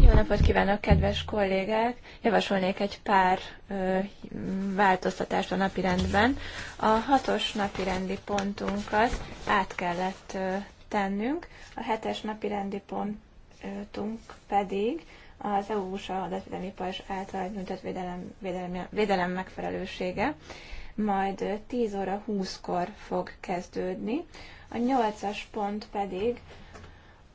Jó napot kívánok, kedves kollégák! Javasolnék egy pár ö, változtatást a napirendben. A hatos napirendi pontunkat át kellett ö, tennünk, a hetes napirendi pontunk pedig az EU-USA adatvédelmi pajzs által nyújtott védelem, védelem, védelem megfelelősége majd 10 óra 20-kor fog kezdődni. A 8-as pont pedig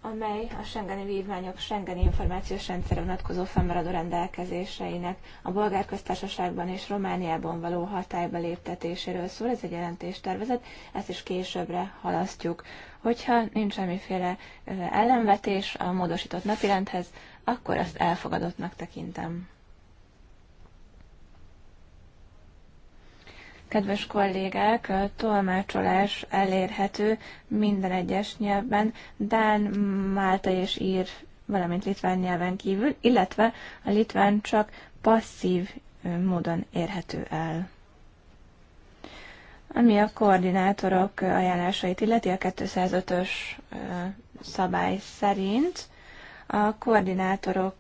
amely a Schengeni vívmányok Schengeni információs rendszerre vonatkozó fennmaradó rendelkezéseinek a bolgár köztársaságban és Romániában való hatályba léptetéséről szól. Ez egy jelentéstervezet, ezt is későbbre halasztjuk. Hogyha nincs semmiféle ellenvetés a módosított napirendhez, akkor azt elfogadottnak tekintem. Kedves kollégák, tolmácsolás elérhető minden egyes nyelvben, Dán, Málta és Ír, valamint litván nyelven kívül, illetve a litván csak passzív módon érhető el. Ami a koordinátorok ajánlásait illeti, a 205-ös szabály szerint a koordinátorok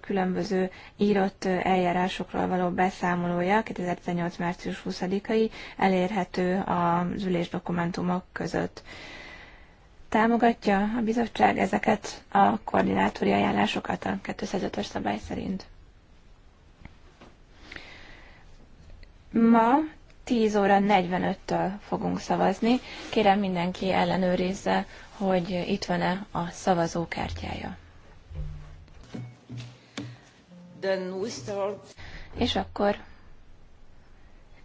különböző írott eljárásokról való beszámolója 2018. március 20-ai elérhető az ülés dokumentumok között. Támogatja a bizottság ezeket a koordinátori ajánlásokat a 205-ös szabály szerint. Ma 10 óra 45-től fogunk szavazni. Kérem mindenki ellenőrizze, hogy itt van-e a szavazókártyája. És akkor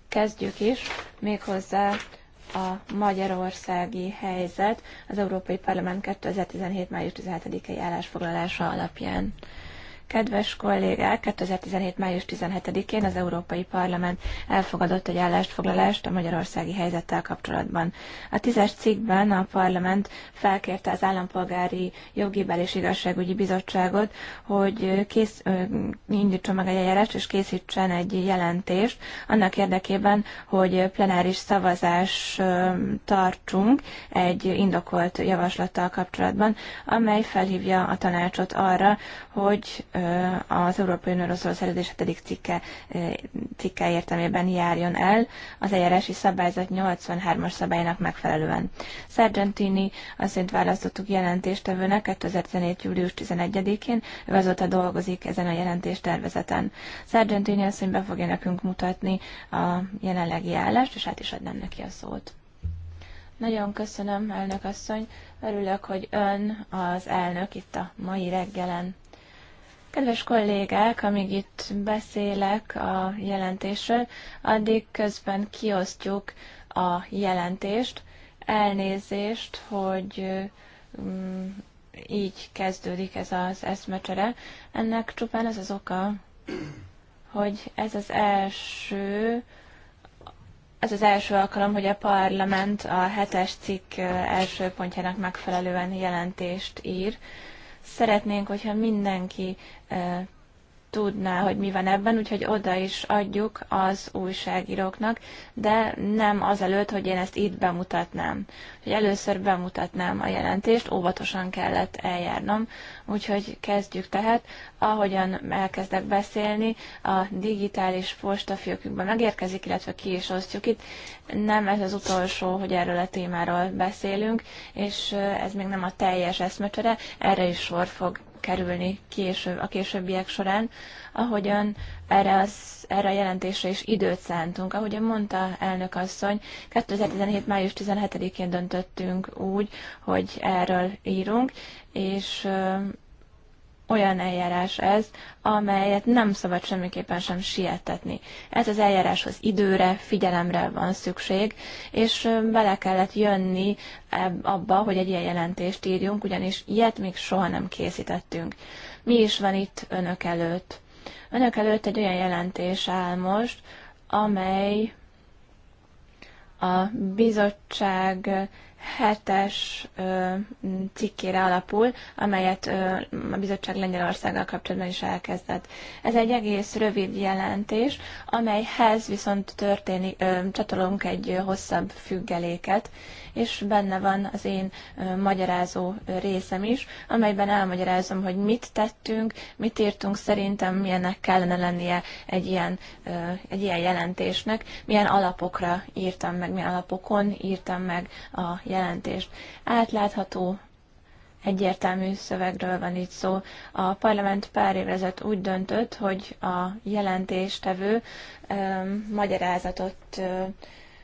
kezdjük is, méghozzá a magyarországi helyzet az Európai Parlament 2017. május 17-i állásfoglalása alapján. Kedves kollégák, 2017. május 17-én az Európai Parlament elfogadott egy állásfoglalást a magyarországi helyzettel kapcsolatban. A tízes cikkben a parlament felkérte az Állampolgári Jogi és Igazságügyi Bizottságot, hogy kész, indítson meg egy eljárást és készítsen egy jelentést annak érdekében, hogy plenáris szavazás tartsunk egy indokolt javaslattal kapcsolatban, amely felhívja a tanácsot arra, hogy az Európai Unióról szerződés 7. cikke, cikke értelmében járjon el az eljárási szabályzat 83-as szabálynak megfelelően. Sargentini szint választottuk jelentéstevőnek 2017. július 11-én, ő azóta dolgozik ezen a jelentéstervezeten. Sargentini asszony be fogja nekünk mutatni a jelenlegi állást, és hát is adnám neki a szót. Nagyon köszönöm, elnök asszony. Örülök, hogy ön az elnök itt a mai reggelen. Kedves kollégák, amíg itt beszélek a jelentésről, addig közben kiosztjuk a jelentést. Elnézést, hogy mm, így kezdődik ez az eszmecsere. Ennek csupán az az oka, hogy ez az első ez az első alkalom, hogy a parlament a hetes cikk első pontjának megfelelően jelentést ír. Szeretnénk, hogyha mindenki eh, tudná, hogy mi van ebben, úgyhogy oda is adjuk az újságíróknak, de nem azelőtt, hogy én ezt itt bemutatnám. Hogy először bemutatnám a jelentést, óvatosan kellett eljárnom, úgyhogy kezdjük tehát, ahogyan elkezdek beszélni, a digitális postafiókünkben megérkezik, illetve ki is osztjuk itt. Nem ez az utolsó, hogy erről a témáról beszélünk, és ez még nem a teljes eszmecsere, erre is sor fog kerülni később, a későbbiek során, ahogyan erre, az, erre a jelentésre is időt szántunk. Ahogyan mondta elnök asszony, 2017. május 17-én döntöttünk úgy, hogy erről írunk, és olyan eljárás ez, amelyet nem szabad semmiképpen sem sietetni. Ez az eljáráshoz időre, figyelemre van szükség, és bele kellett jönni abba, hogy egy ilyen jelentést írjunk, ugyanis ilyet még soha nem készítettünk. Mi is van itt önök előtt? Önök előtt egy olyan jelentés áll most, amely a bizottság hetes cikkére alapul, amelyet a bizottság Lengyelországgal kapcsolatban is elkezdett. Ez egy egész rövid jelentés, amelyhez viszont történik, ö, csatolunk egy hosszabb függeléket, és benne van az én ö, magyarázó részem is, amelyben elmagyarázom, hogy mit tettünk, mit írtunk szerintem, milyennek kellene lennie egy ilyen, ö, egy ilyen jelentésnek, milyen alapokra írtam meg, milyen alapokon írtam meg a jelentést, jelentést. Átlátható, egyértelmű szövegről van itt szó. A parlament pár évezet úgy döntött, hogy a jelentéstevő ö, magyarázatot ö,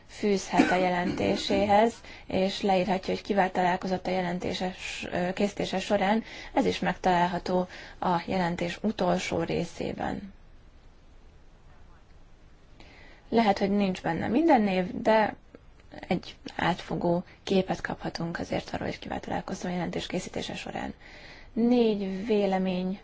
fűzhet a jelentéséhez, és leírhatja, hogy kivel találkozott a jelentéses készítése során, ez is megtalálható a jelentés utolsó részében. Lehet, hogy nincs benne minden név, de egy átfogó képet kaphatunk azért arról, hogy kivel találkoztam a jelentés készítése során. Négy vélemény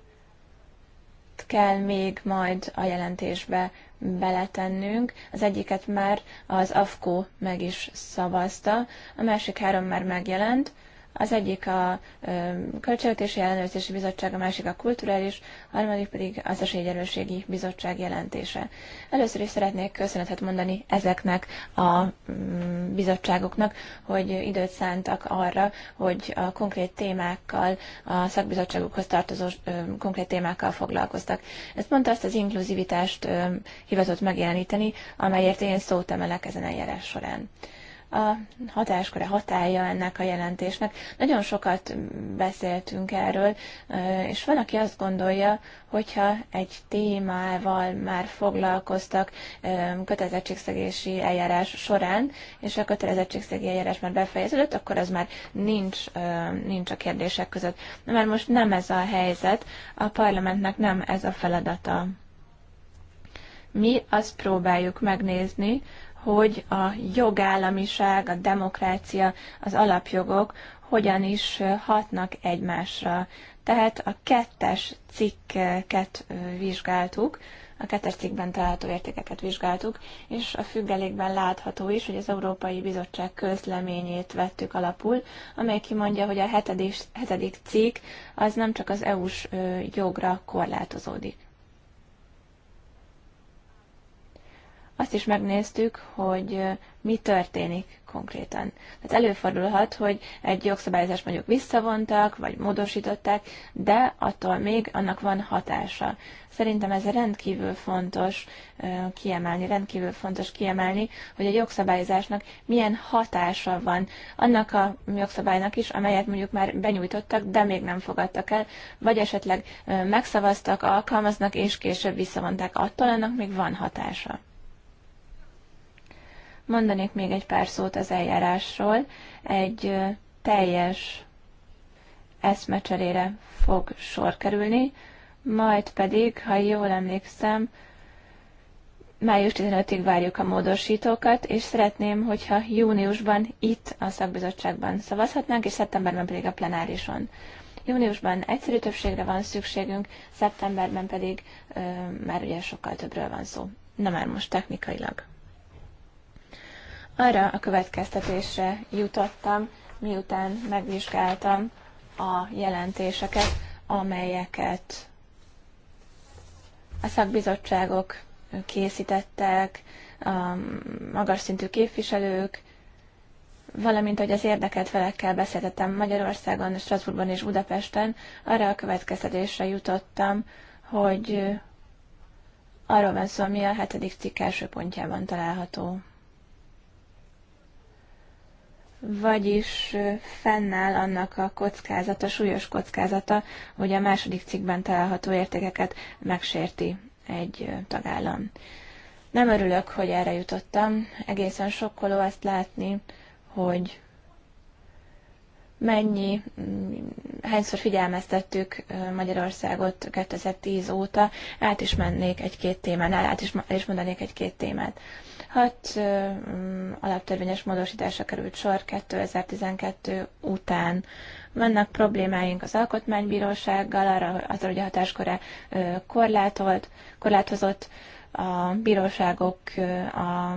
kell még majd a jelentésbe beletennünk. Az egyiket már az AFKO meg is szavazta, a másik három már megjelent, az egyik a Költségvetési Ellenőrzési Bizottság, a másik a Kulturális, a harmadik pedig az Esélyegyenlőségi Bizottság jelentése. Először is szeretnék köszönetet mondani ezeknek a mm, bizottságoknak, hogy időt szántak arra, hogy a konkrét témákkal, a szakbizottságokhoz tartozó konkrét témákkal foglalkoztak. Ez pont azt az inkluzivitást hivatott megjeleníteni, amelyért én szót emelek ezen eljárás során a hatásköre hatája ennek a jelentésnek. Nagyon sokat beszéltünk erről, eh, és van, aki azt gondolja, hogyha egy témával már foglalkoztak eh, kötelezettségszegési eljárás során, és a kötelezettségszegési eljárás már befejeződött, akkor az már nincs, eh, nincs a kérdések között. Mert most nem ez a helyzet, a parlamentnek nem ez a feladata mi azt próbáljuk megnézni, hogy a jogállamiság, a demokrácia, az alapjogok hogyan is hatnak egymásra. Tehát a kettes cikket vizsgáltuk, a kettes cikkben található értékeket vizsgáltuk, és a függelékben látható is, hogy az Európai Bizottság közleményét vettük alapul, amely kimondja, hogy a hetedik, hetedik cikk az nem csak az EU-s jogra korlátozódik. azt is megnéztük, hogy mi történik konkrétan. Tehát előfordulhat, hogy egy jogszabályozást mondjuk visszavontak, vagy módosították, de attól még annak van hatása. Szerintem ez rendkívül fontos kiemelni, rendkívül fontos kiemelni, hogy a jogszabályozásnak milyen hatása van annak a jogszabálynak is, amelyet mondjuk már benyújtottak, de még nem fogadtak el, vagy esetleg megszavaztak, alkalmaznak, és később visszavonták. Attól annak még van hatása. Mondanék még egy pár szót az eljárásról. Egy teljes eszmecserére fog sor kerülni, majd pedig, ha jól emlékszem, május 15-ig várjuk a módosítókat, és szeretném, hogyha júniusban itt a szakbizottságban szavazhatnánk, és szeptemberben pedig a plenárison. Júniusban egyszerű többségre van szükségünk, szeptemberben pedig ö, már ugye sokkal többről van szó. Na már most technikailag. Arra a következtetésre jutottam, miután megvizsgáltam a jelentéseket, amelyeket a szakbizottságok készítettek, a magas szintű képviselők, valamint, hogy az érdekelt felekkel beszéltem Magyarországon, Strasbourgban és Budapesten, arra a következtetésre jutottam, hogy arról van szó, ami a hetedik cikk első pontjában található vagyis fennáll annak a kockázata, súlyos kockázata, hogy a második cikkben található értékeket megsérti egy tagállam. Nem örülök, hogy erre jutottam. Egészen sokkoló azt látni, hogy mennyi, mm, hányszor figyelmeztettük Magyarországot 2010 óta, át is mennék egy-két témánál, át is, is mondanék egy-két témát. Hát alaptörvényes módosításra került sor 2012 után. Vannak problémáink az alkotmánybírósággal, arra, hogy a hatáskora korlátolt, korlátozott, a bíróságok a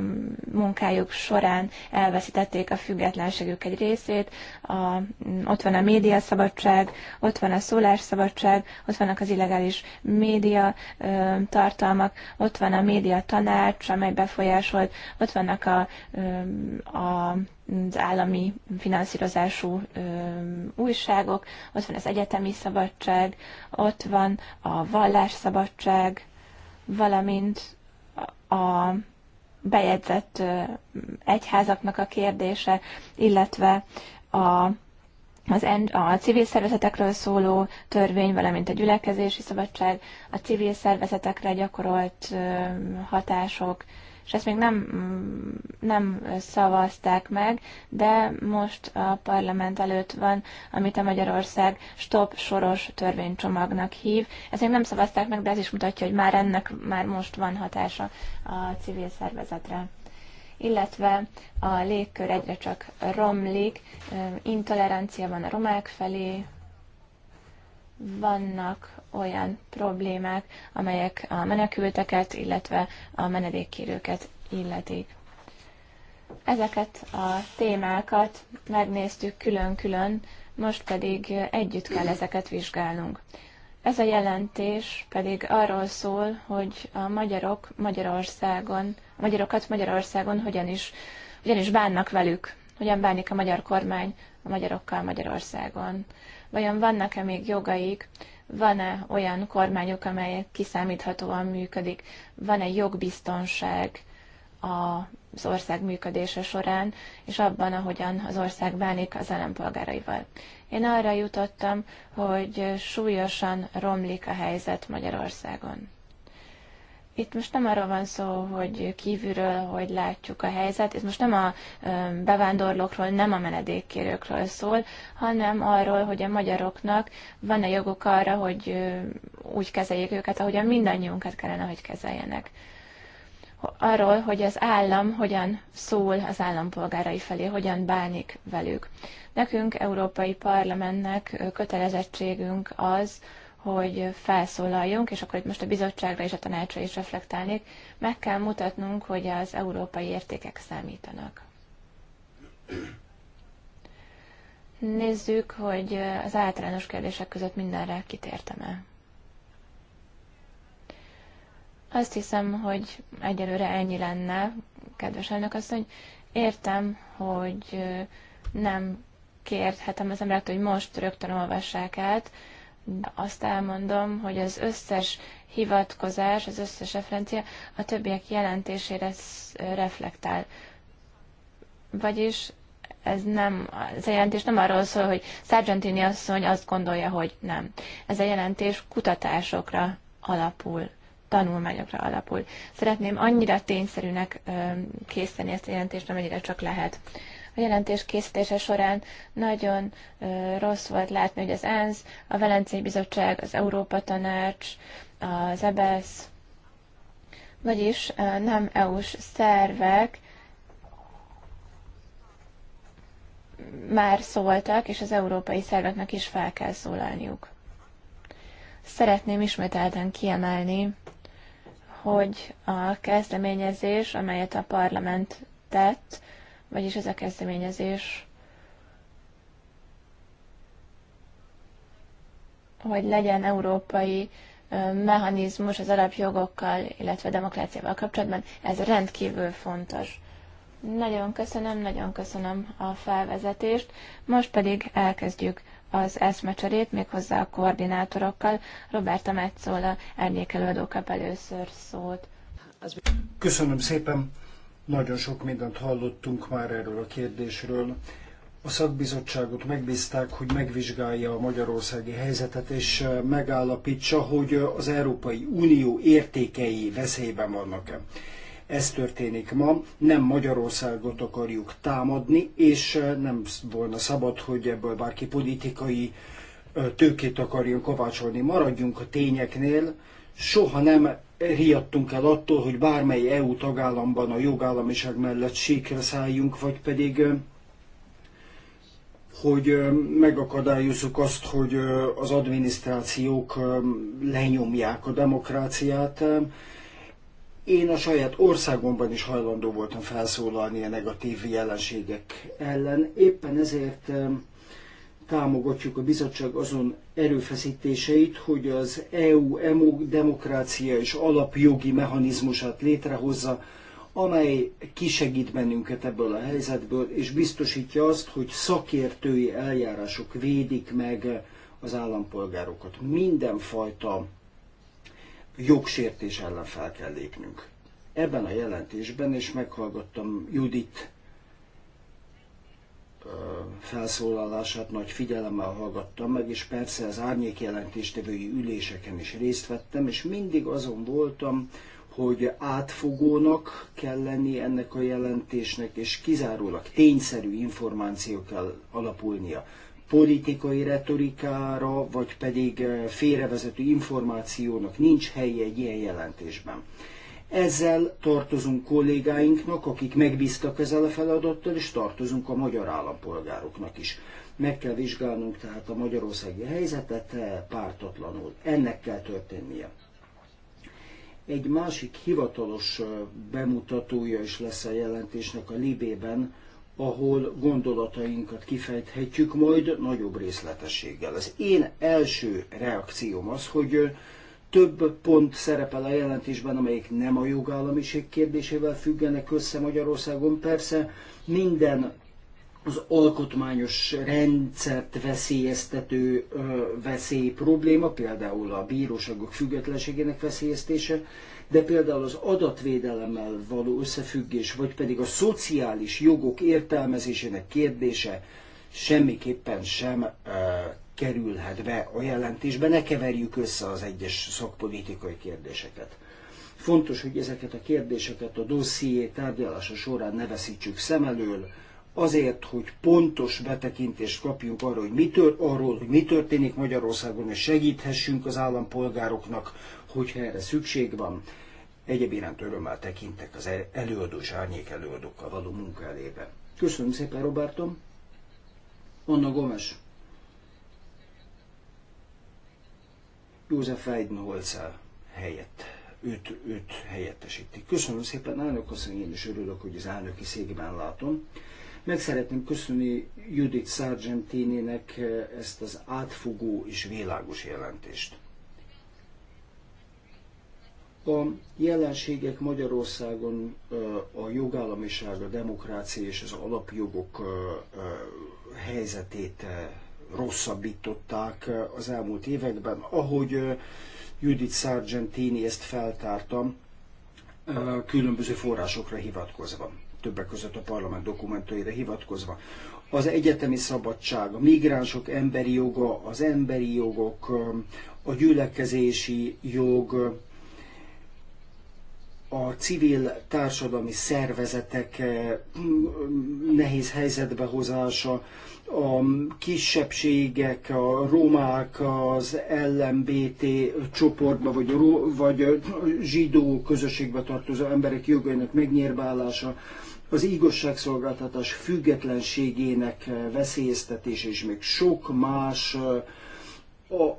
munkájuk során elveszítették a függetlenségük egy részét, a, ott van a médiaszabadság, ott van a szólásszabadság, ott vannak az illegális média ö, tartalmak, ott van a média tanács, amely befolyásolt, ott vannak a, ö, a az állami finanszírozású ö, újságok, ott van az egyetemi szabadság, ott van a vallásszabadság, valamint a bejegyzett egyházaknak a kérdése, illetve a az en, a civil szervezetekről szóló törvény, valamint a gyülekezési szabadság, a civil szervezetekre gyakorolt hatások, és ezt még nem, mm, nem szavazták meg, de most a parlament előtt van, amit a Magyarország stop soros törvénycsomagnak hív. Ezt még nem szavazták meg, de ez is mutatja, hogy már ennek már most van hatása a civil szervezetre illetve a légkör egyre csak romlik, intolerancia van a romák felé, vannak olyan problémák, amelyek a menekülteket, illetve a menedékkérőket illeti. Ezeket a témákat megnéztük külön-külön, most pedig együtt kell ezeket vizsgálnunk. Ez a jelentés pedig arról szól, hogy a magyarok Magyarországon, a magyarokat Magyarországon hogyan is, hogyan is bánnak velük, hogyan bánik a magyar kormány a magyarokkal Magyarországon. Vajon vannak-e még jogaik? Van-e olyan kormányok, amelyek kiszámíthatóan működik? Van-e jogbiztonság az ország működése során, és abban, ahogyan az ország bánik az állampolgáraival? Én arra jutottam, hogy súlyosan romlik a helyzet Magyarországon. Itt most nem arról van szó, hogy kívülről, hogy látjuk a helyzet, ez most nem a bevándorlókról, nem a menedékkérőkről szól, hanem arról, hogy a magyaroknak van-e joguk arra, hogy úgy kezeljék őket, ahogyan mindannyiunkat kellene, hogy kezeljenek. Arról, hogy az állam hogyan szól az állampolgárai felé, hogyan bánik velük. Nekünk, Európai Parlamentnek kötelezettségünk az, hogy felszólaljunk, és akkor itt most a bizottságra és a tanácsra is reflektálnék, meg kell mutatnunk, hogy az európai értékek számítanak. Nézzük, hogy az általános kérdések között mindenre kitértem-e. Azt hiszem, hogy egyelőre ennyi lenne, kedves elnök asszony. Értem, hogy nem kérhetem az emberektől, hogy most rögtön olvassák át, azt elmondom, hogy az összes hivatkozás, az összes referencia a többiek jelentésére reflektál. Vagyis ez nem, ez a jelentés nem arról szól, hogy Sargentini asszony azt gondolja, hogy nem. Ez a jelentés kutatásokra alapul, tanulmányokra alapul. Szeretném annyira tényszerűnek készíteni ezt a jelentést, amennyire csak lehet. A jelentés készítése során nagyon rossz volt látni, hogy az ENSZ, a Velencei Bizottság, az Európa Tanács, az EBSZ, vagyis nem EU-s szervek már szóltak, és az európai szerveknek is fel kell szólalniuk. Szeretném ismételten kiemelni, hogy a kezdeményezés, amelyet a parlament tett, vagyis ez a kezdeményezés, hogy legyen európai mechanizmus az alapjogokkal, illetve demokráciával kapcsolatban, ez rendkívül fontos. Nagyon köszönöm, nagyon köszönöm a felvezetést. Most pedig elkezdjük az eszmecserét, méghozzá a koordinátorokkal. Roberta Metzola árnyékelőadó kap először szólt. Köszönöm szépen. Nagyon sok mindent hallottunk már erről a kérdésről. A szakbizottságot megbízták, hogy megvizsgálja a magyarországi helyzetet, és megállapítsa, hogy az Európai Unió értékei veszélyben vannak-e. Ez történik ma, nem Magyarországot akarjuk támadni, és nem volna szabad, hogy ebből bárki politikai tőkét akarjon kovácsolni. Maradjunk a tényeknél, soha nem riadtunk el attól, hogy bármely EU tagállamban a jogállamiság mellett sékre szálljunk, vagy pedig hogy megakadályozzuk azt, hogy az adminisztrációk lenyomják a demokráciát. Én a saját országomban is hajlandó voltam felszólalni a negatív jelenségek ellen. Éppen ezért támogatjuk a bizottság azon erőfeszítéseit, hogy az EU EMU demokrácia és alapjogi mechanizmusát létrehozza, amely kisegít bennünket ebből a helyzetből, és biztosítja azt, hogy szakértői eljárások védik meg az állampolgárokat. Mindenfajta jogsértés ellen fel kell lépnünk. Ebben a jelentésben, és meghallgattam Judit felszólalását nagy figyelemmel hallgattam meg, és persze az árnyék jelentéstevői üléseken is részt vettem, és mindig azon voltam, hogy átfogónak kell lenni ennek a jelentésnek, és kizárólag tényszerű információ kell alapulnia. Politikai retorikára, vagy pedig félrevezető információnak nincs helye egy ilyen jelentésben. Ezzel tartozunk kollégáinknak, akik megbíztak ezzel a feladattal, és tartozunk a magyar állampolgároknak is. Meg kell vizsgálnunk tehát a magyarországi helyzetet e, pártatlanul. Ennek kell történnie. Egy másik hivatalos bemutatója is lesz a jelentésnek a Libében, ahol gondolatainkat kifejthetjük majd nagyobb részletességgel. Az én első reakcióm az, hogy több pont szerepel a jelentésben, amelyik nem a jogállamiség kérdésével függenek össze Magyarországon. Persze minden az alkotmányos rendszert veszélyeztető ö, veszély probléma, például a bíróságok függetlenségének veszélyeztése, de például az adatvédelemmel való összefüggés, vagy pedig a szociális jogok értelmezésének kérdése semmiképpen sem ö, kerülhet be a jelentésbe, ne keverjük össze az egyes szakpolitikai kérdéseket. Fontos, hogy ezeket a kérdéseket a dossziét tárgyalása során ne veszítsük szem elől, azért, hogy pontos betekintést kapjunk arról, hogy mi tör, arról, hogy mi történik Magyarországon, és segíthessünk az állampolgároknak, hogyha erre szükség van. Egyéb iránt örömmel tekintek az előadó és árnyék előadókkal való munka elébe. Köszönöm szépen, Robertom. Anna Gomes József Weidenholzer helyett őt, őt helyettesíti. Köszönöm szépen, elnök asszony, én is örülök, hogy az elnöki székben látom. Meg szeretném köszönni Judith nek eh, ezt az átfogó és világos jelentést. A jelenségek Magyarországon eh, a jogállamiság, a demokrácia és az alapjogok eh, helyzetét rosszabbították eh, az elmúlt években, ahogy eh, Judith Sargentini ezt feltártam, eh, különböző forrásokra hivatkozva, többek között a parlament dokumentaira hivatkozva. Az egyetemi szabadság, a migránsok emberi joga, az emberi jogok, a gyülekezési jog, a civil társadalmi szervezetek eh, nehéz helyzetbe hozása, a kisebbségek, a romák, az LMBT csoportba, vagy, a, vagy a zsidó közösségbe tartozó emberek jogainak megnyírbálása, az igazságszolgáltatás függetlenségének eh, veszélyeztetése és még sok más uh,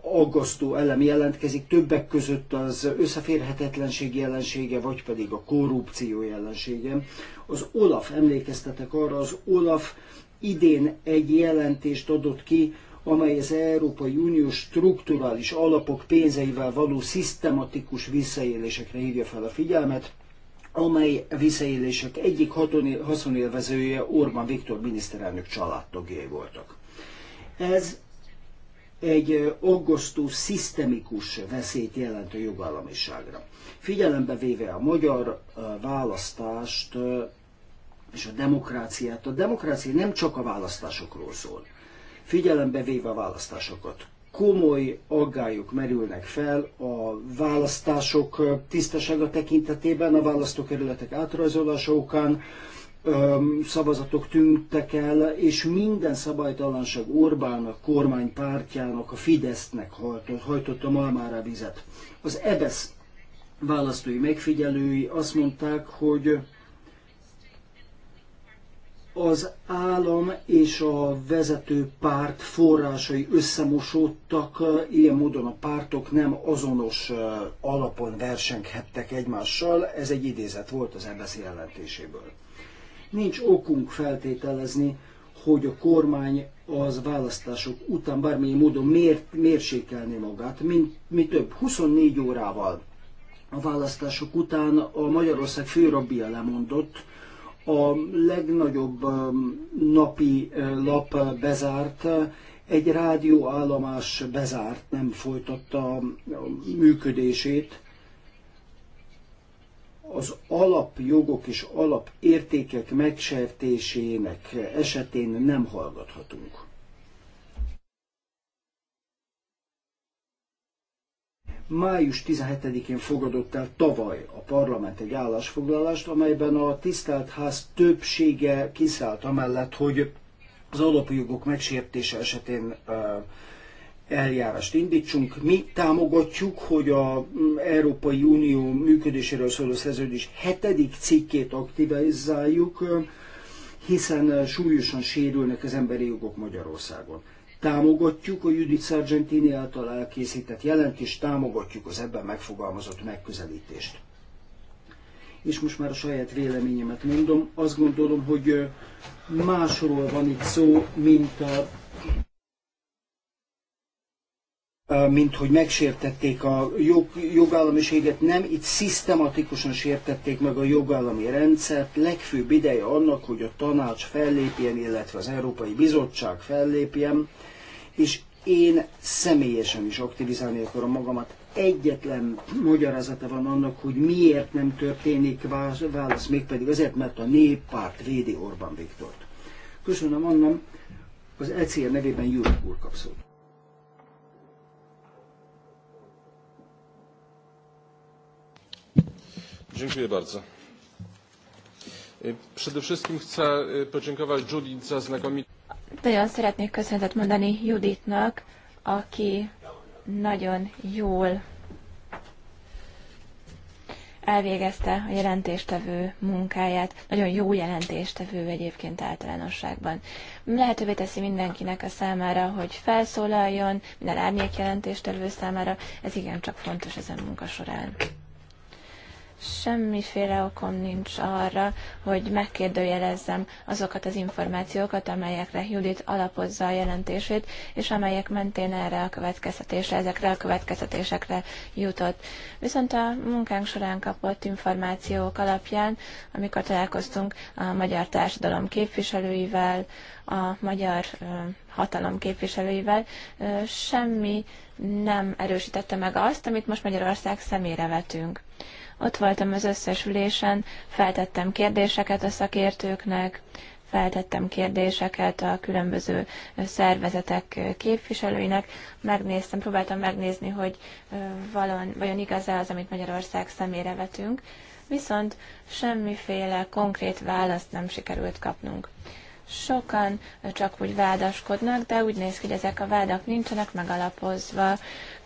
aggasztó elem jelentkezik, többek között az összeférhetetlenség jelensége, vagy pedig a korrupció jelensége. Az Olaf, emlékeztetek arra, az Olaf idén egy jelentést adott ki, amely az Európai Uniós strukturális alapok pénzeivel való szisztematikus visszaélésekre hívja fel a figyelmet, amely visszaélések egyik haszonélvezője Orbán Viktor miniszterelnök családtagjai voltak. Ez egy aggasztó, szisztemikus veszélyt jelent a jogállamiságra. Figyelembe véve a magyar választást és a demokráciát, a demokrácia nem csak a választásokról szól. Figyelembe véve a választásokat, komoly aggályok merülnek fel a választások tisztasága tekintetében, a választókerületek átrajzolása okán, szavazatok tűntek el, és minden szabálytalanság Orbán kormánypártjának, kormány pártjának, a Fidesznek hajtott, hajtotta malmára vizet. Az EBESZ választói megfigyelői azt mondták, hogy az állam és a vezető párt forrásai összemosódtak, ilyen módon a pártok nem azonos alapon versenghettek egymással, ez egy idézet volt az EBSZ jelentéséből. Nincs okunk feltételezni, hogy a kormány az választások után bármilyen módon mér, mérsékelni magát, mint mi több, 24 órával a választások után a Magyarország főrabbia lemondott, a legnagyobb um, napi uh, lap bezárt, egy rádióállomás bezárt, nem folytatta a um, működését, az alapjogok és alapértékek megsértésének esetén nem hallgathatunk. Május 17-én fogadott el tavaly a parlament egy állásfoglalást, amelyben a tisztelt ház többsége kiszállt amellett, hogy az alapjogok megsértése esetén uh, eljárást indítsunk. Mi támogatjuk, hogy a mm, Európai Unió működéséről szóló szerződés hetedik cikkét aktivizáljuk, hiszen eh, súlyosan sérülnek az emberi jogok Magyarországon. Támogatjuk a Judith Sargentini által elkészített jelentést, támogatjuk az ebben megfogalmazott megközelítést. És most már a saját véleményemet mondom. Azt gondolom, hogy eh, másról van itt szó, mint a mint hogy megsértették a jog, jogállamiséget, nem, itt szisztematikusan sértették meg a jogállami rendszert, legfőbb ideje annak, hogy a tanács fellépjen, illetve az Európai Bizottság fellépjen, és én személyesen is aktivizálni akarom magamat. Egyetlen magyarázata van annak, hogy miért nem történik válasz, mégpedig azért, mert a néppárt védi Orbán Viktort. Köszönöm, Annam, az ECR nevében Jurek úr kap Dziękuję bardzo. E, przede wszystkim chcę e, podziękować Judith za znakomitą... Nagyon szeretnék köszönetet mondani Juditnak, aki nagyon jól elvégezte a jelentéstevő munkáját. Nagyon jó jelentéstevő egyébként általánosságban. Lehetővé teszi mindenkinek a számára, hogy felszólaljon, minden árnyék jelentéstevő számára. Ez igencsak fontos ezen munka során semmiféle okom nincs arra, hogy megkérdőjelezzem azokat az információkat, amelyekre Judit alapozza a jelentését, és amelyek mentén erre a következtetésre, ezekre a következtetésekre jutott. Viszont a munkánk során kapott információk alapján, amikor találkoztunk a magyar társadalom képviselőivel, a magyar hatalom képviselőivel, semmi nem erősítette meg azt, amit most Magyarország szemére vetünk. Ott voltam az összes ülésen, feltettem kérdéseket a szakértőknek, feltettem kérdéseket a különböző szervezetek képviselőinek, megnéztem, próbáltam megnézni, hogy valon, vajon igaz-e az, amit Magyarország szemére vetünk, viszont semmiféle konkrét választ nem sikerült kapnunk. Sokan csak úgy vádaskodnak, de úgy néz ki, hogy ezek a vádak nincsenek megalapozva,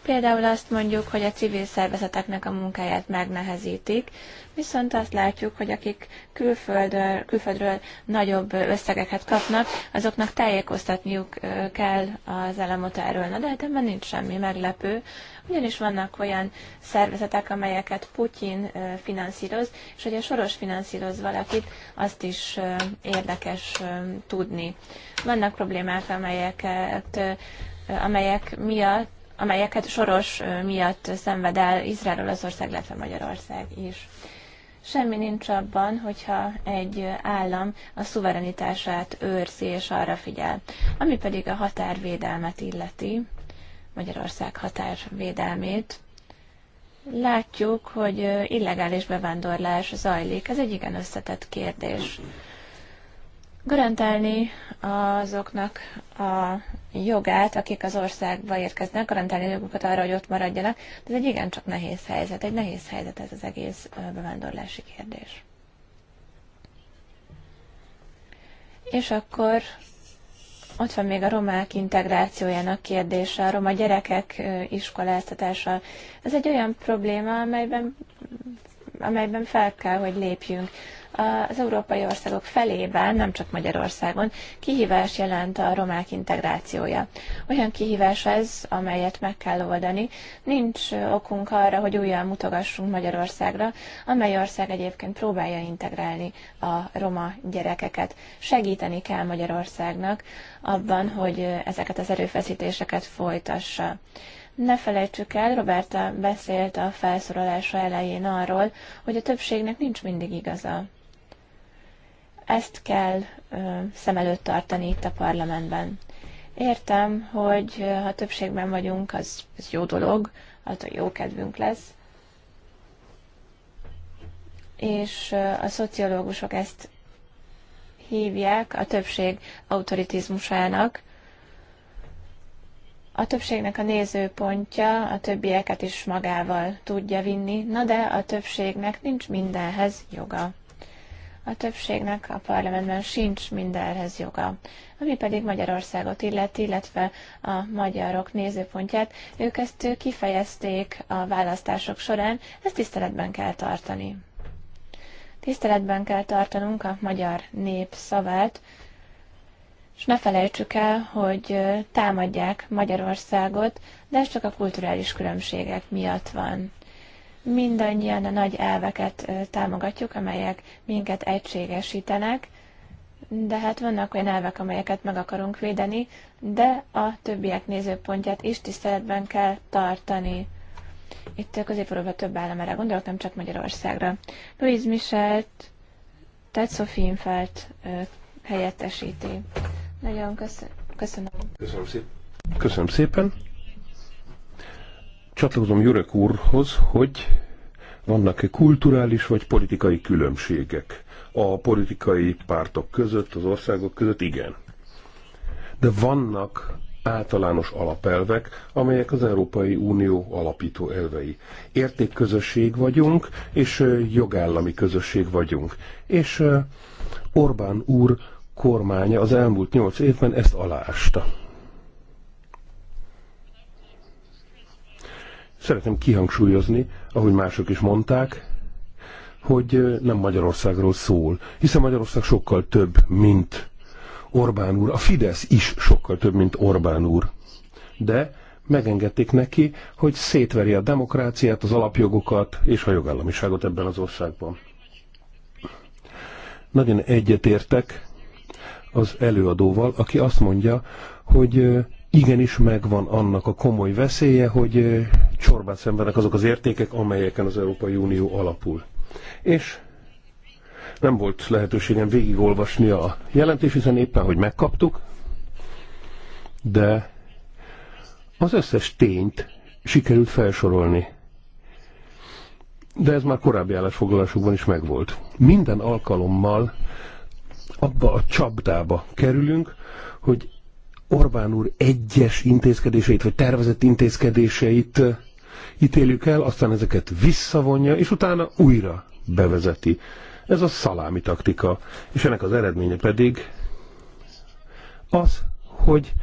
Például azt mondjuk, hogy a civil szervezeteknek a munkáját megnehezítik, viszont azt látjuk, hogy akik külföldről, külföldről nagyobb összegeket kapnak, azoknak tájékoztatniuk kell az elemot erről. Na de hát ebben nincs semmi meglepő, ugyanis vannak olyan szervezetek, amelyeket Putyin finanszíroz, és hogy a Soros finanszíroz valakit, azt is érdekes tudni. Vannak problémák, amelyeket amelyek miatt amelyeket soros miatt szenved el Izrael, Olaszország, illetve Magyarország is. Semmi nincs abban, hogyha egy állam a szuverenitását őrzi és arra figyel. Ami pedig a határvédelmet illeti, Magyarország határvédelmét, látjuk, hogy illegális bevándorlás zajlik. Ez egy igen összetett kérdés garantálni azoknak a jogát, akik az országba érkeznek, garantálni jogukat arra, hogy ott maradjanak. ez egy igencsak nehéz helyzet, egy nehéz helyzet ez az egész bevándorlási kérdés. És akkor ott van még a romák integrációjának kérdése, a roma gyerekek iskoláztatása. Ez egy olyan probléma, amelyben, amelyben fel kell, hogy lépjünk az európai országok felében, nem csak Magyarországon, kihívás jelent a romák integrációja. Olyan kihívás ez, amelyet meg kell oldani. Nincs okunk arra, hogy újra mutogassunk Magyarországra, amely ország egyébként próbálja integrálni a roma gyerekeket. Segíteni kell Magyarországnak abban, hogy ezeket az erőfeszítéseket folytassa. Ne felejtsük el, Roberta beszélt a felszorolása elején arról, hogy a többségnek nincs mindig igaza. Ezt kell szem előtt tartani itt a parlamentben. Értem, hogy ha többségben vagyunk, az, az jó dolog, attól jó kedvünk lesz. És a szociológusok ezt hívják a többség autoritizmusának. A többségnek a nézőpontja a többieket is magával tudja vinni, na de a többségnek nincs mindenhez joga a többségnek a parlamentben sincs mindenhez joga. Ami pedig Magyarországot illeti, illetve a magyarok nézőpontját, ők ezt kifejezték a választások során, ezt tiszteletben kell tartani. Tiszteletben kell tartanunk a magyar nép szavát, és ne felejtsük el, hogy támadják Magyarországot, de ez csak a kulturális különbségek miatt van mindannyian a nagy elveket támogatjuk, amelyek minket egységesítenek, de hát vannak olyan elvek, amelyeket meg akarunk védeni, de a többiek nézőpontját is tiszteletben kell tartani. Itt közép több államára gondolok, nem csak Magyarországra. Louise Michelt, Ted Sophie Infelt helyettesíti. Nagyon köszönöm. Köszönöm szépen. Köszönöm szépen csatlakozom Jörök úrhoz, hogy vannak -e kulturális vagy politikai különbségek a politikai pártok között, az országok között, igen. De vannak általános alapelvek, amelyek az Európai Unió alapító elvei. Értékközösség vagyunk, és jogállami közösség vagyunk. És Orbán úr kormánya az elmúlt nyolc évben ezt aláásta. Szeretném kihangsúlyozni, ahogy mások is mondták, hogy nem Magyarországról szól, hiszen Magyarország sokkal több, mint Orbán úr. A Fidesz is sokkal több, mint Orbán úr. De megengedték neki, hogy szétveri a demokráciát, az alapjogokat és a jogállamiságot ebben az országban. Nagyon egyetértek az előadóval, aki azt mondja, hogy igenis megvan annak a komoly veszélye, hogy csorbát szenvednek azok az értékek, amelyeken az Európai Unió alapul. És nem volt lehetőségem végigolvasni a jelentést, hiszen éppen, hogy megkaptuk, de az összes tényt sikerült felsorolni. De ez már korábbi állásfoglalásokban is megvolt. Minden alkalommal abba a csapdába kerülünk, hogy Orbán úr egyes intézkedéseit, vagy tervezett intézkedéseit ítéljük el, aztán ezeket visszavonja, és utána újra bevezeti. Ez a szalámi taktika. És ennek az eredménye pedig az, hogy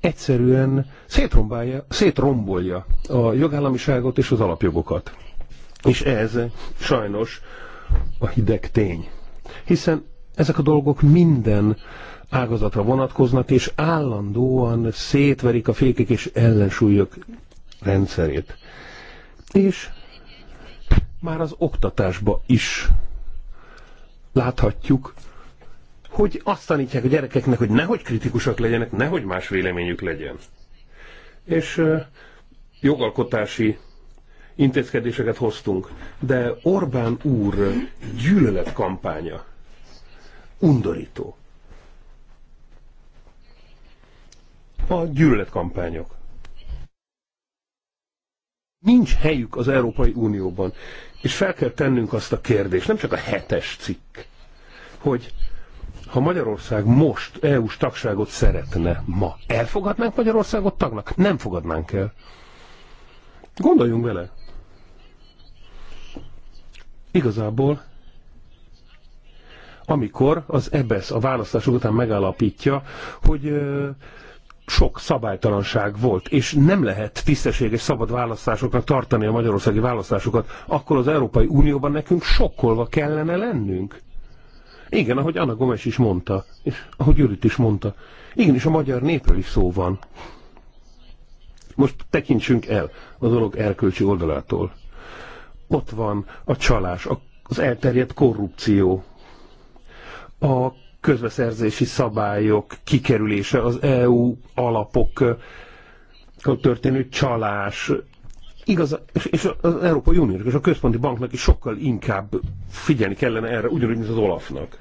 egyszerűen szétrombálja, szétrombolja a jogállamiságot és az alapjogokat. És ez sajnos a hideg tény. Hiszen ezek a dolgok minden ágazatra vonatkoznak, és állandóan szétverik a fékek és ellensúlyok rendszerét. És már az oktatásba is láthatjuk, hogy azt tanítják a gyerekeknek, hogy nehogy kritikusak legyenek, nehogy más véleményük legyen. És jogalkotási intézkedéseket hoztunk, de Orbán úr gyűlöletkampánya undorító. a gyűlöletkampányok. Nincs helyük az Európai Unióban, és fel kell tennünk azt a kérdést, nem csak a hetes cikk, hogy ha Magyarország most EU-s tagságot szeretne ma, elfogadnánk Magyarországot tagnak? Nem fogadnánk el. Gondoljunk vele. Igazából, amikor az EBSZ e a választások után megállapítja, hogy sok szabálytalanság volt, és nem lehet tisztességes szabad választásokra tartani a magyarországi választásokat, akkor az Európai Unióban nekünk sokkolva kellene lennünk. Igen, ahogy Anna Gomes is mondta, és ahogy Judit is mondta. Igen, és a magyar népről is szó van. Most tekintsünk el a dolog erkölcsi oldalától. Ott van a csalás, az elterjedt korrupció, a közbeszerzési szabályok kikerülése, az EU alapok történő csalás, igaz, és az Európai Uniónak és a Központi Banknak is sokkal inkább figyelni kellene erre, ugyanúgy, mint az Olafnak.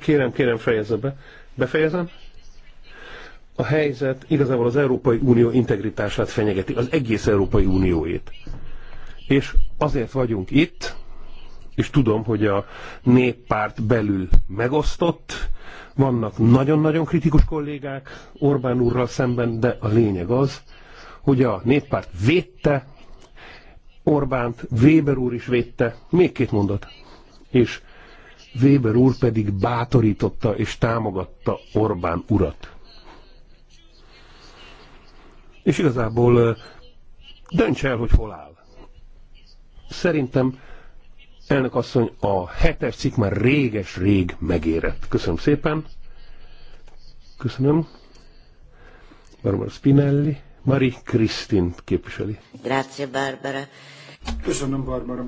Kérem, kérem, fejezze be. Befejezem? A helyzet igazából az Európai Unió integritását fenyegeti, az egész Európai Unióét. És azért vagyunk itt, és tudom, hogy a néppárt belül megosztott, vannak nagyon-nagyon kritikus kollégák Orbán úrral szemben, de a lényeg az, hogy a néppárt védte Orbánt, Weber úr is védte, még két mondat, és Weber úr pedig bátorította és támogatta Orbán urat. És igazából döntse el, hogy hol áll. Szerintem Elnök asszony, a hetes cikk már réges-rég megérett. Köszönöm szépen. Köszönöm. Barbara Spinelli, Mari Kristin képviseli. Grazie, Barbara. Köszönöm, Barbara.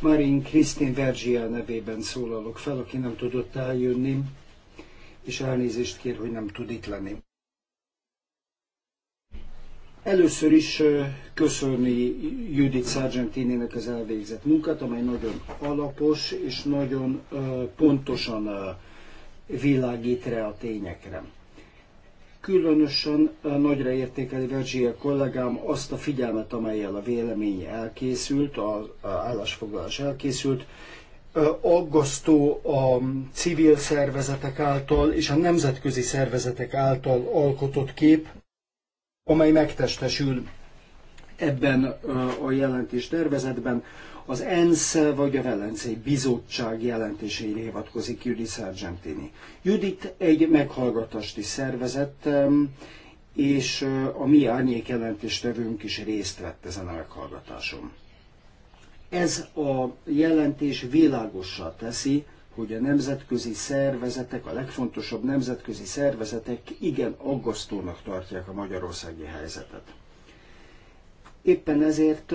Marin Kristin, Vergia nevében szólalok fel, aki nem tudott eljönni, és elnézést kér, hogy nem tud itt lenni. Először is köszönni Judith Sargentininek az elvégzett munkát, amely nagyon alapos és nagyon pontosan világít rá a tényekre. Különösen nagyra értékeli Vergie kollégám azt a figyelmet, amelyel a vélemény elkészült, az állásfoglalás elkészült, aggasztó a civil szervezetek által és a nemzetközi szervezetek által alkotott kép, amely megtestesül ebben a jelentés tervezetben. Az ENSZ vagy a Velencei Bizottság jelentésére hivatkozik Judith Sargentini. Judit egy meghallgatást is szervezett, és a mi árnyék jelentéstevőnk is részt vett ezen a meghallgatáson. Ez a jelentés világossá teszi, hogy a nemzetközi szervezetek, a legfontosabb nemzetközi szervezetek igen aggasztónak tartják a magyarországi helyzetet. Éppen ezért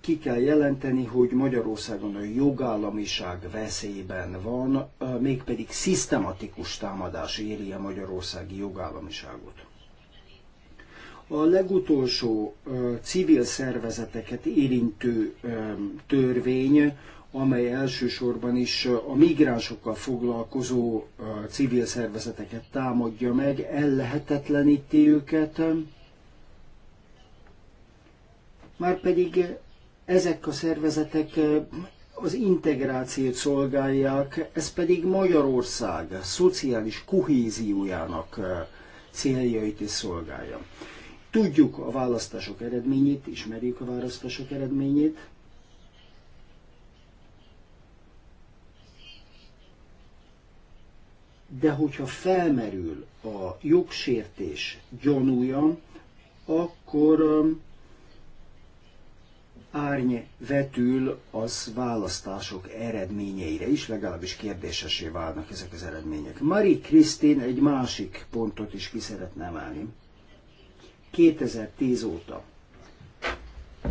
ki kell jelenteni, hogy Magyarországon a jogállamiság veszélyben van, mégpedig szisztematikus támadás éri a magyarországi jogállamiságot. A legutolsó civil szervezeteket érintő törvény amely elsősorban is a migránsokkal foglalkozó civil szervezeteket támadja meg, ellehetetleníti őket, márpedig ezek a szervezetek az integrációt szolgálják, ez pedig Magyarország szociális kohéziójának céljait is szolgálja. Tudjuk a választások eredményét, ismerjük a választások eredményét, de hogyha felmerül a jogsértés gyanúja, akkor um, árny vetül az választások eredményeire is, legalábbis kérdésesé válnak ezek az eredmények. Marie Krisztin egy másik pontot is ki szeretne emelni. 2010 óta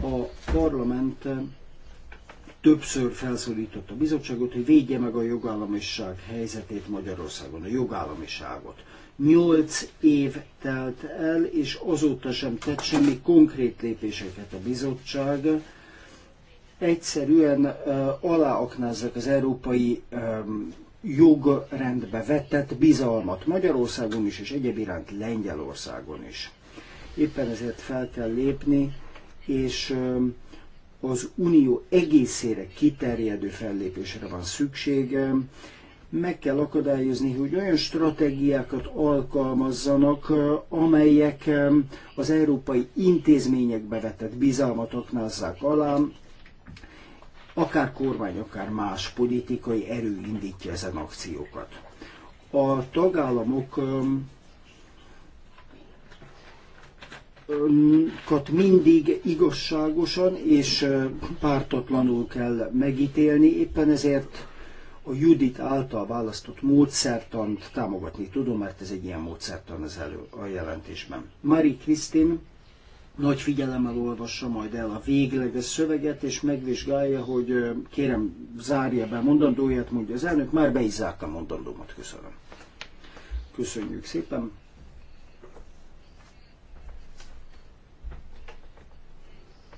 a parlament um, többször felszólított a bizottságot, hogy védje meg a jogállamiság helyzetét Magyarországon, a jogállamiságot. Nyolc év telt el, és azóta sem tett semmi konkrét lépéseket a bizottság. Egyszerűen uh, aláaknázzák az európai um, jogrendbe vetett bizalmat Magyarországon is, és egyéb iránt Lengyelországon is. Éppen ezért fel kell lépni, és um, az unió egészére kiterjedő fellépésre van szüksége. Meg kell akadályozni, hogy olyan stratégiákat alkalmazzanak, amelyek az európai intézményekbe vetett bizalmat aknázzák alá, akár kormány, akár más politikai erő indítja ezen akciókat. A tagállamok mindig igazságosan és pártatlanul kell megítélni, éppen ezért a Judit által választott módszertant támogatni tudom, mert ez egy ilyen módszertan az elő a jelentésben. Mari Krisztin nagy figyelemmel olvassa majd el a végleges szöveget, és megvizsgálja, hogy kérem zárja be mondandóját, mondja az elnök, már be is zárta mondandómat, köszönöm. Köszönjük szépen.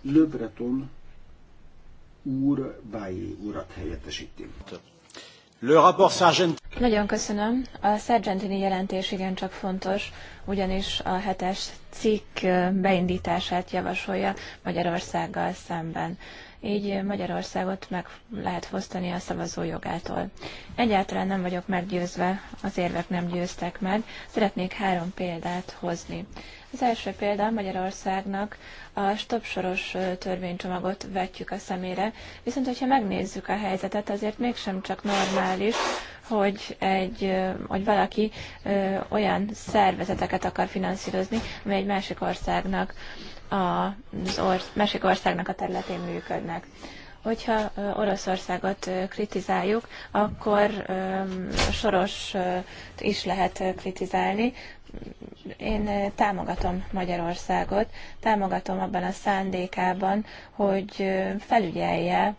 Le Breton úr Bájé urat helyettesíti. Le rapport Sargent... Nagyon köszönöm. A Sargentini jelentés igencsak fontos, ugyanis a hetes cikk beindítását javasolja Magyarországgal szemben. Így Magyarországot meg lehet fosztani a szavazójogától. Egyáltalán nem vagyok meggyőzve, az érvek nem győztek meg. Szeretnék három példát hozni. Az első példa Magyarországnak a stopsoros törvénycsomagot vetjük a szemére, viszont hogyha megnézzük a helyzetet, azért mégsem csak normális, hogy, egy, hogy valaki olyan szervezeteket akar finanszírozni, amely egy másik országnak a, az orsz, másik országnak a területén működnek. Hogyha Oroszországot kritizáljuk, akkor Soros is lehet kritizálni, én támogatom Magyarországot, támogatom abban a szándékában, hogy felügyelje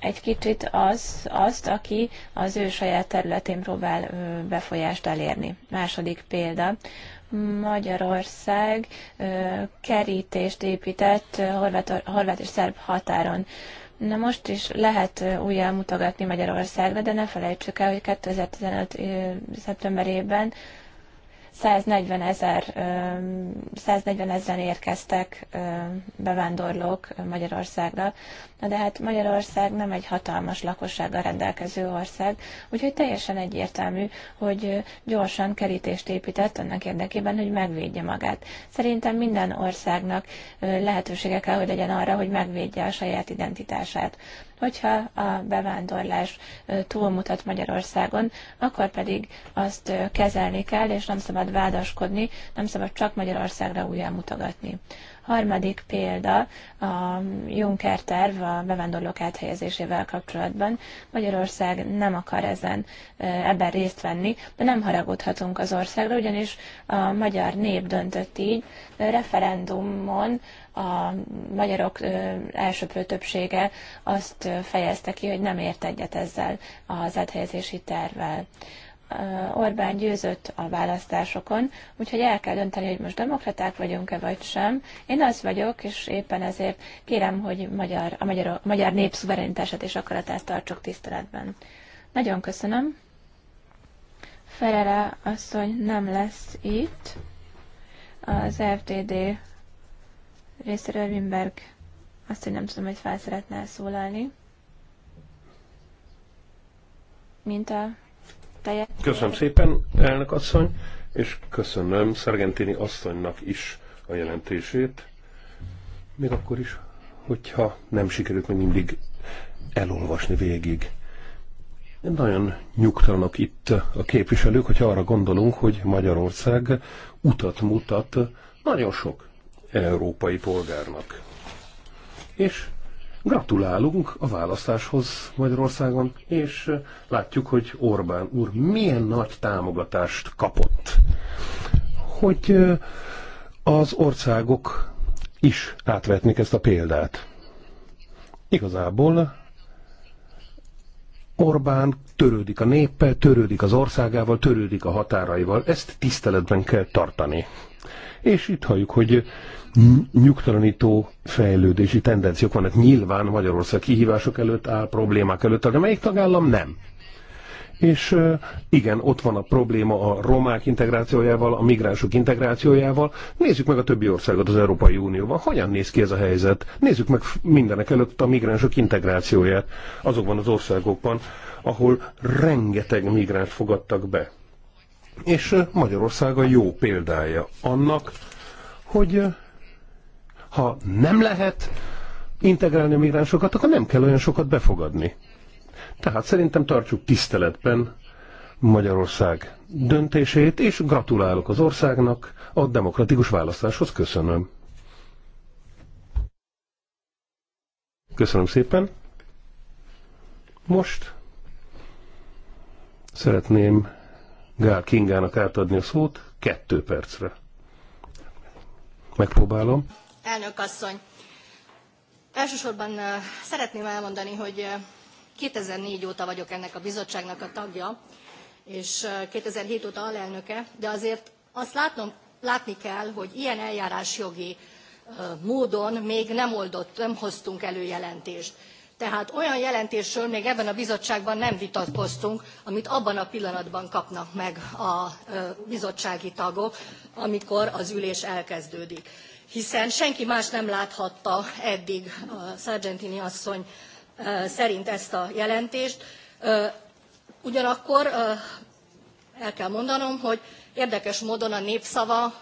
egy kicsit az, azt, aki az ő saját területén próbál befolyást elérni. Második példa. Magyarország kerítést épített horvát, horvát és szerb határon. Na most is lehet újjel mutogatni Magyarországra, de ne felejtsük el, hogy 2015. szeptemberében 140 ezer, 140 ezeren érkeztek bevándorlók Magyarországra, Na de hát Magyarország nem egy hatalmas lakossággal rendelkező ország, úgyhogy teljesen egyértelmű, hogy gyorsan kerítést épített annak érdekében, hogy megvédje magát. Szerintem minden országnak lehetősége kell, hogy legyen arra, hogy megvédje a saját identitását. Hogyha a bevándorlás túlmutat Magyarországon, akkor pedig azt kezelni kell, és nem szabad vádaskodni, nem szabad csak Magyarországra újra mutogatni. Harmadik példa a Juncker terv a bevándorlók áthelyezésével kapcsolatban. Magyarország nem akar ezen, ebben részt venni, de nem haragudhatunk az országra, ugyanis a magyar nép döntött így referendumon a magyarok elsőprő többsége azt fejezte ki, hogy nem ért egyet ezzel az áthelyezési tervvel. Orbán győzött a választásokon, úgyhogy el kell dönteni, hogy most demokraták vagyunk-e vagy sem. Én az vagyok, és éppen ezért kérem, hogy magyar, a magyar, a magyar nép szuverenitását és akaratát tartsuk tiszteletben. Nagyon köszönöm. Ferere asszony nem lesz itt. Az FTD részéről Wimberg azt, hogy nem tudom, hogy fel szeretne szólalni. Mint a tejet. Köszönöm szépen, elnök asszony, és köszönöm Szergentini asszonynak is a jelentését. Még akkor is, hogyha nem sikerült még mindig elolvasni végig. Nagyon nyugtalanok itt a képviselők, hogyha arra gondolunk, hogy Magyarország utat mutat nagyon sok európai polgárnak. És gratulálunk a választáshoz Magyarországon, és látjuk, hogy Orbán úr milyen nagy támogatást kapott, hogy az országok is átvetnék ezt a példát. Igazából Orbán törődik a néppel, törődik az országával, törődik a határaival, ezt tiszteletben kell tartani. És itt halljuk, hogy nyugtalanító fejlődési tendenciók vannak. Nyilván Magyarország kihívások előtt áll, problémák előtt áll, de melyik tagállam nem? És igen, ott van a probléma a romák integrációjával, a migránsok integrációjával. Nézzük meg a többi országot az Európai Unióban. Hogyan néz ki ez a helyzet? Nézzük meg mindenek előtt a migránsok integrációját azokban az országokban, ahol rengeteg migráns fogadtak be. És Magyarország a jó példája annak, hogy ha nem lehet integrálni a migránsokat, akkor nem kell olyan sokat befogadni. Tehát szerintem tartsuk tiszteletben Magyarország döntését, és gratulálok az országnak a demokratikus választáshoz. Köszönöm. Köszönöm szépen. Most szeretném Gál Kingának átadni a szót kettő percre. Megpróbálom. Elnök asszony! Elsősorban szeretném elmondani, hogy 2004 óta vagyok ennek a bizottságnak a tagja, és 2007 óta alelnöke, de azért azt látnom, látni kell, hogy ilyen eljárásjogi módon még nem oldott, nem hoztunk elő jelentést. Tehát olyan jelentésről még ebben a bizottságban nem vitatkoztunk, amit abban a pillanatban kapnak meg a bizottsági tagok, amikor az ülés elkezdődik hiszen senki más nem láthatta eddig a Sargentini asszony szerint ezt a jelentést. Ugyanakkor el kell mondanom, hogy érdekes módon a népszava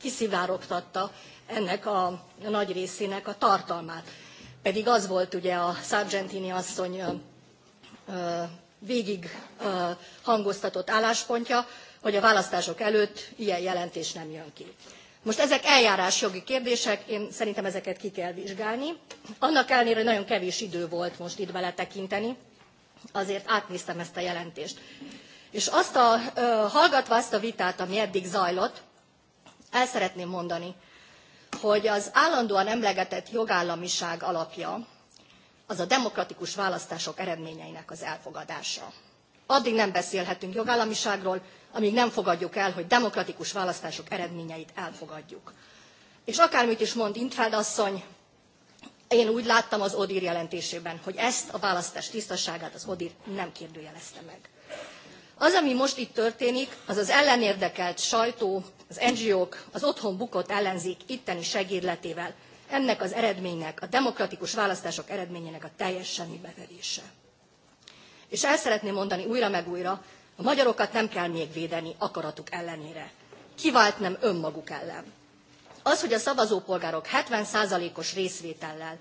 kiszivárogtatta ennek a nagy részének a tartalmát. Pedig az volt ugye a Sargentini asszony végig hangoztatott álláspontja, hogy a választások előtt ilyen jelentés nem jön ki. Most ezek eljárásjogi kérdések, én szerintem ezeket ki kell vizsgálni. Annak ellenére, hogy nagyon kevés idő volt most itt beletekinteni, azért átnéztem ezt a jelentést. És azt a, hallgatva azt a vitát, ami eddig zajlott, el szeretném mondani, hogy az állandóan emlegetett jogállamiság alapja az a demokratikus választások eredményeinek az elfogadása addig nem beszélhetünk jogállamiságról, amíg nem fogadjuk el, hogy demokratikus választások eredményeit elfogadjuk. És akármit is mond Intfeld asszony, én úgy láttam az ODIR jelentésében, hogy ezt a választás tisztaságát az ODIR nem kérdőjelezte meg. Az, ami most itt történik, az az ellenérdekelt sajtó, az NGO-k, az otthon bukott ellenzék itteni segédletével ennek az eredménynek, a demokratikus választások eredményének a teljes semmibevevése. És el szeretném mondani újra meg újra, a magyarokat nem kell még védeni akaratuk ellenére. Kivált nem önmaguk ellen. Az, hogy a szavazópolgárok 70%-os részvétellel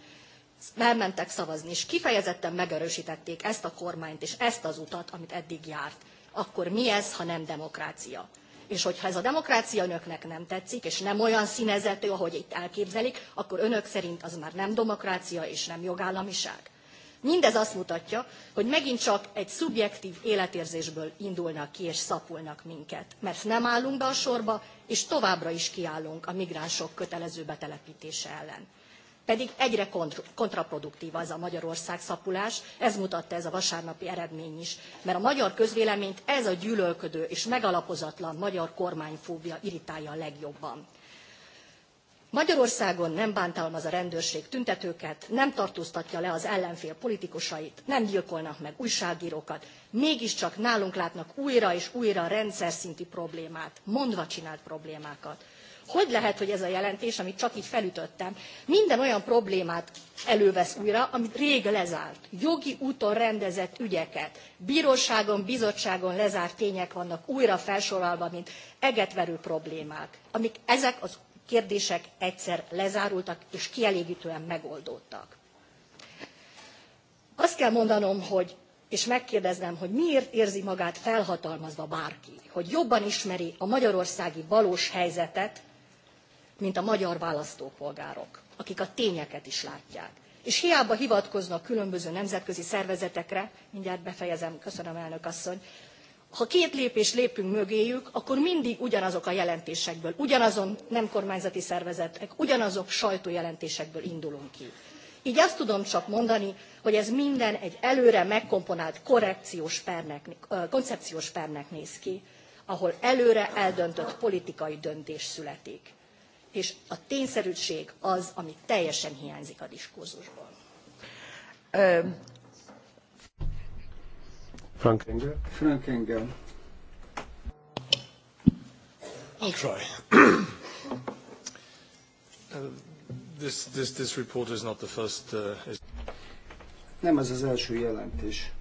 elmentek szavazni, és kifejezetten megerősítették ezt a kormányt és ezt az utat, amit eddig járt, akkor mi ez, ha nem demokrácia? És hogyha ez a demokrácia önöknek nem tetszik, és nem olyan színezető, ahogy itt elképzelik, akkor önök szerint az már nem demokrácia és nem jogállamiság. Mindez azt mutatja, hogy megint csak egy szubjektív életérzésből indulnak ki és szapulnak minket, mert nem állunk be a sorba, és továbbra is kiállunk a migránsok kötelező betelepítése ellen. Pedig egyre kontraproduktív az a Magyarország szapulás, ez mutatta ez a vasárnapi eredmény is, mert a magyar közvéleményt ez a gyűlölködő és megalapozatlan magyar kormányfóbia irritálja a legjobban. Magyarországon nem bántalmaz a rendőrség tüntetőket, nem tartóztatja le az ellenfél politikusait, nem gyilkolnak meg újságírókat, mégiscsak nálunk látnak újra és újra rendszer szintű problémát, mondva csinált problémákat. Hogy lehet, hogy ez a jelentés, amit csak így felütöttem, minden olyan problémát elővesz újra, amit rég lezárt. Jogi úton rendezett ügyeket, bíróságon, bizottságon lezárt tények vannak újra felsorolva, mint egetverő problémák, amik ezek az kérdések egyszer lezárultak és kielégítően megoldódtak. Azt kell mondanom, hogy és megkérdeznem, hogy miért érzi magát felhatalmazva bárki, hogy jobban ismeri a magyarországi valós helyzetet, mint a magyar választópolgárok, akik a tényeket is látják. És hiába hivatkoznak különböző nemzetközi szervezetekre, mindjárt befejezem, köszönöm elnök asszony, ha két lépés lépünk mögéjük, akkor mindig ugyanazok a jelentésekből, ugyanazon nem kormányzati szervezetek, ugyanazok sajtójelentésekből indulunk ki. Így azt tudom csak mondani, hogy ez minden egy előre megkomponált korrekciós pernek, koncepciós pernek néz ki, ahol előre eldöntött politikai döntés születik. És a tényszerűség az, ami teljesen hiányzik a diskurzusból. Frank Engel. Frank Engel. I'll try. Uh, this, this, this report is not the first... Uh, is... Nem ez az első jelentés,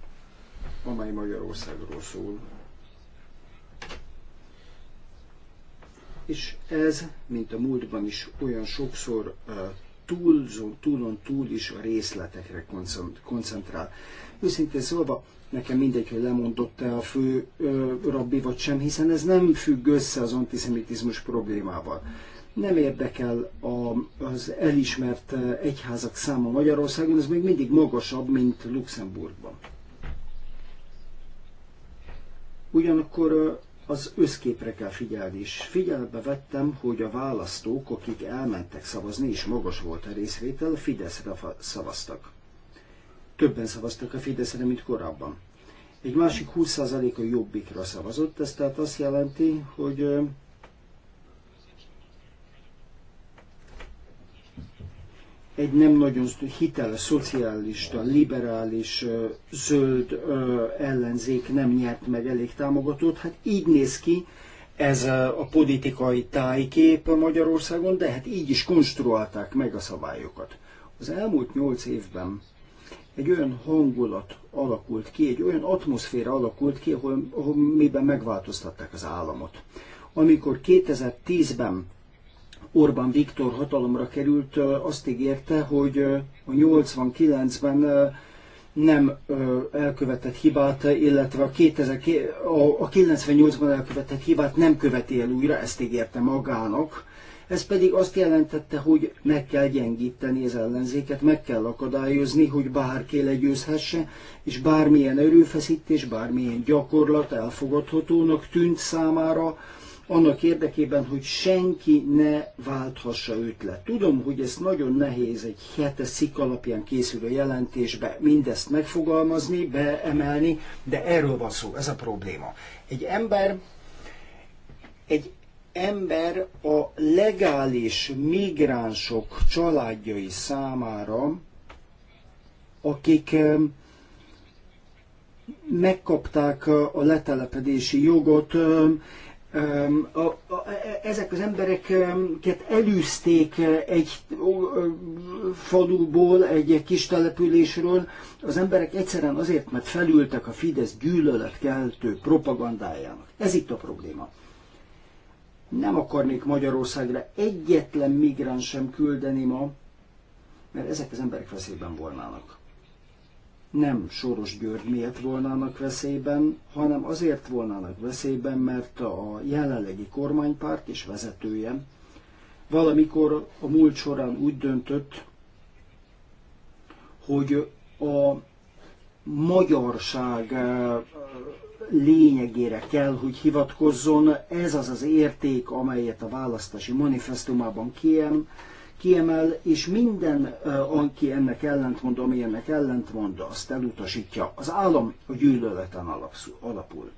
amely Magyarországról szól. És ez, mint a múltban is olyan sokszor uh, túlzon, túlon túl is a részletekre koncentrál. Őszintén szólva, nekem mindegy, hogy lemondott-e a fő ö, rabbi vagy sem, hiszen ez nem függ össze az antiszemitizmus problémával. Nem érdekel a, az elismert egyházak száma Magyarországon, ez még mindig magasabb, mint Luxemburgban. Ugyanakkor az összképre kell figyelni, és figyelembe vettem, hogy a választók, akik elmentek szavazni, és magas volt a részvétel, a Fideszre szavaztak. Többen szavaztak a Fideszre, mint korábban. Egy másik 20% a jobbikra szavazott, ez tehát azt jelenti, hogy egy nem nagyon hiteles, szocialista, liberális, zöld ellenzék nem nyert meg elég támogatót. Hát így néz ki ez a politikai tájkép Magyarországon, de hát így is konstruálták meg a szabályokat. Az elmúlt nyolc évben egy olyan hangulat alakult ki, egy olyan atmoszféra alakult ki, ahol, ahol miben megváltoztatták az államot. Amikor 2010-ben Orbán Viktor hatalomra került, azt ígérte, hogy a 89-ben nem elkövetett hibát, illetve a, 2000, a 98-ban elkövetett hibát nem követi el újra, ezt ígérte magának. Ez pedig azt jelentette, hogy meg kell gyengíteni az ellenzéket, meg kell akadályozni, hogy bárki legyőzhesse, és bármilyen erőfeszítés, bármilyen gyakorlat elfogadhatónak tűnt számára, annak érdekében, hogy senki ne válthassa őt le. Tudom, hogy ez nagyon nehéz egy hete szik alapján készülő jelentésbe mindezt megfogalmazni, beemelni, de erről van szó, ez a probléma. Egy ember, egy ember a legális migránsok családjai számára, akik megkapták a letelepedési jogot, E, ezek az embereket elűzték egy faluból, egy kis településről, az emberek egyszerűen azért, mert felültek a Fidesz gyűlöletkeltő propagandájának. Ez itt a probléma. Nem akarnék Magyarországra egyetlen migráns sem küldeni ma, mert ezek az emberek veszélyben volnának nem Soros György miatt volnának veszélyben, hanem azért volnának veszélyben, mert a jelenlegi kormánypárt és vezetője valamikor a múlt során úgy döntött, hogy a magyarság eh, lényegére kell, hogy hivatkozzon. Ez az az érték, amelyet a választási manifestumában kiem, kiemel, és minden, aki ennek ellentmond, ami ennek ellentmond, azt elutasítja. Az állam a gyűlöleten alapul.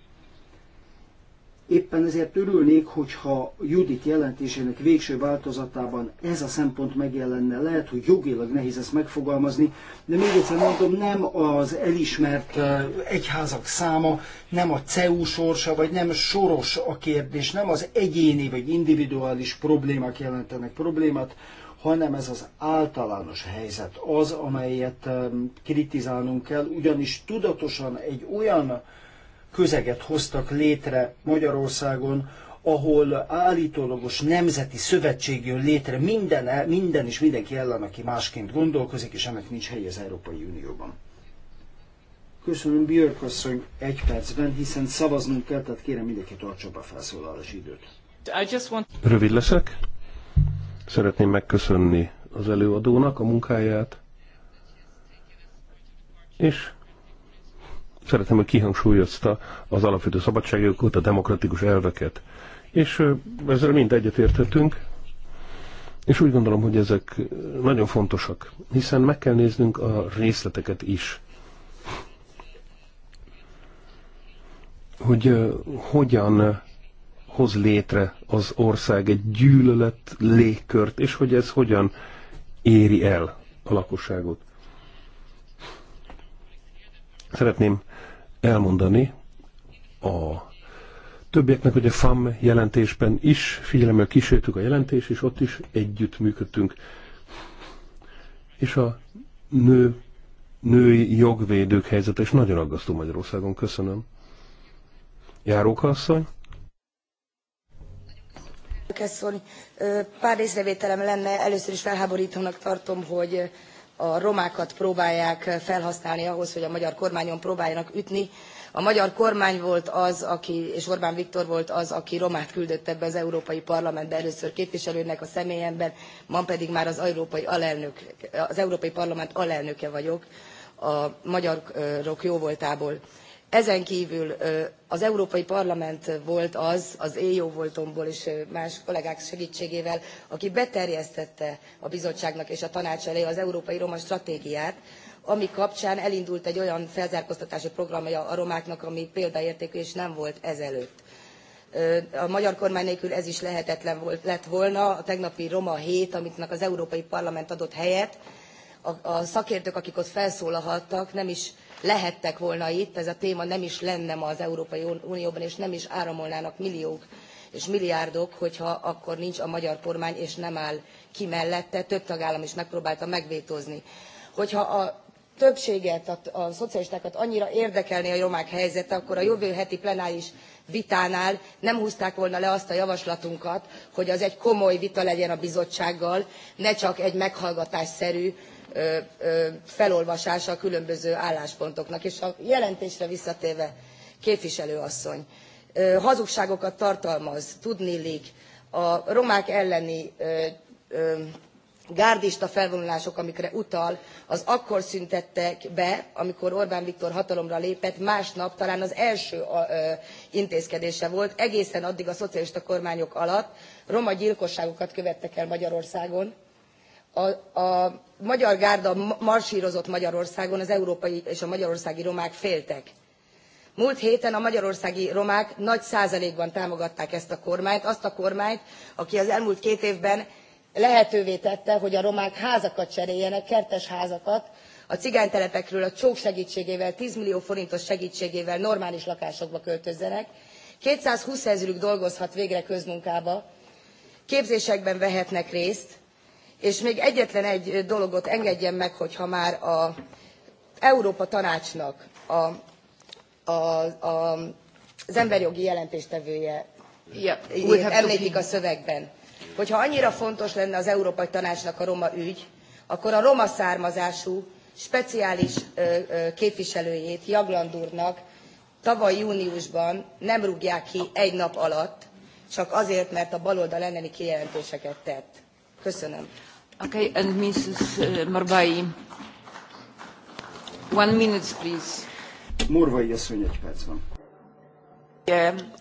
Éppen ezért örülnék, hogyha Judit jelentésének végső változatában ez a szempont megjelenne. Lehet, hogy jogilag nehéz ezt megfogalmazni, de még egyszer mondom, nem az elismert egyházak száma, nem a CEU sorsa, vagy nem soros a kérdés, nem az egyéni vagy individuális problémák jelentenek problémát, hanem ez az általános helyzet az, amelyet kritizálnunk kell, ugyanis tudatosan egy olyan közeget hoztak létre Magyarországon, ahol állítólagos nemzeti szövetség jön létre minden, minden és mindenki ellen, aki másként gondolkozik, és ennek nincs helye az Európai Unióban. Köszönöm, Björk asszony, egy percben, hiszen szavaznunk kell, tehát kérem mindenki tartsa be a felszólalási időt. Want... Rövid leszek. Szeretném megköszönni az előadónak a munkáját, és szeretném, hogy kihangsúlyozta az alapvető szabadságjogokat, a demokratikus elveket. És ezzel mind egyetértettünk, és úgy gondolom, hogy ezek nagyon fontosak, hiszen meg kell néznünk a részleteket is. Hogy uh, hogyan hoz létre az ország egy gyűlölet légkört, és hogy ez hogyan éri el a lakosságot. Szeretném elmondani a többieknek, hogy a FAM jelentésben is figyelemmel kísértük a jelentést, és ott is együtt működtünk. És a nő, női jogvédők helyzete is nagyon aggasztó Magyarországon. Köszönöm. Járóka asszony? asszony, pár észrevételem lenne, először is felhábortónak tartom, hogy a romákat próbálják felhasználni ahhoz, hogy a magyar kormányon próbáljanak ütni. A magyar kormány volt az, aki, és Orbán Viktor volt az, aki romát küldött ebbe az Európai Parlamentbe először képviselőnek a személyemben, ma pedig már az Európai, alelnök, az Európai Parlament alelnöke vagyok a magyarok jóvoltából. voltából ezen kívül az Európai Parlament volt az, az én jóvoltomból és más kollégák segítségével, aki beterjesztette a bizottságnak és a tanács elé az Európai Roma Stratégiát, ami kapcsán elindult egy olyan felzárkóztatási programja a romáknak, ami példaértékű és nem volt ezelőtt. A magyar kormány nélkül ez is lehetetlen volt, lett volna. A tegnapi Roma hét, amiknek az Európai Parlament adott helyet, a, a szakértők, akik ott felszólalhattak, nem is lehettek volna itt, ez a téma nem is lenne ma az Európai Unióban, és nem is áramolnának milliók és milliárdok, hogyha akkor nincs a magyar kormány, és nem áll ki mellette. Több tagállam is megpróbálta megvétózni. Hogyha a többséget, a, a szocialistákat annyira érdekelné a romák helyzete, akkor a jövő heti plenáris vitánál nem húzták volna le azt a javaslatunkat, hogy az egy komoly vita legyen a bizottsággal, ne csak egy meghallgatásszerű felolvasása a különböző álláspontoknak. És a jelentésre visszatérve, képviselő asszony, hazugságokat tartalmaz, tudnélik, a romák elleni gárdista felvonulások, amikre utal, az akkor szüntettek be, amikor Orbán Viktor hatalomra lépett, másnap talán az első intézkedése volt, egészen addig a szocialista kormányok alatt roma gyilkosságokat követtek el Magyarországon, a, magyar gárda marsírozott Magyarországon, az európai és a magyarországi romák féltek. Múlt héten a magyarországi romák nagy százalékban támogatták ezt a kormányt, azt a kormányt, aki az elmúlt két évben lehetővé tette, hogy a romák házakat cseréljenek, kertes házakat, a cigánytelepekről a csók segtségével ten millió forintos segítségével normális lakásokba költözzenek, 220 ezerük dolgozhat végre közmunkába, képzésekben vehetnek részt, és még egyetlen egy dologot engedjen meg, hogyha már az Európa Tanácsnak a, a, a, az emberjogi jelentéstevője yeah, a szövegben, hogyha annyira fontos lenne az Európai Tanácsnak a roma ügy, akkor a roma származású speciális képviselőjét, Jaglandurnak tavaly júniusban nem rúgják ki egy nap alatt, csak azért, mert a baloldal elleni kijelentéseket tett. Köszönöm. Okay, and Mrs. Uh, Morvai. One minute, please. Morvai asszony, egy perc van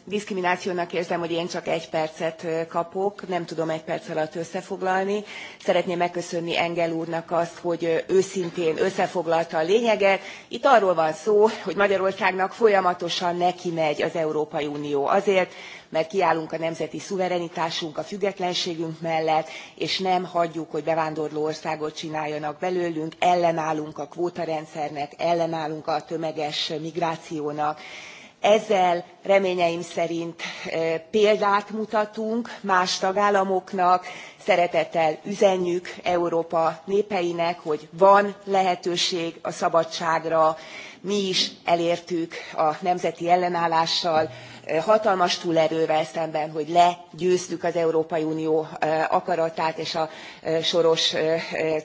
diszkriminációnak érzem hogy én csak egy percet kapok nem tudom egy perc alatt összefoglalni szeretném megköszönni engel úrnak azt hogy őszintén összefoglalta a lényeget itt arról van szó hogy magyarországnak folyamatosan nekimegy az európai unió azért mert kiállunk a nemzeti szuverenitásunk a függetlenségünk mellett és nem hagyjuk hogy bevándorló országot csináljanak belőlünk ellenállunk a kvótarendszernek ellenállunk a tömeges migrációnak ezzel reményeim szerint példát mutatunk más tagállamoknak szeretettel üzenjük európa népeinek hogy van lehetőség a szabadságra mi is elértük a nemzeti ellenállással hatalmas túlerővel szemben hogy legyőztük az európai unió akaratát és a soros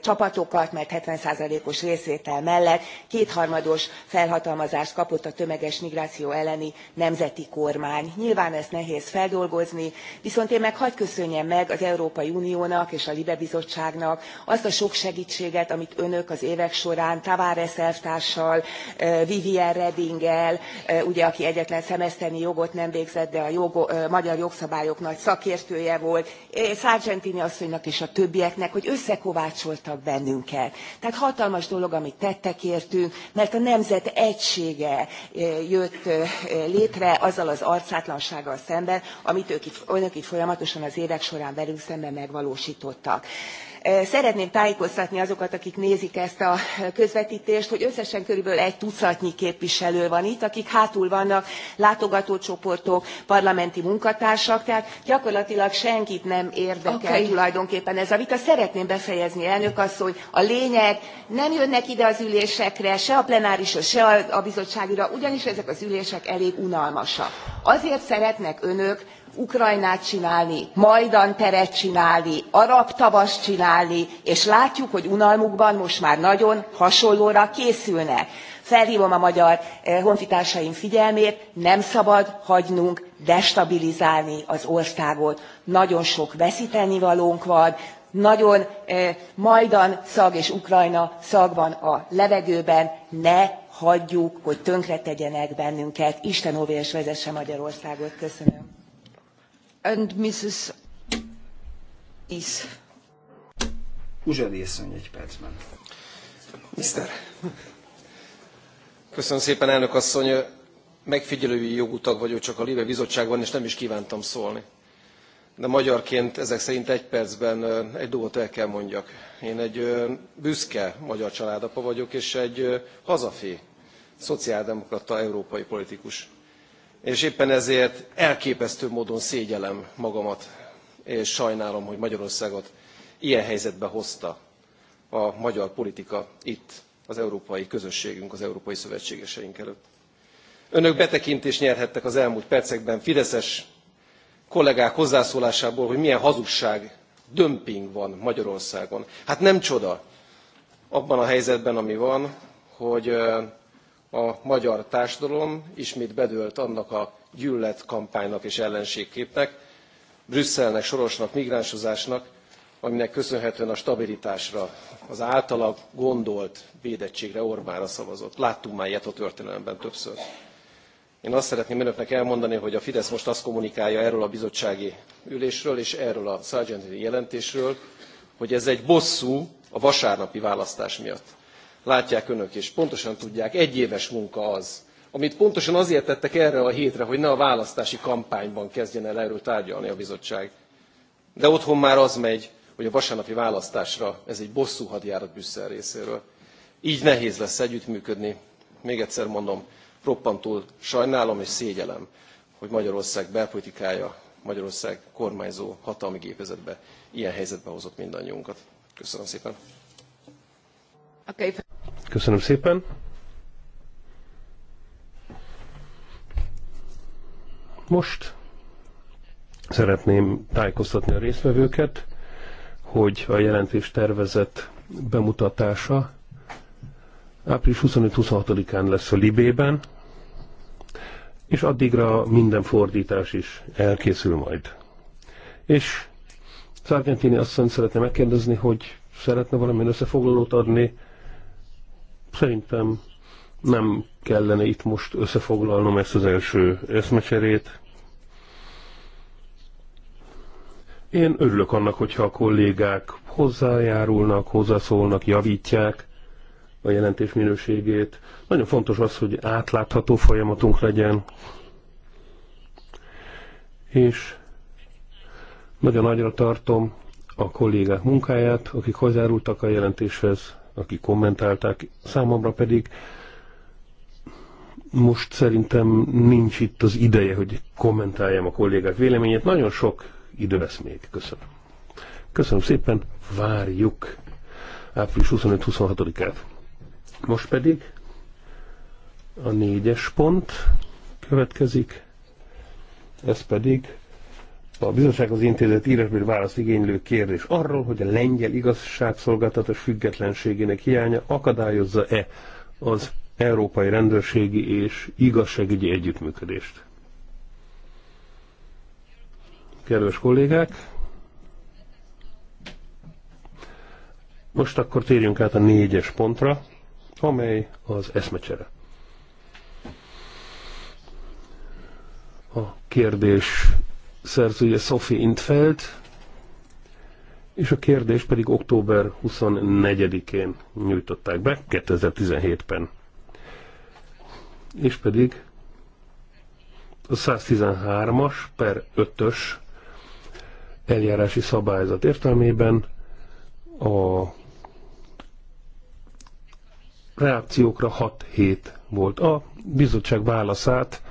csapatokat mert seventy os részvétel mellett kétharmados felhatalmazást kapott a tömeges migráció elleni nemzeti kormány. nyilván ezt nehéz feldolgozni viszont én meg hadd köszönjem meg az európai uniónak és a libe bizottságnak azt a sok segtséget amit önök az évek során tavares elvtárssal viviane redinggel ugye aki egyetlen szemeszternyi jogot szakmát nem végzett de a magyar jogszabályok nagy szakértője volt sargentini asszonynak és a többieknek hogy összekovácsoltak bennünket. tehát hatalmas dolog amit tettek értünk mert a nemzet egysége jött létre azzal az arcátlansággal szemben amit ők önök itt folyamatosan az évek során velünk szemben megvalóstottak szeretném tájékoztatni azokat akik nézik ezt a közvettést hogy összesen körülbelül egy tucatnyi képviselő van itt akik hátul vannak látogatócsoportok parlamenti munkatársak tehát gyakorlatilag senkit nem érdekel tulajdonképpen ez a vita. szeretném befejezni elnök asszony a lényeg nem jönnek ide az ülésekre se a plenárisra se a bizottságira ugyanis ezek az ülések elég unalmasak. azért szeretnek önök ukrajnát csinálni majdan teret csinálni arab tavaszt csinálni és látjuk hogy unalmukban most már nagyon hasonlóra készülnek. felhvom a magyar eh, honfitársaim figyelmét nem szabad hagynunk destabilizálni az országot nagyon sok vesztenivalónk van nagyon eh, majdan szag és ukrajna szag van a levegőben ne hagyjuk hogy tönkretegyenek bennünket isten óvja és vezesse magyarországot. köszönöm egy percben. Köszönöm szépen, elnök asszony. Megfigyelői jogutag vagyok csak a Libe Bizottságban, és nem is kívántam szólni. De magyarként ezek szerint egy percben egy dolgot el kell mondjak. Én egy büszke magyar családapa vagyok, és egy hazafi szociáldemokrata európai politikus és éppen ezért elképesztő módon szégyellem magamat és sajnálom hogy magyarországot ilyen helyzetbe hozta a magyar politika itt az európai közösségünk az európai szövetségeseink előtt. önök betekintést nyerhettek az elmúlt percekben fideszes kollégák hozzászólásából hogy milyen hazugság dömping van magyarországon. hát nem csoda abban a helyzetben ami van hogy a magyar társadalom ismét bedőlt annak a gyűlöletkampánynak és ellenségképnek brüsszelnek sorosnak migránsozásnak aminek köszönhetően a stabilitásra az általa gondolt védettségre orbánra szavazott. láttunk már ilyet a történelemben többször. én azt szeretném önöknek elmondani hogy a fidesz most azt kommunikálja erről a bizottsági ülésről és erről a sargentini jelentésről hogy ez egy bosszú a vasárnapi választás miatt látják önök és pontosan tudják, egyéves munka az, amit pontosan azért tettek erre a hétre, hogy ne a választási kampányban kezdjen el erről tárgyalni a bizottság. De otthon már az megy, hogy a vasárnapi választásra ez egy bosszú hadjárat Brüsszel részéről. Így nehéz lesz együttműködni. Még egyszer mondom, roppantul sajnálom és szégyelem, hogy Magyarország belpolitikája, Magyarország kormányzó hatalmi gépezetbe ilyen helyzetbe hozott mindannyiunkat. Köszönöm szépen. Okay. Köszönöm szépen. Most szeretném tájékoztatni a résztvevőket, hogy a jelentés tervezett bemutatása április 25-26-án lesz a Libében, és addigra minden fordítás is elkészül majd. És Szárgentini azt szeretne megkérdezni, hogy szeretne valamilyen összefoglalót adni Szerintem nem kellene itt most összefoglalnom ezt az első eszmecserét. Én örülök annak, hogyha a kollégák hozzájárulnak, hozzászólnak, javítják a jelentés minőségét. Nagyon fontos az, hogy átlátható folyamatunk legyen, és nagyon nagyra tartom a kollégák munkáját, akik hozzárultak a jelentéshez akik kommentálták, számomra pedig most szerintem nincs itt az ideje, hogy kommentáljam a kollégák véleményét. Nagyon sok idő lesz még. Köszönöm. Köszönöm szépen, várjuk április 25-26-át. Most pedig a négyes pont következik, ez pedig a bizottság az intézet írásbeli válasz igénylő kérdés arról, hogy a lengyel igazságszolgáltatás függetlenségének hiánya akadályozza-e az európai rendőrségi és igazságügyi együttműködést. Kedves kollégák, most akkor térjünk át a négyes pontra, amely az eszmecsere. A kérdés szerzője Sophie Intfeld, és a kérdés pedig október 24-én nyújtották be, 2017-ben. És pedig a 113-as per 5-ös eljárási szabályzat értelmében a reakciókra 6 hét volt. A bizottság válaszát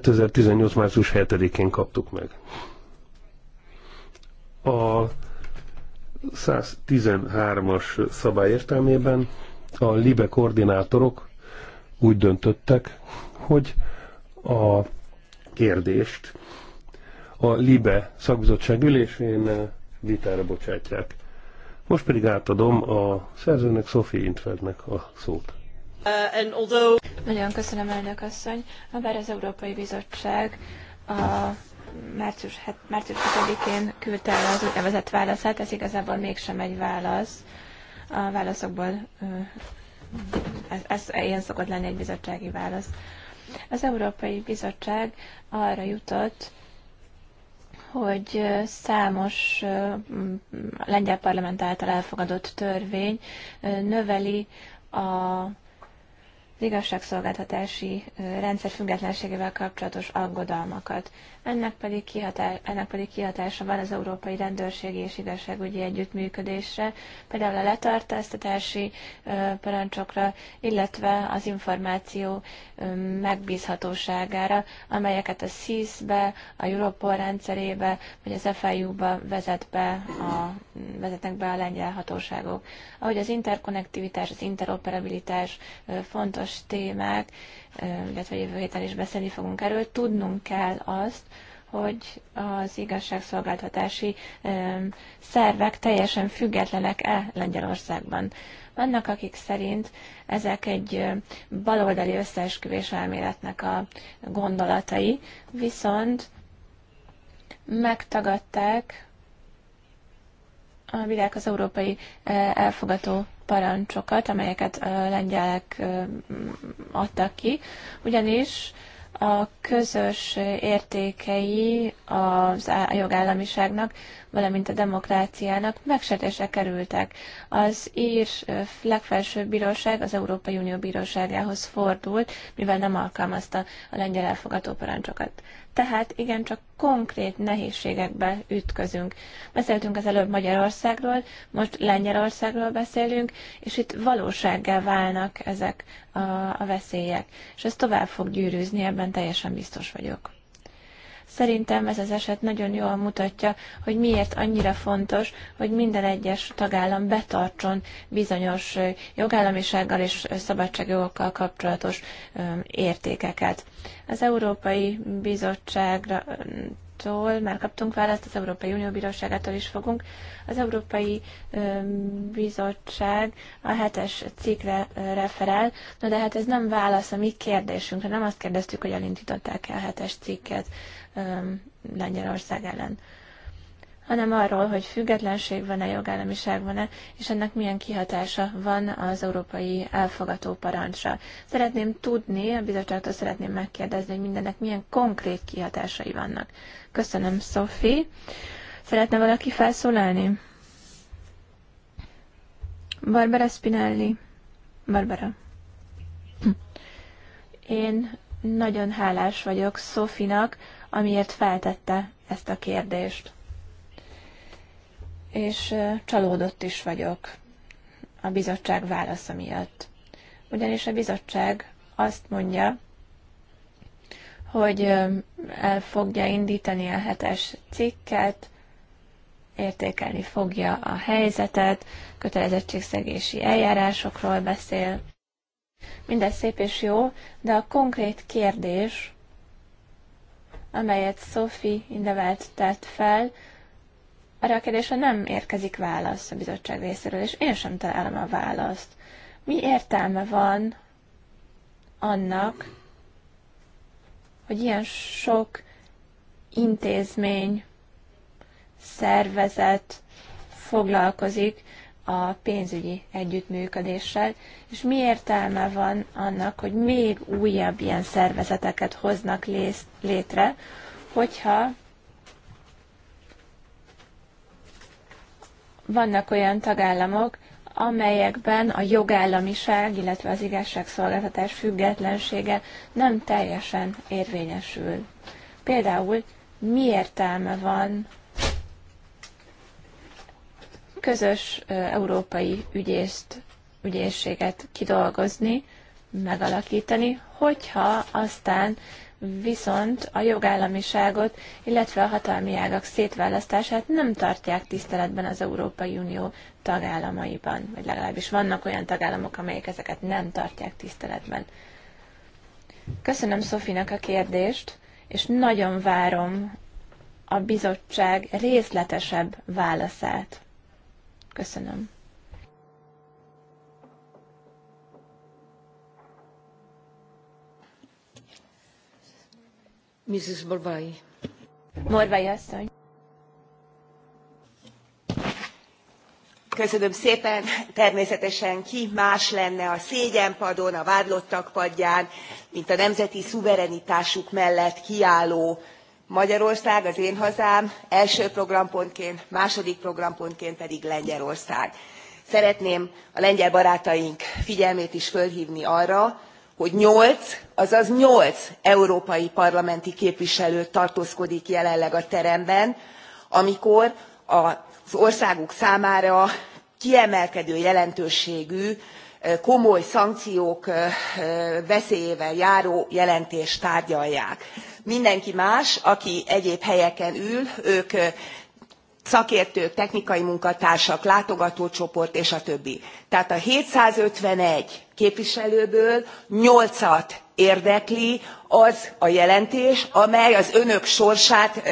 2018. március 7-én kaptuk meg. A 113-as szabály értelmében a LIBE koordinátorok úgy döntöttek, hogy a kérdést a LIBE szakbizottság ülésén vitára bocsátják. Most pedig átadom a szerzőnek, Sophie Intfeldnek a szót. Uh, Nagyon köszönöm, elnök asszony. Habár az Európai Bizottság a március, het, március 7-én küldte el az úgynevezett válaszát, ez igazából mégsem egy válasz. A válaszokból uh, ez, ez ilyen szokott lenni egy bizottsági válasz. Az Európai Bizottság arra jutott, hogy uh, számos lengyel parlament által elfogadott törvény növeli a igazságszolgáltatási rendszer függetlenségével kapcsolatos aggodalmakat ennek pedig, kihatás, ennek pedig kihatása van az Európai Rendőrségi és Igazságügyi Együttműködésre, például a letartóztatási parancsokra, illetve az információ megbízhatóságára, amelyeket a SIS-be, a Europol rendszerébe, vagy az FIU-ba vezet be a, vezetnek be a lengyel hatóságok. Ahogy az interkonnektivitás, az interoperabilitás fontos témák, illetve jövő héten is beszélni fogunk erről, tudnunk kell azt, hogy az igazságszolgáltatási szervek teljesen függetlenek-e Lengyelországban. Vannak, akik szerint ezek egy baloldali összeesküvés elméletnek a gondolatai, viszont megtagadták a világ az európai elfogató parancsokat, amelyeket a lengyelek adtak ki, ugyanis a közös értékei az a jogállamiságnak, valamint a demokráciának megsértésre kerültek. Az ír legfelsőbb bíróság az Európai Unió bíróságához fordult, mivel nem alkalmazta a lengyel elfogadó parancsokat tehát igen, csak konkrét nehézségekbe ütközünk. Beszéltünk az előbb Magyarországról, most Lengyelországról beszélünk, és itt valósággá válnak ezek a, a veszélyek, és ez tovább fog gyűrűzni, ebben teljesen biztos vagyok. Szerintem ez az eset nagyon jól mutatja, hogy miért annyira fontos, hogy minden egyes tagállam betartson bizonyos jogállamisággal és szabadságjogokkal kapcsolatos értékeket. Az Európai Bizottságra Bizottságtól már kaptunk választ, az Európai Unió Bíróságától is fogunk. Az Európai Bizottság a hetes cikkre referál, na de hát ez nem válasz a mi kérdésünkre, nem azt kérdeztük, hogy elindították e a hetes cikket Lengyelország ellen hanem arról, hogy függetlenség van-e, jogállamiság van-e, és ennek milyen kihatása van az európai elfogató parancsra. Szeretném tudni, a bizottságtól szeretném megkérdezni, hogy mindennek milyen konkrét kihatásai vannak. Köszönöm, Szofi. Szeretne valaki felszólalni? Barbara Spinelli. Barbara. Én nagyon hálás vagyok Szofinak, amiért feltette ezt a kérdést és csalódott is vagyok a bizottság válasza miatt. Ugyanis a bizottság azt mondja, hogy el fogja indítani a hetes cikket, értékelni fogja a helyzetet, kötelezettségszegési eljárásokról beszél. Mindez szép és jó, de a konkrét kérdés, amelyet Sophie Indevelt tett fel, arra a kérdésre nem érkezik válasz a bizottság részéről, és én sem találom a választ. Mi értelme van annak, hogy ilyen sok intézmény, szervezet foglalkozik a pénzügyi együttműködéssel, és mi értelme van annak, hogy még újabb ilyen szervezeteket hoznak létre, hogyha vannak olyan tagállamok, amelyekben a jogállamiság, illetve az igazságszolgáltatás függetlensége nem teljesen érvényesül. Például mi értelme van közös európai ügyészt, ügyészséget kidolgozni, megalakítani, hogyha aztán viszont a jogállamiságot, illetve a hatalmi ágak szétválasztását nem tartják tiszteletben az Európai Unió tagállamaiban, vagy legalábbis vannak olyan tagállamok, amelyek ezeket nem tartják tiszteletben. Köszönöm Szofinak a kérdést, és nagyon várom a bizottság részletesebb válaszát. Köszönöm. Mrs. Morvai. asszony. szépen. természetesen ki más lenne a szégyenpadon a vádlottak padján mint a nemzeti szuverenitásuk mellett kiálló magyarország az én hazám első programpontként második programpontként pedig lengyelország. szeretném a lengyel barátaink figyelmét is fölhvni arra hogy nyolc azaz nyolc európai parlamenti képviselő tartózkodik jelenleg a teremben amikor az országuk számára kiemelkedő jelentőségű komoly szankciók veszélyével járó jelentést tárgyalják. mindenki más aki egyéb helyeken ül ők szakértők, technikai munkatársak, látogatócsoport és a többi. Tehát a 751 képviselőből 8-at érdekli az a jelentés, amely az önök sorsát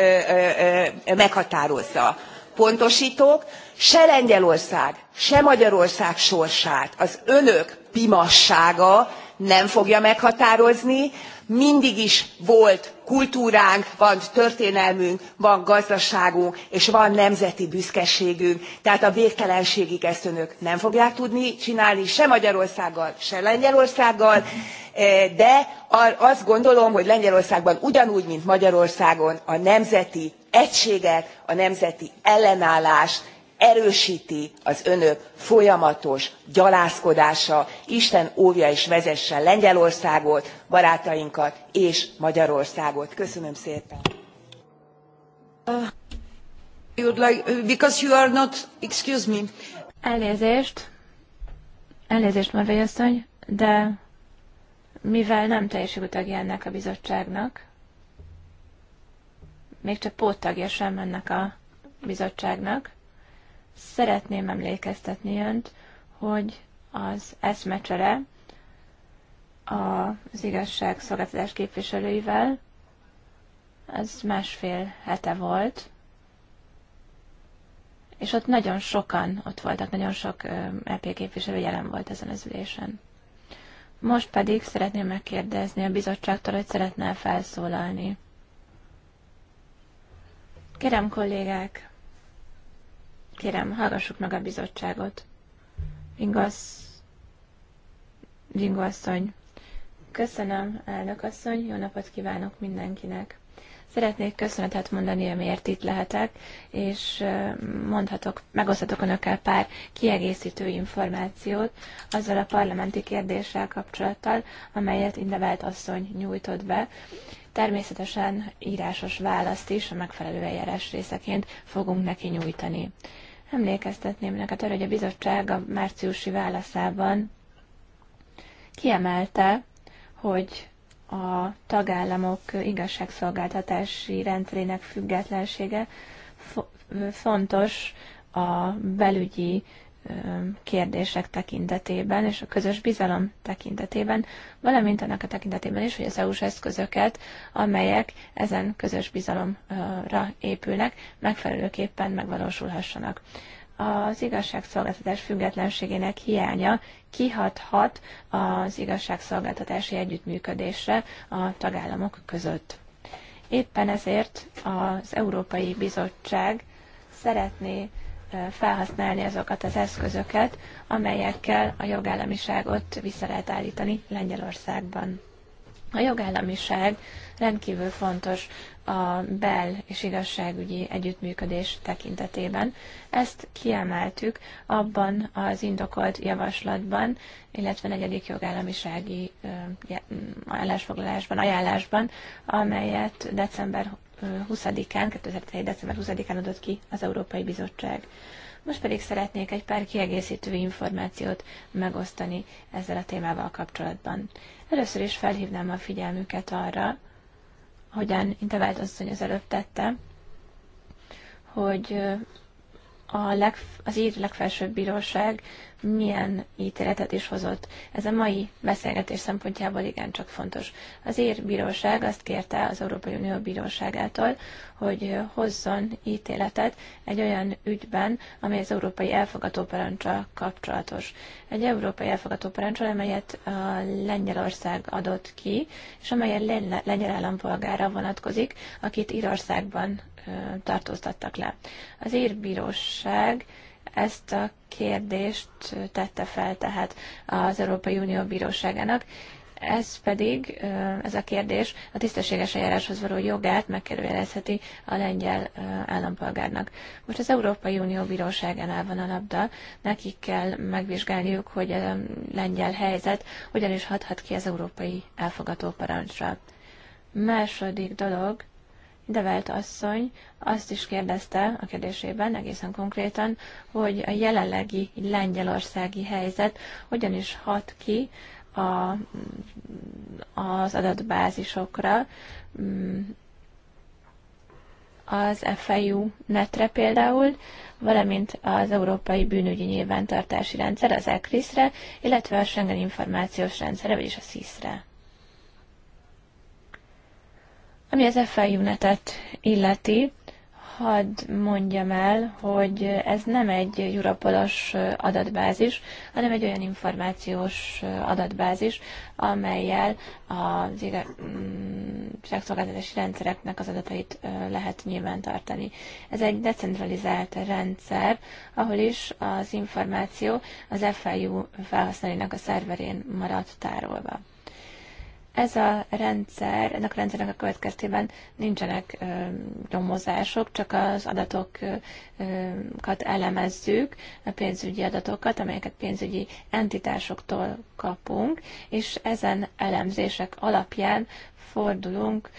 meghatározza. Pontosítok, se Lengyelország, se Magyarország sorsát az önök pimassága nem fogja meghatározni, mindig is volt kultúránk van történelmünk van gazdaságunk és van nemzeti büszkeségünk tehát a végtelenségig ezt önök nem fogják tudni csinálni se magyarországgal se lengyelországgal eh, de azt gondolom hogy lengyelországban ugyanúgy mint magyarországon a nemzeti egységet a nemzeti ellenállást erősti az önök folyamatos gyalázkodása isten óvja és vezesse lengyelországot barátainkat és magyarországot. köszönöm szépen! Uh, uh, elnézést elnézést marvai asszony de mivel nem teljesülő tagja ennek a bizottságnak még csak póttagja sem ennek a bizottságnak Szeretném emlékeztetni önt, hogy az eszmecsere az szolgáltatás képviselőivel, ez másfél hete volt, és ott nagyon sokan ott voltak, nagyon sok EP képviselő jelen volt ezen az ülésen. Most pedig szeretném megkérdezni a bizottságtól, hogy szeretne felszólalni. Kérem kollégák, Kérem, hallgassuk meg a bizottságot. Ingasz, Ringo asszony. Köszönöm, elnök asszony, jó napot kívánok mindenkinek. Szeretnék köszönetet mondani, amiért itt lehetek, és mondhatok, megoszthatok önökkel pár kiegészítő információt azzal a parlamenti kérdéssel kapcsolattal, amelyet Indevelt asszony nyújtott be. Természetesen írásos választ is a megfelelő eljárás részeként fogunk neki nyújtani. Emlékeztetném neked arra, hogy a bizottság a márciusi válaszában kiemelte, hogy a tagállamok igazságszolgáltatási rendszerének függetlensége fontos a belügyi kérdések tekintetében és a közös bizalom tekintetében, valamint annak a tekintetében is, hogy az EU-s eszközöket, amelyek ezen közös bizalomra épülnek, megfelelőképpen megvalósulhassanak. Az igazságszolgáltatás függetlenségének hiánya kihathat az igazságszolgáltatási együttműködésre a tagállamok között. Éppen ezért az Európai Bizottság szeretné felhasználni azokat az eszközöket, amelyekkel a jogállamiságot vissza lehet állítani Lengyelországban. A jogállamiság rendkívül fontos a bel- és igazságügyi együttműködés tekintetében. Ezt kiemeltük abban az indokolt javaslatban, illetve negyedik jogállamisági mm, állásfoglalásban, ajánlásban, amelyet december 20-án, 2001. december 20-án adott ki az Európai Bizottság. Most pedig szeretnék egy pár kiegészítő információt megosztani ezzel a témával kapcsolatban. Először is felhívnám a figyelmüket arra, hogyan Intervált asszony az előbb tette, hogy a leg, az ír legfelsőbb bíróság milyen ítéletet is hozott. Ez a mai beszélgetés szempontjából igencsak fontos. Az ír bíróság azt kérte az Európai Unió bíróságától, hogy hozzon ítéletet egy olyan ügyben, ami az európai elfogató parancsal kapcsolatos. Egy európai elfogató parancsal, amelyet a Lengyelország adott ki, és amely a lengyel állampolgára vonatkozik, akit Írországban tartóztattak le. Az írbíróság ezt a kérdést tette fel tehát az Európai Unió bíróságának, ez pedig, ez a kérdés a tisztességes eljáráshoz való jogát megkerülhetheti a lengyel állampolgárnak. Most az Európai Unió bíróságánál van a labda, nekik kell megvizsgálniuk, hogy a lengyel helyzet hogyan is hathat ki az európai elfogató parancsra. Második dolog, Develt asszony azt is kérdezte a kérdésében egészen konkrétan, hogy a jelenlegi lengyelországi helyzet hogyan is hat ki a, az adatbázisokra, az FIU netre például, valamint az Európai Bűnügyi Nyilvántartási Rendszer, az ECRIS-re, illetve a Schengen Információs Rendszerre, vagyis a SIS-re. Ami az FI Unitet illeti, hadd mondjam el, hogy ez nem egy Europolos adatbázis, hanem egy olyan információs adatbázis, amelyel a mm, szakszolgáltatási rendszereknek az adatait lehet nyilvántartani. Ez egy decentralizált rendszer, ahol is az információ az FIU felhasználóinak a szerverén maradt tárolva ez a rendszer, ennek a rendszernek a következtében nincsenek nyomozások, csak az adatokat elemezzük, a pénzügyi adatokat, amelyeket pénzügyi entitásoktól kapunk, és ezen elemzések alapján fordulunk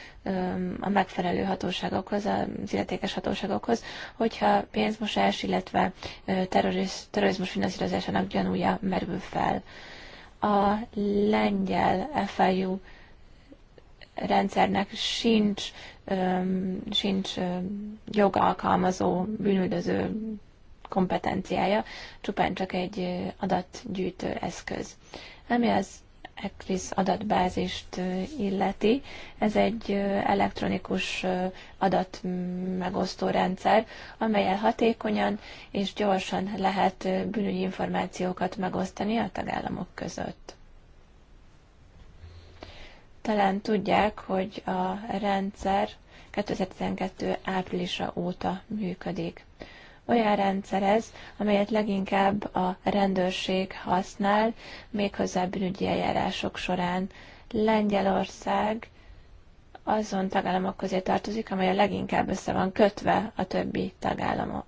a megfelelő hatóságokhoz, az illetékes hatóságokhoz, hogyha pénzmosás, illetve terrorizmus finanszírozásának gyanúja merül fel a lengyel FIU rendszernek sincs, sincs jogalkalmazó, bűnüldöző kompetenciája, csupán csak egy adatgyűjtő eszköz. Ami az ECRIS adatbázist illeti. Ez egy elektronikus adatmegosztó rendszer, amelyel hatékonyan és gyorsan lehet bűnügyi információkat megosztani a tagállamok között. Talán tudják, hogy a rendszer 2012. áprilisa óta működik olyan rendszer ez, amelyet leginkább a rendőrség használ, méghozzá bűnügyi eljárások során. Lengyelország azon tagállamok közé tartozik, amely a leginkább össze van kötve a többi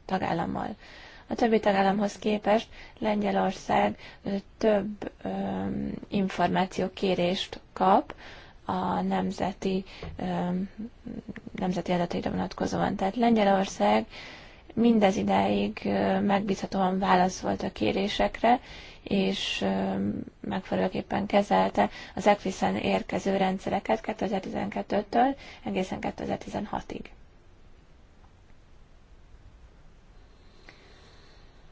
tagállammal. A többi tagállamhoz képest Lengyelország több információkérést kap a nemzeti, nemzeti adataira vonatkozóan. Tehát Lengyelország Mindez idáig megbízhatóan válaszolt a kérésekre, és megfelelőképpen kezelte az Equisen érkező rendszereket 2012-től egészen 2016-ig.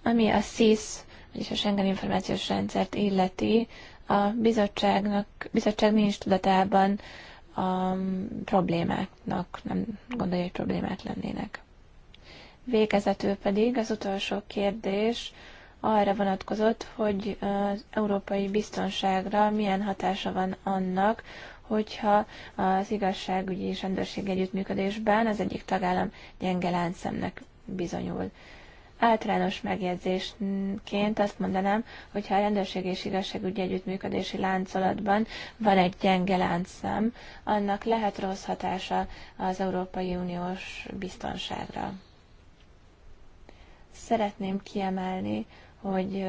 Ami a SIS, vagyis a Schengen Információs Rendszert illeti, a bizottságnak, bizottság nincs tudatában a problémáknak, nem gondolja, hogy problémák lennének. Végezetül pedig az utolsó kérdés arra vonatkozott, hogy az európai biztonságra milyen hatása van annak, hogyha az igazságügyi és rendőrség együttműködésben az egyik tagállam gyenge láncszemnek bizonyul. Általános megjegyzésként azt mondanám, hogy ha a rendőrség és igazságügyi együttműködési láncolatban van egy gyenge láncszem, annak lehet rossz hatása az Európai Uniós biztonságra szeretném kiemelni, hogy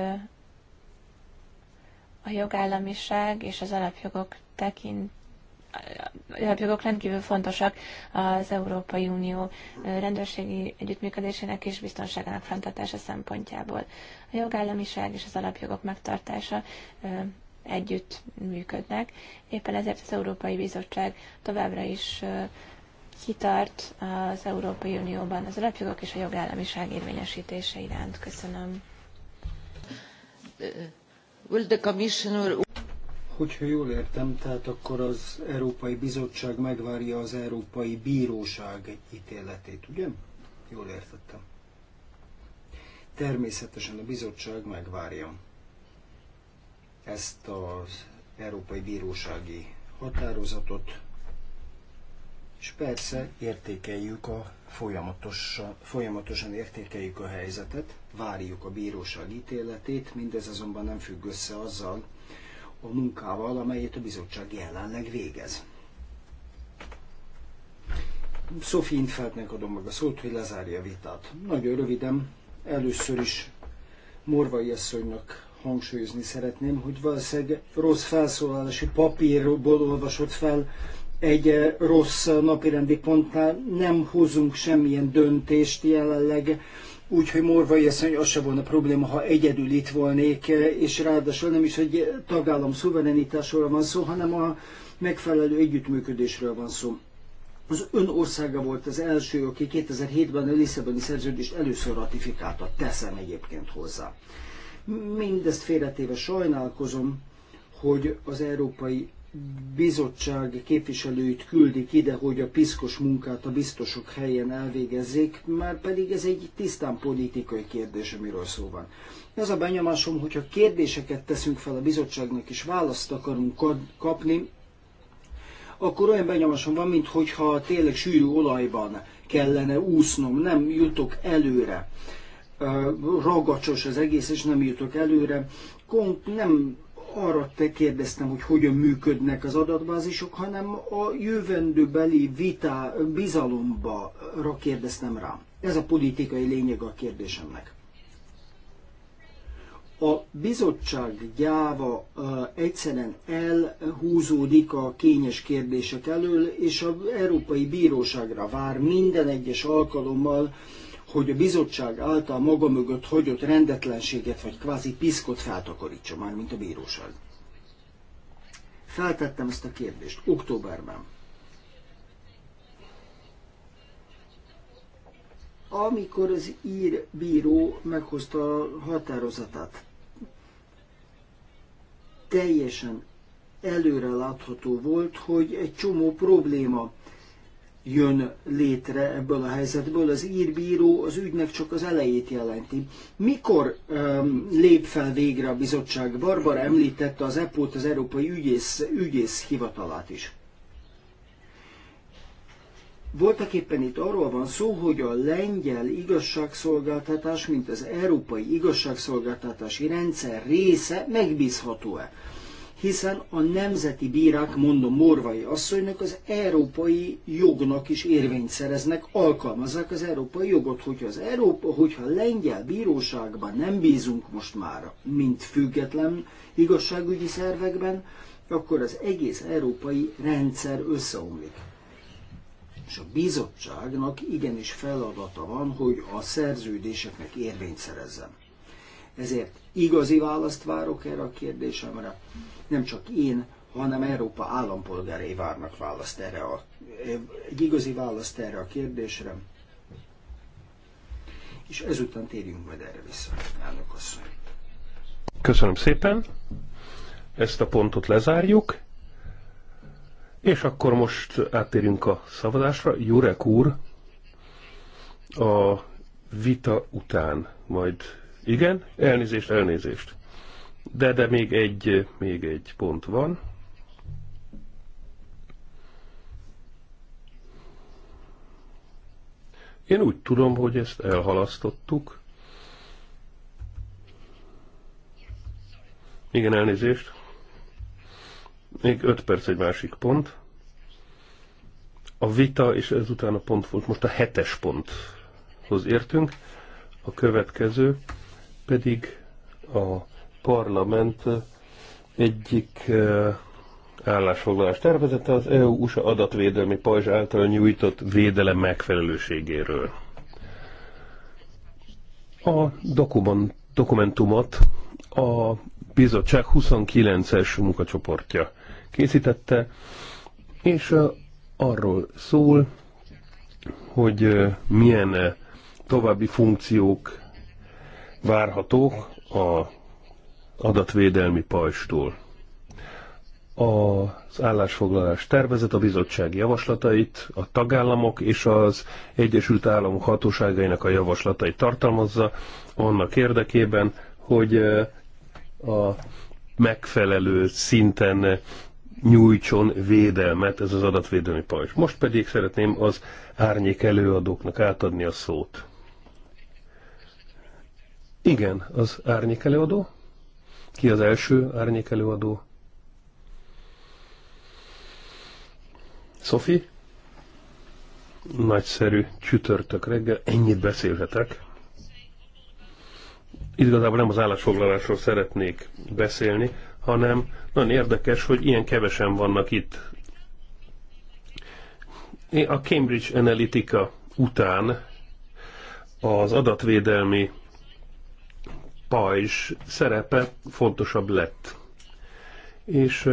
a jogállamiság és az alapjogok tekint alapjogok rendkívül fontosak az Európai Unió rendőrségi együttműködésének és biztonságának fenntartása szempontjából. A jogállamiság és az alapjogok megtartása együtt működnek. Éppen ezért az Európai Bizottság továbbra is kitart az Európai Unióban az alapjogok és a jogállamiság érvényesítése iránt. Köszönöm. Hogyha jól értem, tehát akkor az Európai Bizottság megvárja az Európai Bíróság ítéletét, ugye? Jól értettem. Természetesen a bizottság megvárja ezt az Európai Bírósági határozatot, és persze értékeljük a folyamatosan, folyamatosan értékeljük a helyzetet, várjuk a bíróság ítéletét, mindez azonban nem függ össze azzal a munkával, amelyet a bizottság jelenleg végez. Sophie Infeltnek adom meg a szót, hogy lezárja a vitát. Nagyon röviden, először is Morvai asszonynak hangsúlyozni szeretném, hogy valószínűleg rossz felszólalási papírból olvasott fel egy eh, rossz napirendi pontnál. Nem hozunk semmilyen döntést jelenleg, úgyhogy Morvai azt mondja, hogy az se volna probléma, ha egyedül itt volnék, eh, és ráadásul nem is egy tagállam szuverenitásról van szó, hanem a megfelelő együttműködésről van szó. Az ön országa volt az első, aki 2007-ben a Lisszaboni szerződést először ratifikálta, teszem egyébként hozzá. Mindezt félretéve sajnálkozom, hogy az Európai bizottság képviselőit küldik ide, hogy a piszkos munkát a biztosok helyen elvégezzék, már pedig ez egy tisztán politikai kérdés, amiről szó van. Az a benyomásom, hogyha kérdéseket teszünk fel a bizottságnak, és választ akarunk kapni, akkor olyan benyomásom van, mintha tényleg sűrű olajban kellene úsznom, nem jutok előre. Ragacsos az egész, és nem jutok előre. nem arra te kérdeztem, hogy hogyan működnek az adatbázisok, hanem a jövendőbeli vita bizalomba kérdeztem rá. Ez a politikai lényeg a kérdésemnek. A bizottság gyáva egyszerűen elhúzódik a kényes kérdések elől, és az Európai Bíróságra vár minden egyes alkalommal, hogy a bizottság által maga mögött hagyott rendetlenséget vagy kvázi piszkot feltakarítsa, már mint a bíróság. Feltettem ezt a kérdést októberben. Amikor az ír bíró meghozta a határozatát, teljesen előre látható volt, hogy egy csomó probléma jön létre ebből a helyzetből. Az írbíró az ügynek csak az elejét jelenti. Mikor um, lép fel végre a bizottság? Barbara említette az EPO-t, az Európai Ügyész, Ügyész Hivatalát is. Voltak éppen itt arról van szó, hogy a lengyel igazságszolgáltatás, mint az európai igazságszolgáltatási rendszer része megbízható-e hiszen a nemzeti bírák, mondom Morvai asszonynak, az európai jognak is érvényt szereznek, alkalmazzák az európai jogot, hogyha az Európa, hogyha a lengyel bíróságban nem bízunk most már, mint független igazságügyi szervekben, akkor az egész európai rendszer összeomlik. És a bizottságnak igenis feladata van, hogy a szerződéseknek érvényt szerezzen. Ezért igazi választ várok erre a kérdésemre, nem csak én, hanem Európa állampolgárai várnak választ erre a, egy igazi választ erre a kérdésre. És ezután térjünk majd erre vissza, elnök asszony. Köszönöm szépen, ezt a pontot lezárjuk, és akkor most áttérünk a szavazásra. Jurek úr, a vita után majd. Igen? Elnézést, elnézést. De, de még egy, még egy pont van. Én úgy tudom, hogy ezt elhalasztottuk. Igen, elnézést. Még 5 perc egy másik pont. A vita, és ezután a pont volt, most a hetes ponthoz értünk. A következő pedig a Parlament egyik eh, állásfoglalás tervezete az EU-USA adatvédelmi pajzs által nyújtott védelem megfelelőségéről. A dokumentumot a bizottság 29-es munkacsoportja készítette, és eh, arról szól, hogy eh, milyen további funkciók várhatók a adatvédelmi pajstól. Az állásfoglalás tervezet a bizottság javaslatait, a tagállamok és az Egyesült Államok hatóságainak a javaslatait tartalmazza, annak érdekében, hogy eh, a megfelelő szinten nyújtson védelmet ez az adatvédelmi pajzs. Most pedig szeretném az árnyék előadóknak átadni a szót. Igen, az árnyék előadó. Ki az első árnyék előadó? Szofi? Nagyszerű csütörtök reggel, ennyit beszélhetek. Igazából nem az állásfoglalásról szeretnék beszélni, hanem nagyon érdekes, hogy ilyen kevesen vannak itt. A Cambridge Analytica után az adatvédelmi pajzs szerepe fontosabb lett. És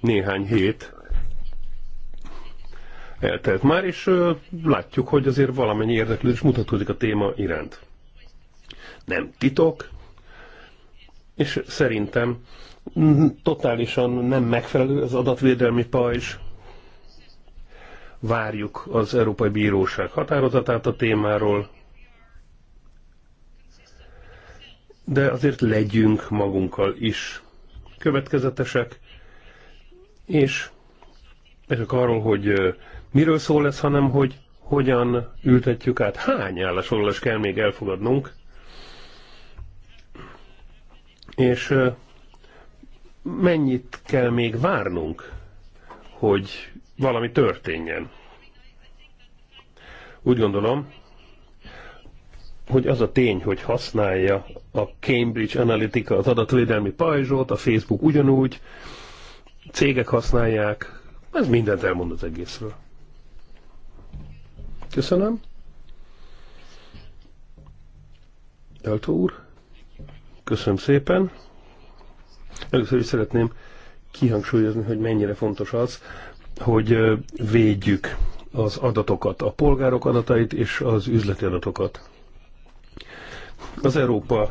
néhány hét eltelt már, és látjuk, hogy azért valamennyi érdeklődés mutatódik a téma iránt. Nem titok, és szerintem totálisan nem megfelelő az adatvédelmi pajzs. Várjuk az Európai Bíróság határozatát a témáról, de azért legyünk magunkkal is következetesek, és ez csak arról, hogy miről szól ez, hanem hogy hogyan ültetjük át, hány állásfoglalást kell még elfogadnunk, és mennyit kell még várnunk, hogy valami történjen. Úgy gondolom, hogy az a tény, hogy használja a Cambridge Analytica az adatvédelmi pajzsot, a Facebook ugyanúgy, cégek használják, ez mindent elmond az egészről. Köszönöm. Eltó úr, köszönöm szépen. Először is szeretném kihangsúlyozni, hogy mennyire fontos az, hogy védjük az adatokat, a polgárok adatait és az üzleti adatokat. Az Európa,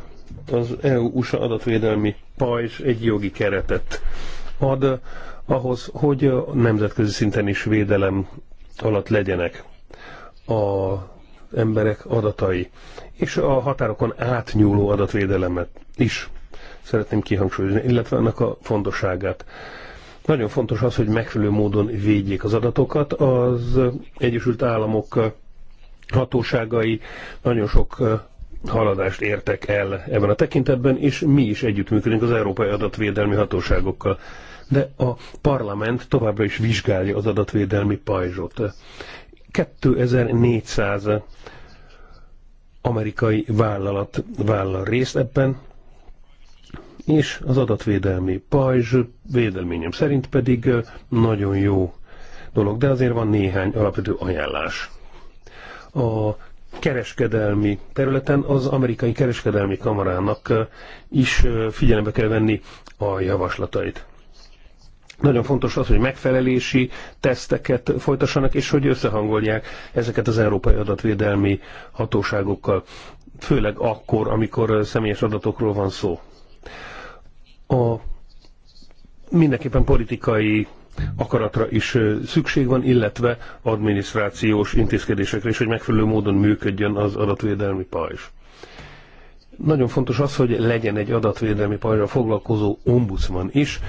az EU-USA adatvédelmi pajzs egy jogi keretet ad ahhoz, hogy a nemzetközi szinten is védelem alatt legyenek a emberek adatai, és a határokon átnyúló adatvédelemet is szeretném kihangsúlyozni, illetve annak a fontosságát. Nagyon fontos az, hogy megfelelő módon védjék az adatokat. Az Egyesült Államok hatóságai nagyon sok haladást értek el ebben a tekintetben, és mi is együttműködünk az Európai Adatvédelmi Hatóságokkal. De a parlament továbbra is vizsgálja az adatvédelmi pajzsot. 2400 amerikai vállalat vállal részt ebben, és az adatvédelmi pajzs védelményem szerint pedig nagyon jó dolog, de azért van néhány alapvető ajánlás. A kereskedelmi területen az amerikai kereskedelmi kamarának is figyelembe kell venni a javaslatait. Nagyon fontos az, hogy megfelelési teszteket folytassanak, és hogy összehangolják ezeket az európai adatvédelmi hatóságokkal, főleg akkor, amikor személyes adatokról van szó. A mindenképpen politikai akaratra is szükség van, illetve adminisztrációs intézkedésekre is, hogy megfelelő módon működjön az adatvédelmi pajzs. Nagyon fontos az, hogy legyen egy adatvédelmi pajzsra foglalkozó ombudsman is,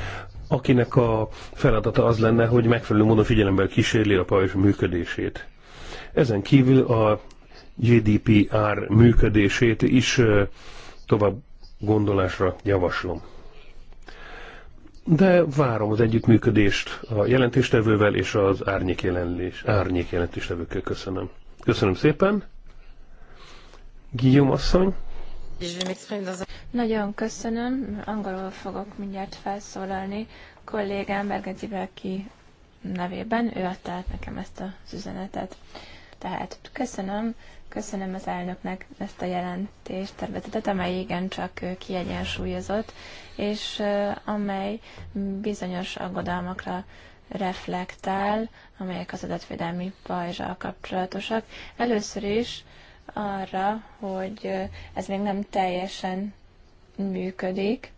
akinek a feladata az lenne, hogy megfelelő módon figyelemben kísérli a pajzs működését. Ezen kívül a GDPR működését is tovább gondolásra javaslom de várom az együttműködést a jelentéstevővel és az árnyék, jelenlés, árnyék jelentéstevőkkel. Köszönöm. Köszönöm szépen. Guillaume asszony. Nagyon köszönöm. Angolul fogok mindjárt felszólalni kollégám Bergeti Belki nevében. Ő adta át nekem ezt az üzenetet. Tehát köszönöm, köszönöm az elnöknek ezt a jelentést tervezetet, amely igencsak kiegyensúlyozott, és amely bizonyos aggodalmakra reflektál, amelyek az adatvédelmi pajzsal kapcsolatosak. Először is arra, hogy ez még nem teljesen működik,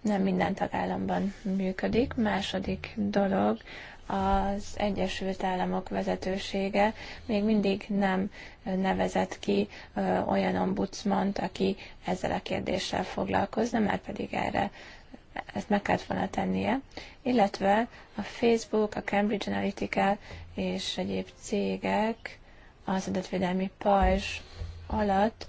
nem minden tagállamban működik. Második dolog az Egyesült Államok vezetősége még mindig nem nevezett ki olyan ombudsmant, aki ezzel a kérdéssel foglalkozna, mert pedig erre ezt meg kellett volna tennie, illetve a Facebook, a Cambridge Analytica és egyéb cégek az adatvédelmi pajzs alatt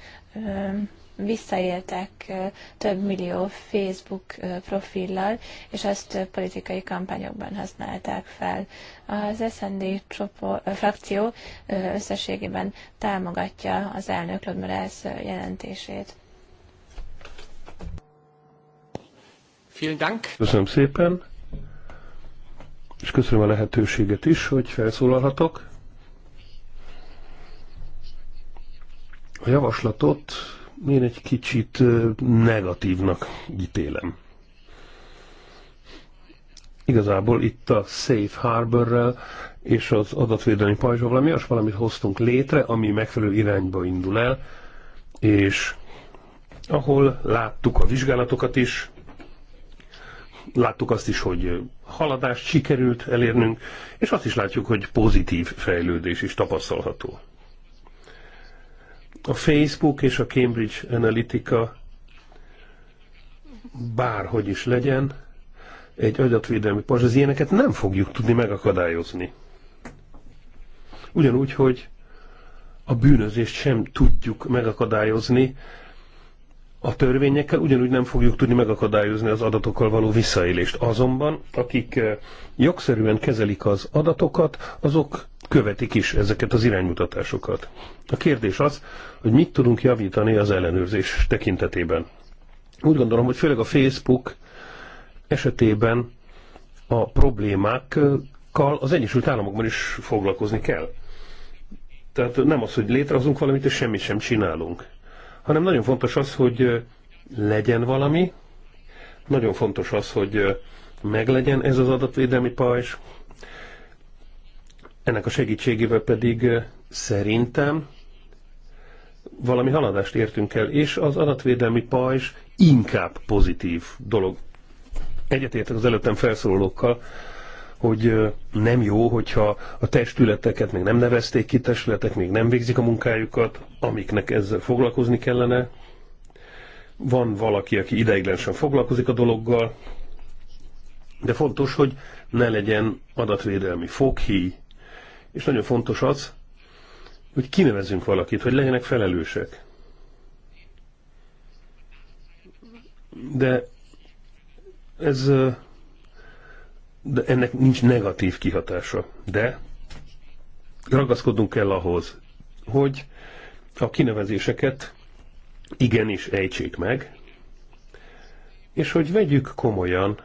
visszaéltek több millió Facebook profillal, és ezt politikai kampányokban használták fel. Az SND frakció összességében támogatja az elnök Lodmerász jelentését. Köszönöm szépen, és köszönöm a lehetőséget is, hogy felszólalhatok. A javaslatot én egy kicsit negatívnak ítélem. Igazából itt a Safe Harborrel és az adatvédelmi pajzsol valami olyas valamit hoztunk létre, ami megfelelő irányba indul el, és ahol láttuk a vizsgálatokat is, láttuk azt is, hogy haladást sikerült elérnünk, és azt is látjuk, hogy pozitív fejlődés is tapasztalható. A Facebook és a Cambridge Analytica bárhogy is legyen, egy adatvédelmi pajzs, az ilyeneket nem fogjuk tudni megakadályozni. Ugyanúgy, hogy a bűnözést sem tudjuk megakadályozni, a törvényekkel ugyanúgy nem fogjuk tudni megakadályozni az adatokkal való visszaélést. Azonban, akik eh, jogszerűen kezelik az adatokat, azok követik is ezeket az iránymutatásokat. A kérdés az, hogy mit tudunk javítani az ellenőrzés tekintetében. Úgy gondolom, hogy főleg a Facebook esetében a problémákkal az Egyesült Államokban is foglalkozni kell. Tehát nem az, hogy létrehozunk valamit, és semmit sem csinálunk hanem nagyon fontos az, hogy legyen valami, nagyon fontos az, hogy meglegyen ez az adatvédelmi pajzs, ennek a segítségével pedig szerintem valami haladást értünk el, és az adatvédelmi pajzs inkább pozitív dolog. Egyetértek az előttem felszólókkal, hogy nem jó, hogyha a testületeket még nem nevezték ki, testületek még nem végzik a munkájukat, amiknek ezzel foglalkozni kellene. Van valaki, aki ideiglenesen foglalkozik a dologgal, de fontos, hogy ne legyen adatvédelmi foghíj, és nagyon fontos az, hogy kinevezünk valakit, hogy legyenek felelősek. De ez de ennek nincs negatív kihatása. De ragaszkodnunk kell ahhoz, hogy a kinevezéseket igenis ejtsék meg, és hogy vegyük komolyan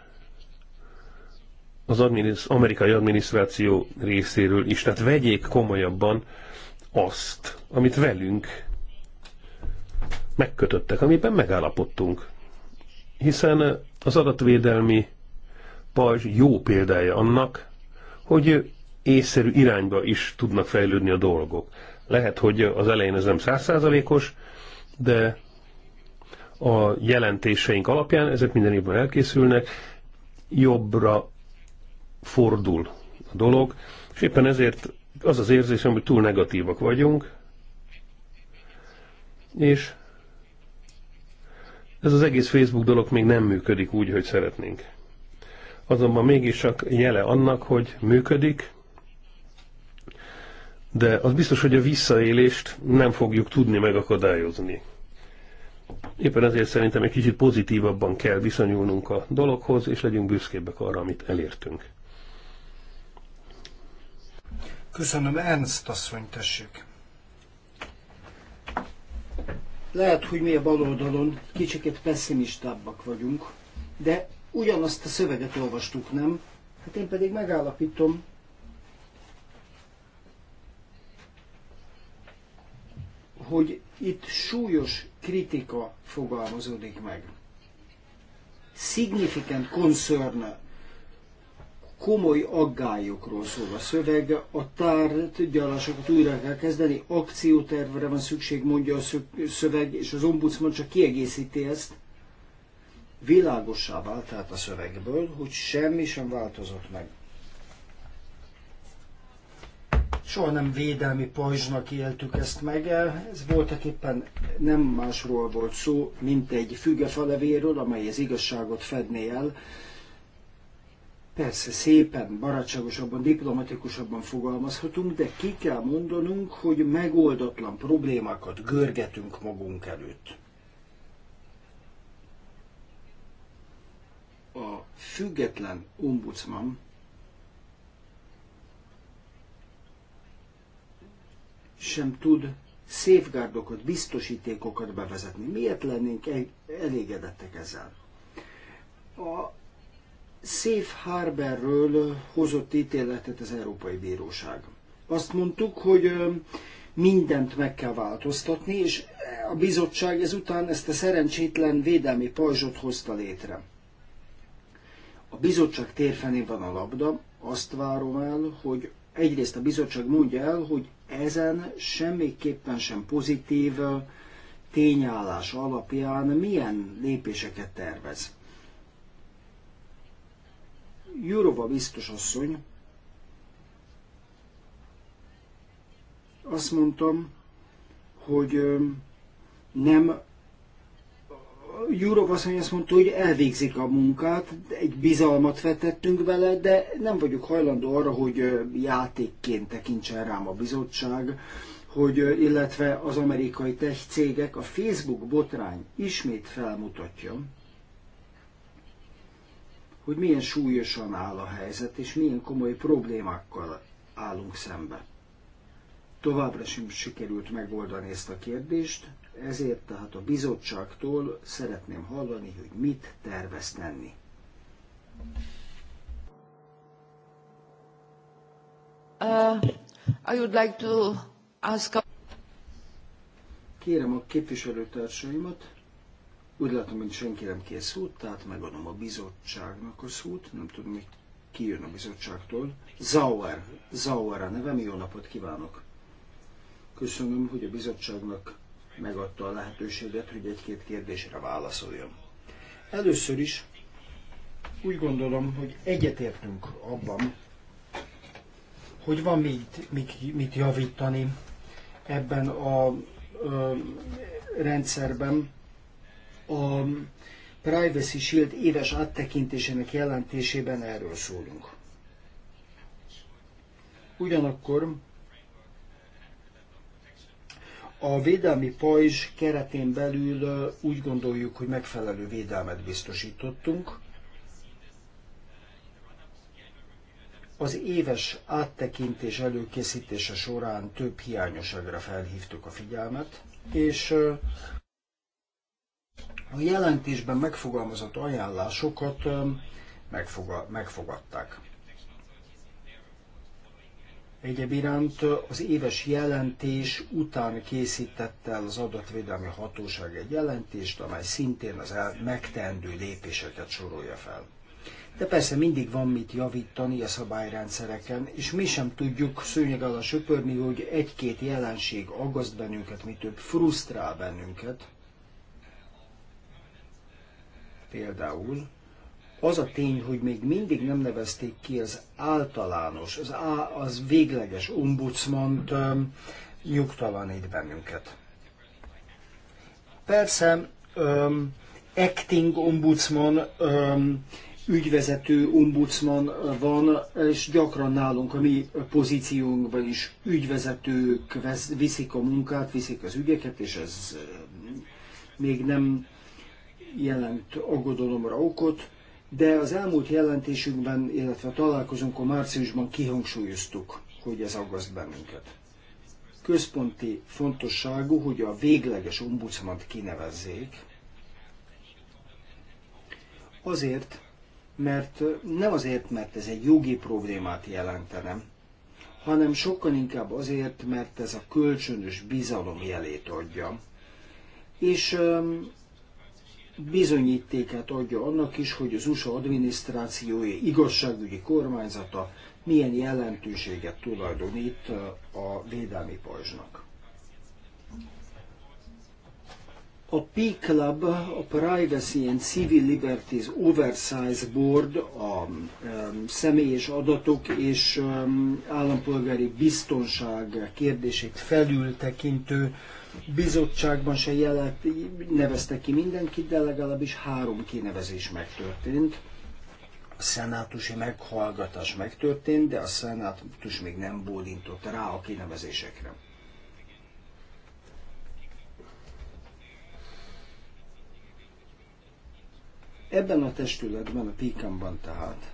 az adminisz, amerikai adminisztráció részéről is, tehát vegyék komolyabban azt, amit velünk megkötöttek, amiben megállapodtunk. Hiszen az adatvédelmi Pajzs jó példája annak, hogy észszerű irányba is tudnak fejlődni a dolgok. Lehet, hogy az elején ez nem százszázalékos, de a jelentéseink alapján ezek minden évben elkészülnek, jobbra fordul a dolog, és éppen ezért az az érzésem, hogy túl negatívak vagyunk, és ez az egész Facebook dolog még nem működik úgy, hogy szeretnénk azonban mégis csak jele annak, hogy működik, de az biztos, hogy a visszaélést nem fogjuk tudni megakadályozni. Éppen ezért szerintem egy kicsit pozitívabban kell viszonyulnunk a dologhoz, és legyünk büszkébbek arra, amit elértünk. Köszönöm, Ernst asszony, tessék. Lehet, hogy mi a bal oldalon pessimistábbak vagyunk, de ugyanazt a szöveget olvastuk, nem? Hát én pedig megállapítom, hogy itt súlyos kritika fogalmazódik meg. Significant concern, komoly aggályokról szól a szöveg, a tárgyalásokat újra kell kezdeni, akciótervre van szükség, mondja a szöveg, és az ombudsman csak kiegészíti ezt. Világossá vált tehát a szövegből, hogy semmi sem változott meg. Soha nem védelmi pajzsnak éltük ezt meg, ez voltak éppen nem másról volt szó, mint egy fügefalevéről, amely az igazságot fedné el, persze szépen, barátságosabban, diplomatikusabban fogalmazhatunk, de ki kell mondanunk, hogy megoldatlan problémákat görgetünk magunk előtt. a független ombudsman sem tud safeguardokat, biztosítékokat bevezetni. Miért lennénk elégedettek ezzel? A Safe Harborről hozott ítéletet az Európai Bíróság. Azt mondtuk, hogy mindent meg kell változtatni, és a bizottság ezután ezt a szerencsétlen védelmi pajzsot hozta létre. A bizottság térfelén van a labda, azt várom el, hogy egyrészt a bizottság mondja el, hogy ezen semmiképpen sem pozitív tényállás alapján milyen lépéseket tervez. Jurova biztos asszony, azt mondtam, hogy nem Jurov asszony azt mondta, hogy elvégzik a munkát, egy bizalmat vetettünk vele, de nem vagyok hajlandó arra, hogy játékként tekintsen rám a bizottság, hogy illetve az amerikai tech cégek, a Facebook botrány ismét felmutatja, hogy milyen súlyosan áll a helyzet, és milyen komoly problémákkal állunk szembe. Továbbra sem sikerült megoldani ezt a kérdést, ezért tehát a bizottságtól szeretném hallani, hogy mit tervez tenni. Uh, I would like to ask a... Kérem a képviselőtársaimat, úgy látom, hogy senki nem kér szót, tehát megadom a bizottságnak a szót, nem tudom, hogy ki jön a bizottságtól. Zauer, Zauer a nevem, jó napot kívánok! Köszönöm, hogy a bizottságnak megadta a lehetőséget, hogy egy-két kérdésre válaszoljon. Először is úgy gondolom, hogy egyetértünk abban, hogy van mit, mit, mit javítani ebben a ö, rendszerben. A Privacy Shield éves áttekintésének jelentésében erről szólunk. Ugyanakkor a védelmi pajzs keretén belül úgy gondoljuk, hogy megfelelő védelmet biztosítottunk. Az éves áttekintés előkészítése során több hiányosságra felhívtuk a figyelmet, és a jelentésben megfogalmazott ajánlásokat megfogadták. Egyebiránt az éves jelentés után készített el az adatvédelmi hatóság egy jelentést, amely szintén az el megteendő lépéseket sorolja fel. De persze mindig van mit javítani a szabályrendszereken, és mi sem tudjuk szőnyeg alá söpörni, hogy egy-két jelenség aggaszt bennünket, mi több frusztrál bennünket. Például az a tény, hogy még mindig nem nevezték ki az általános, az, á, az végleges ombudsmant, nyugtalanít bennünket. Persze, um, acting ombudsman, um, ügyvezető ombudsman van, és gyakran nálunk a mi pozíciónkban is ügyvezetők vesz, viszik a munkát, viszik az ügyeket, és ez még nem jelent aggodalomra okot de az elmúlt jelentésünkben, illetve a találkozónkon márciusban kihangsúlyoztuk, hogy ez aggaszt bennünket. Központi fontosságú, hogy a végleges ombudsmant kinevezzék, azért, mert nem azért, mert ez egy jogi problémát jelentene, hanem sokkal inkább azért, mert ez a kölcsönös bizalom jelét adja. És bizonyítéket adja annak is, hogy az USA adminisztrációja, igazságügyi kormányzata milyen jelentőséget tulajdonít uh, a védelmi pajzsnak. A P-Club, a Privacy and Civil Liberties Oversize Board, a um, személyes adatok és um, állampolgári biztonság kérdését felültekintő bizottságban se jelent neveztek ki mindenkit, de legalábbis három kinevezés megtörtént. A szenátusi meghallgatás megtörtént, de a szenátus még nem bódintott rá a kinevezésekre. Ebben a testületben, a Pékanban tehát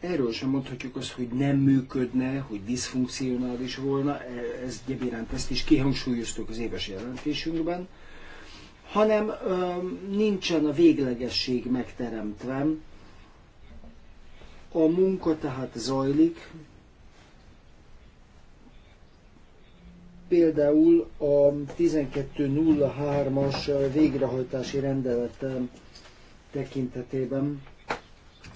erről sem mondhatjuk azt, hogy nem működne, hogy diszfunkcionális volna, e, ez gyebiránt ezt is kihangsúlyoztuk az éves jelentésünkben, hanem nincsen a véglegesség megteremtve. A munka tehát zajlik, például a 12.03-as végrehajtási rendelet tekintetében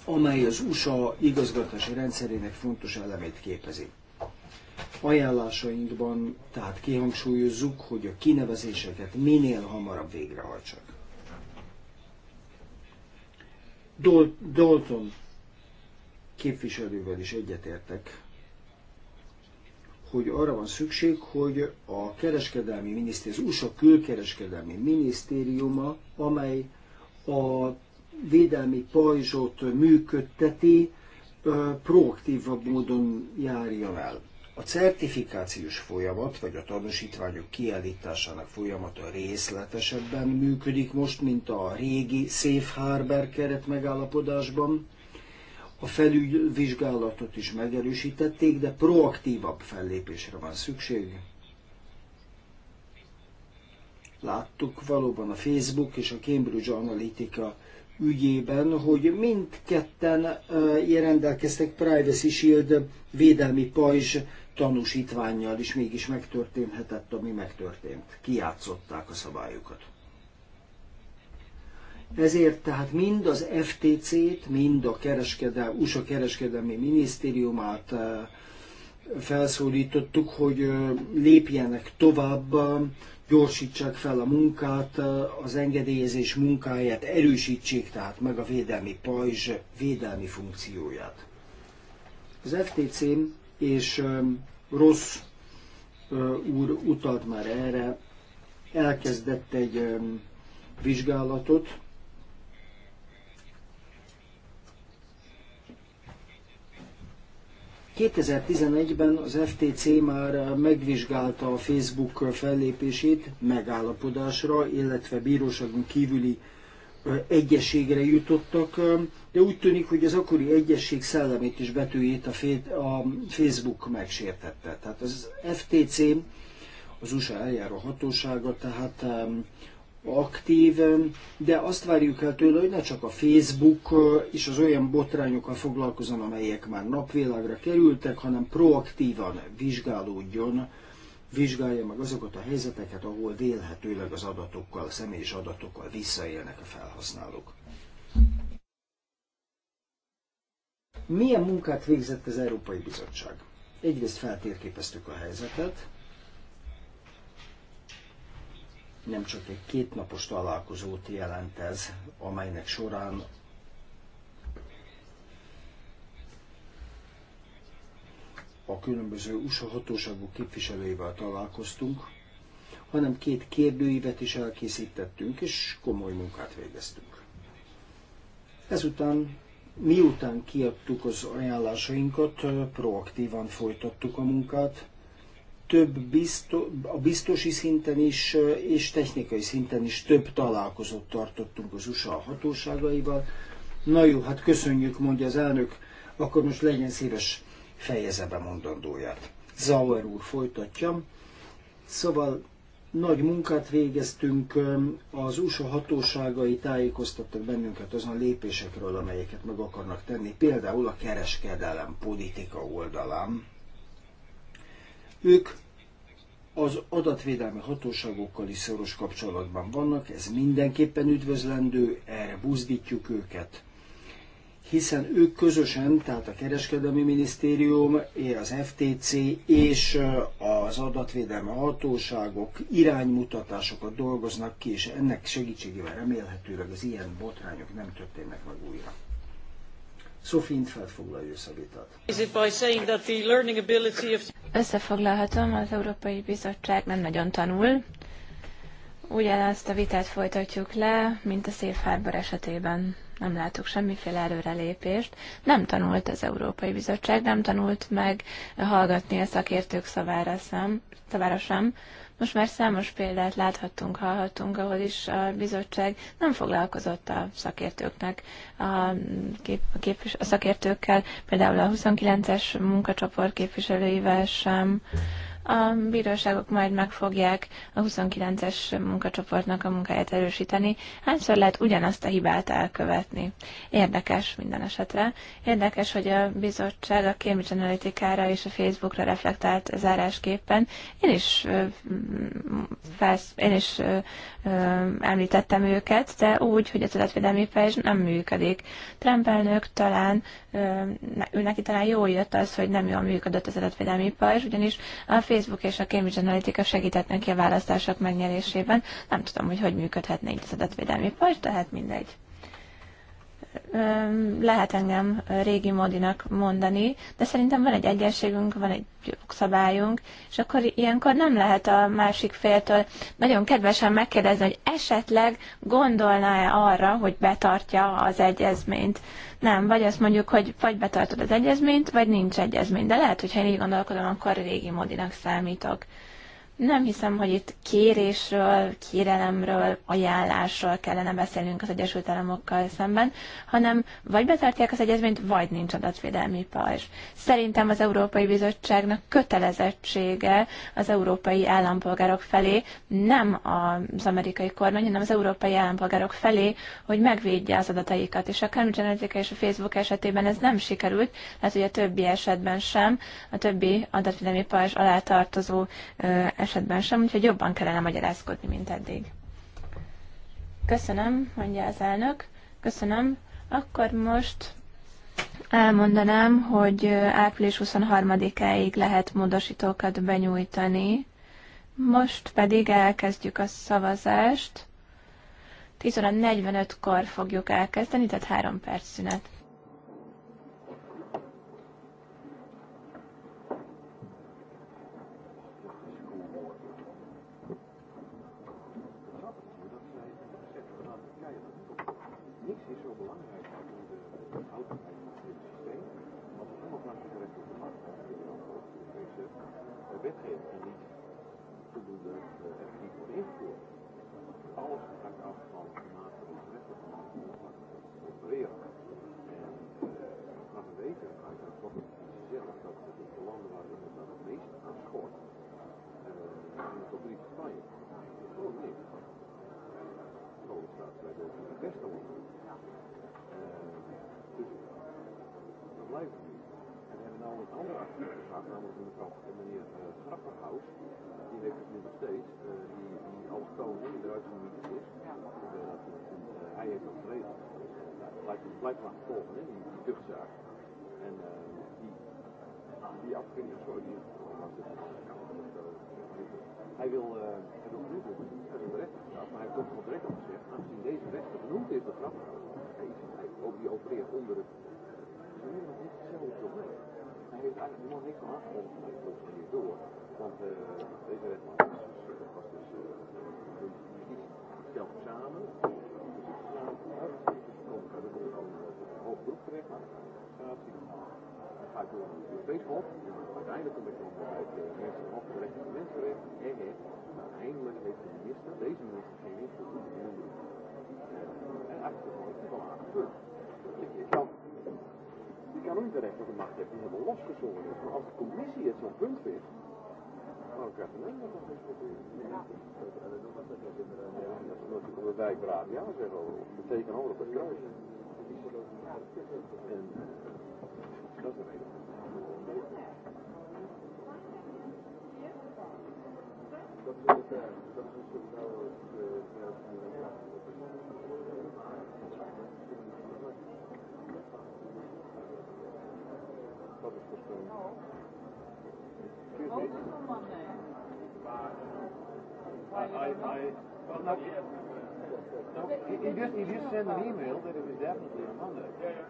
amely az USA igazgatási rendszerének fontos elemét képezi. Ajánlásainkban tehát kihangsúlyozzuk, hogy a kinevezéseket minél hamarabb végrehajtsak. Dol- Dalton képviselővel is egyetértek, hogy arra van szükség, hogy a kereskedelmi minisztérium, az USA külkereskedelmi minisztériuma, amely a védelmi pajzsot működteti, proaktívabb módon járjon el. A certifikációs folyamat, vagy a tanúsítványok kiállításának folyamata részletesebben működik most, mint a régi Safe Harbor keret megállapodásban. A felülvizsgálatot is megerősítették, de proaktívabb fellépésre van szükség. Láttuk valóban a Facebook és a Cambridge Analytica ügyében, hogy mindketten rendelkeztek Privacy Shield védelmi pajzs tanúsítványjal, és mégis megtörténhetett, ami megtörtént. Kiátszották a szabályokat. Ezért tehát mind az FTC-t, mind a kereskedel, USA kereskedelmi minisztériumát felszólítottuk, hogy lépjenek tovább gyorsítsák fel a munkát, az engedélyezés munkáját, erősítsék tehát meg a védelmi pajzs védelmi funkcióját. Az FTC és um, rossz uh, úr utalt már erre, elkezdett egy um, vizsgálatot, 2011-ben az FTC már megvizsgálta a Facebook fellépését megállapodásra, illetve bíróságon kívüli egyességre jutottak, de úgy tűnik, hogy az akkori egyesség szellemét és betűjét a, a Facebook megsértette. Tehát az FTC, az USA eljáró hatósága, tehát aktív, de azt várjuk el tőle, hogy ne csak a Facebook és az olyan botrányokkal foglalkozon, amelyek már napvilágra kerültek, hanem proaktívan vizsgálódjon, vizsgálja meg azokat a helyzeteket, ahol délhetőleg az adatokkal, a személyes adatokkal visszaélnek a felhasználók. Milyen munkát végzett az Európai Bizottság? Egyrészt feltérképeztük a helyzetet, nem csak egy kétnapos találkozót jelent ez, amelynek során a különböző USA hatóságok képviselőivel találkoztunk, hanem két kérdőívet is elkészítettünk, és komoly munkát végeztünk. Ezután, miután kiadtuk az ajánlásainkat, proaktívan folytattuk a munkát, több biztos, a biztosi szinten is és technikai szinten is több találkozót tartottunk az USA hatóságaival. Na jó, hát köszönjük, mondja az elnök, akkor most legyen szíves, fejeze be mondandóját. Zauer úr folytatja. Szóval nagy munkát végeztünk, az USA hatóságai tájékoztattak bennünket azon lépésekről, amelyeket meg akarnak tenni, például a kereskedelem politika oldalán. Ők az adatvédelmi hatóságokkal is szoros kapcsolatban vannak, ez mindenképpen üdvözlendő, erre buzdítjuk őket. Hiszen ők közösen, tehát a Kereskedelmi Minisztérium, az FTC és az adatvédelmi hatóságok iránymutatásokat dolgoznak ki, és ennek segítségével remélhetőleg az ilyen botrányok nem történnek meg újra. Sophie Intfeld foglalja össze a vitát. Összefoglalhatom, az Európai Bizottság nem nagyon tanul. Ugyanazt a vitát folytatjuk le, mint a Safe Harbor esetében. Nem látok semmiféle előrelépést. Nem tanult az Európai Bizottság, nem tanult meg hallgatni a szakértők szavára, szem, szavára sem most már számos példát láthattunk, hallhattunk, ahol is a bizottság nem foglalkozott a szakértőknek, a, kép, a, képvis, a szakértőkkel, például a 29-es munkacsoport képviselőivel sem. A bíróságok majd meg fogják a 29-es munkacsoportnak a munkáját erősíteni. Hányszor lehet ugyanazt a hibát elkövetni? Érdekes minden esetre. Érdekes, hogy a bizottság a Cambridge Analytica-ra és a Facebookra reflektált zárásképpen. Én is, felsz, én is említettem őket, de úgy, hogy a tudatvédelmi pajzs nem működik. Trump elnök talán, ő neki talán jól jött az, hogy nem jól működött az adatvédelmi pajzs, ugyanis a Facebook és a Cambridge Analytica segített neki a választások megnyerésében. Nem tudom, hogy hogy működhetne így az adatvédelmi pajzs, de hát mindegy lehet engem régi modinak mondani, de szerintem van egy egyenségünk, van egy jogszabályunk, és akkor ilyenkor nem lehet a másik féltől nagyon kedvesen megkérdezni, hogy esetleg gondolná-e arra, hogy betartja az egyezményt. Nem, vagy azt mondjuk, hogy vagy betartod az egyezményt, vagy nincs egyezmény. De lehet, hogy én így gondolkodom, akkor régi modinak számítok. Nem hiszem, hogy itt kérésről, kérelemről, ajánlásról kellene beszélnünk az Egyesült Államokkal szemben, hanem vagy betartják az egyezményt, vagy nincs adatvédelmi pajzs. Szerintem az Európai Bizottságnak kötelezettsége az európai állampolgárok felé, nem az amerikai kormány, hanem az európai állampolgárok felé, hogy megvédje az adataikat. És a Cambridge Analytica és a Facebook esetében ez nem sikerült, lehet, hogy a többi esetben sem, a többi adatvédelmi pajzs alá tartozó esetben sem, úgyhogy jobban kellene magyarázkodni, mint eddig. Köszönöm, mondja az elnök. Köszönöm. Akkor most elmondanám, hogy április 23-áig lehet módosítókat benyújtani. Most pedig elkezdjük a szavazást. 10 óra 45-kor fogjuk elkezdeni, tehát 3 perc szünet. sőt, wetgeving die niet voldoende uh, gereguleerd wordt. Alles gaat hij heeft dat geregeld. Blijkt, blijkt maar gevolgen, hè, die tuchtzaak. En uh, die, die afvinding is gewoon niet. Hij wil, uh, hij wil genoemd worden. Hij wil de rechter gestraft, maar hij heeft toch van het recht al gezegd. Aangezien deze rechter genoemd is, de straf. Hij, hij, ook die opereert onder het. Ze hebben nog niet hetzelfde probleem. Hij heeft eigenlijk nog niks aan afgekondigd, maar hij loopt hier door. Want uh, deze rechter is door een steeds op. Uiteindelijk kom ik dan bij het mensenhof voor rechten van mensenrechten. En het, maar eindelijk heeft de minister, deze minister, geen invloed op de miljoen. En eigenlijk is het wel aangebeurd. Je kan, je kan ook niet de recht op de macht hebben, die hebben losgezongen is. Maar als de commissie het zo'n punt vindt, dan krijgt de Nederland nog eens proberen. Ja, dat is natuurlijk op de wijkraad ja zeggen, of betekenen op het kruis. En eh, dat is de reden. No, he just he just sent an email that it was definitely on Monday. Yeah, yeah.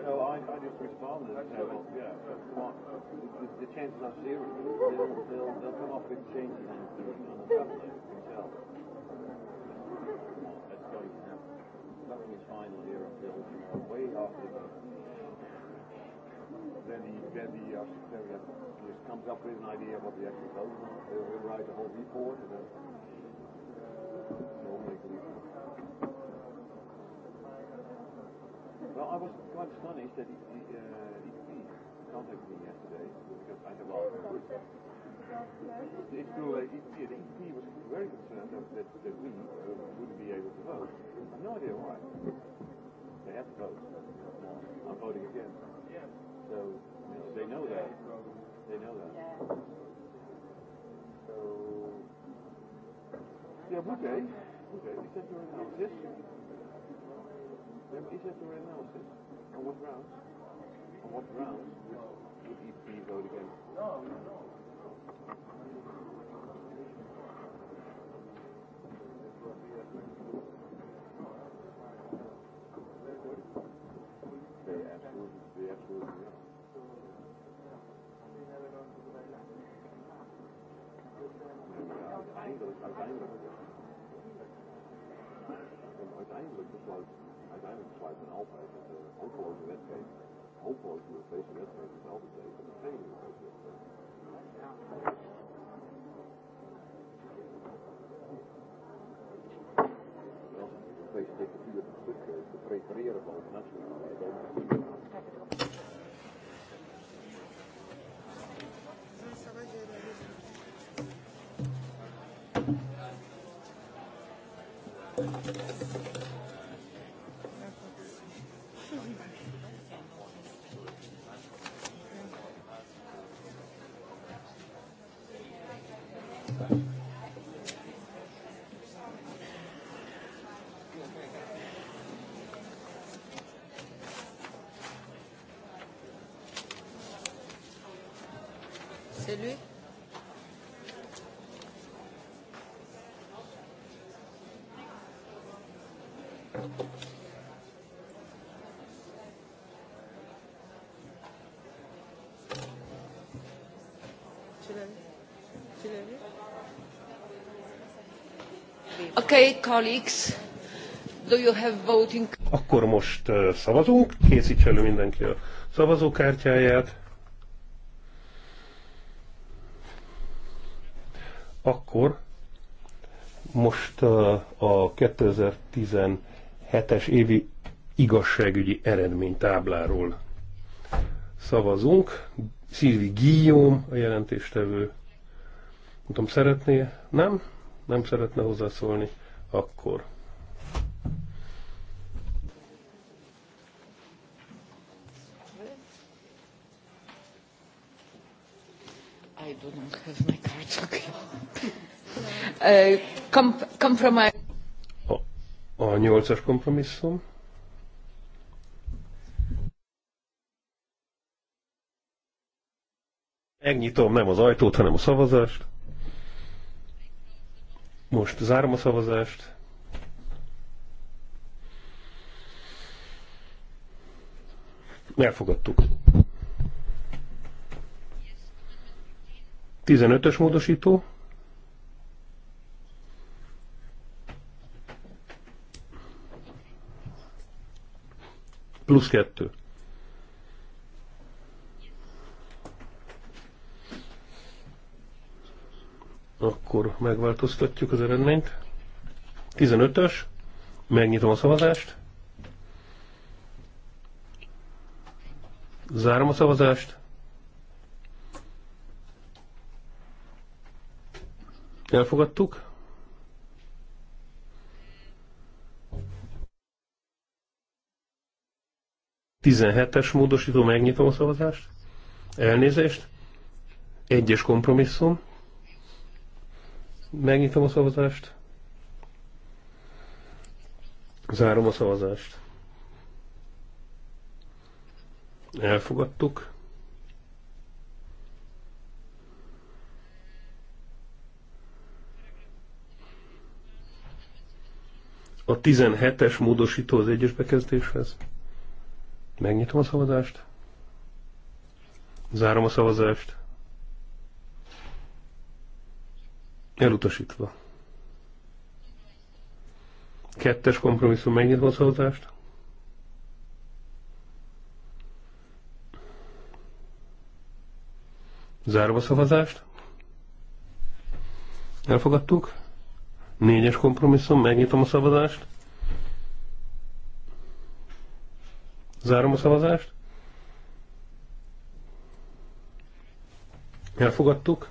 No, I, I just responded. I said, yeah, but The, the chances are zero. They'll, they'll, they'll come off with changes on the you can tell. It's going to happen. Nothing is final here until tomorrow, way after the then the, then the uh, secretariat just comes up with an idea of what the actual vote is. They'll write a whole report and then they'll make a report. Well, I was quite astonished that he, he, uh, EP contacted me yesterday because I have lost It's true, uh, EP, the EP was very concerned that, that, that we uh, wouldn't be able to vote. I have no idea why. They have to vote. Uh, I'm voting again. So they know that. They know that. So. Yeah, okay. Okay, we sent you analysis. Yeah, but easier to renounce it. On what grounds? On what grounds would, would be voted against? No, no. They absolutely, guys in all places. Hope for in this case. Hope for in the station this case is a safe and the same in this case. Deze dikke Salut. Okay, colleagues, do you have voting? Akkor most uh, szavazunk, készítse elő mindenki a szavazókártyáját. 2017-es évi igazságügyi eredménytábláról szavazunk. Szilvi Guillaume a jelentéstevő. Nem szeretné? Nem? Nem szeretne hozzászólni? Akkor. I don't have my card. Okay. uh, compromise nyolcas kompromisszum. Megnyitom nem az ajtót, hanem a szavazást. Most zárom a szavazást. Elfogadtuk. 15-ös módosító. Plusz kettő. Akkor megváltoztatjuk az eredményt. 15-ös. Megnyitom a szavazást. Zárom a szavazást. Elfogadtuk. 17-es módosító, megnyitom a szavazást. Elnézést. Egyes kompromisszum. Megnyitom a szavazást. Zárom a szavazást. Elfogadtuk. A 17-es módosító az egyes bekezdéshez. Megnyitom a szavazást. Zárom a szavazást. Elutasítva. Kettes kompromisszum, megnyitva a szavazást. Zárva a szavazást. Elfogadtuk. Négyes kompromisszum, megnyitom a szavazást. Zárom a szavazást. Elfogadtuk.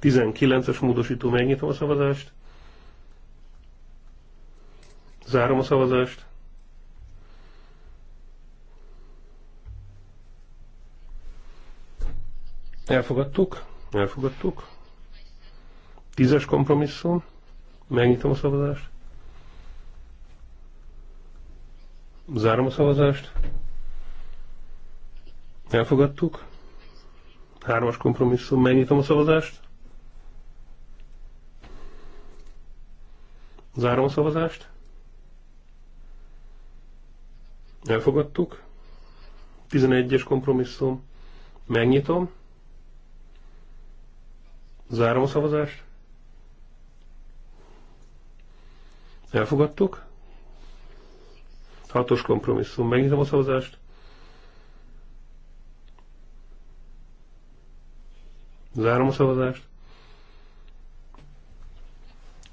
19-es módosító, megnyitom a szavazást. Zárom a szavazást. Elfogadtuk, elfogadtuk. Tízes kompromisszum. Megnyitom a szavazást. Zárom a szavazást. Elfogadtuk. Hármas kompromisszum, megnyitom a szavazást. Zárom a szavazást. Elfogadtuk. 11-es kompromisszum, megnyitom. Zárom a szavazást. Elfogadtuk. Hatos kompromisszum. Megnyitom a szavazást. Zárom a szavazást.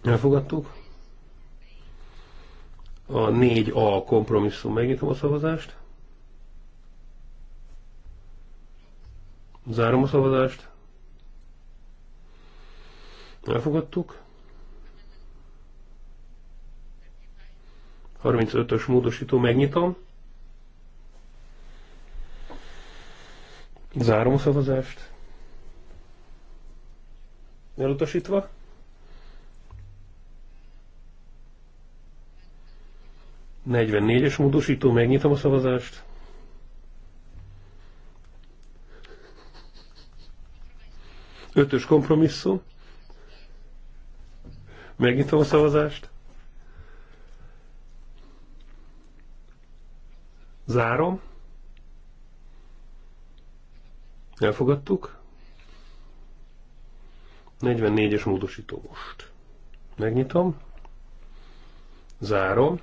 Elfogadtuk. A 4A kompromisszum. Megnyitom a szavazást. Zárom a szavazást. Elfogadtuk. 35-ös módosító megnyitom. Zárom a szavazást. Elutasítva. Negyvennégyes módosító, megnyitom a szavazást. Ötös kompromisszum. Megnyitom a szavazást. Zárom. Elfogadtuk. 44-es módosító most. Megnyitom. Zárom.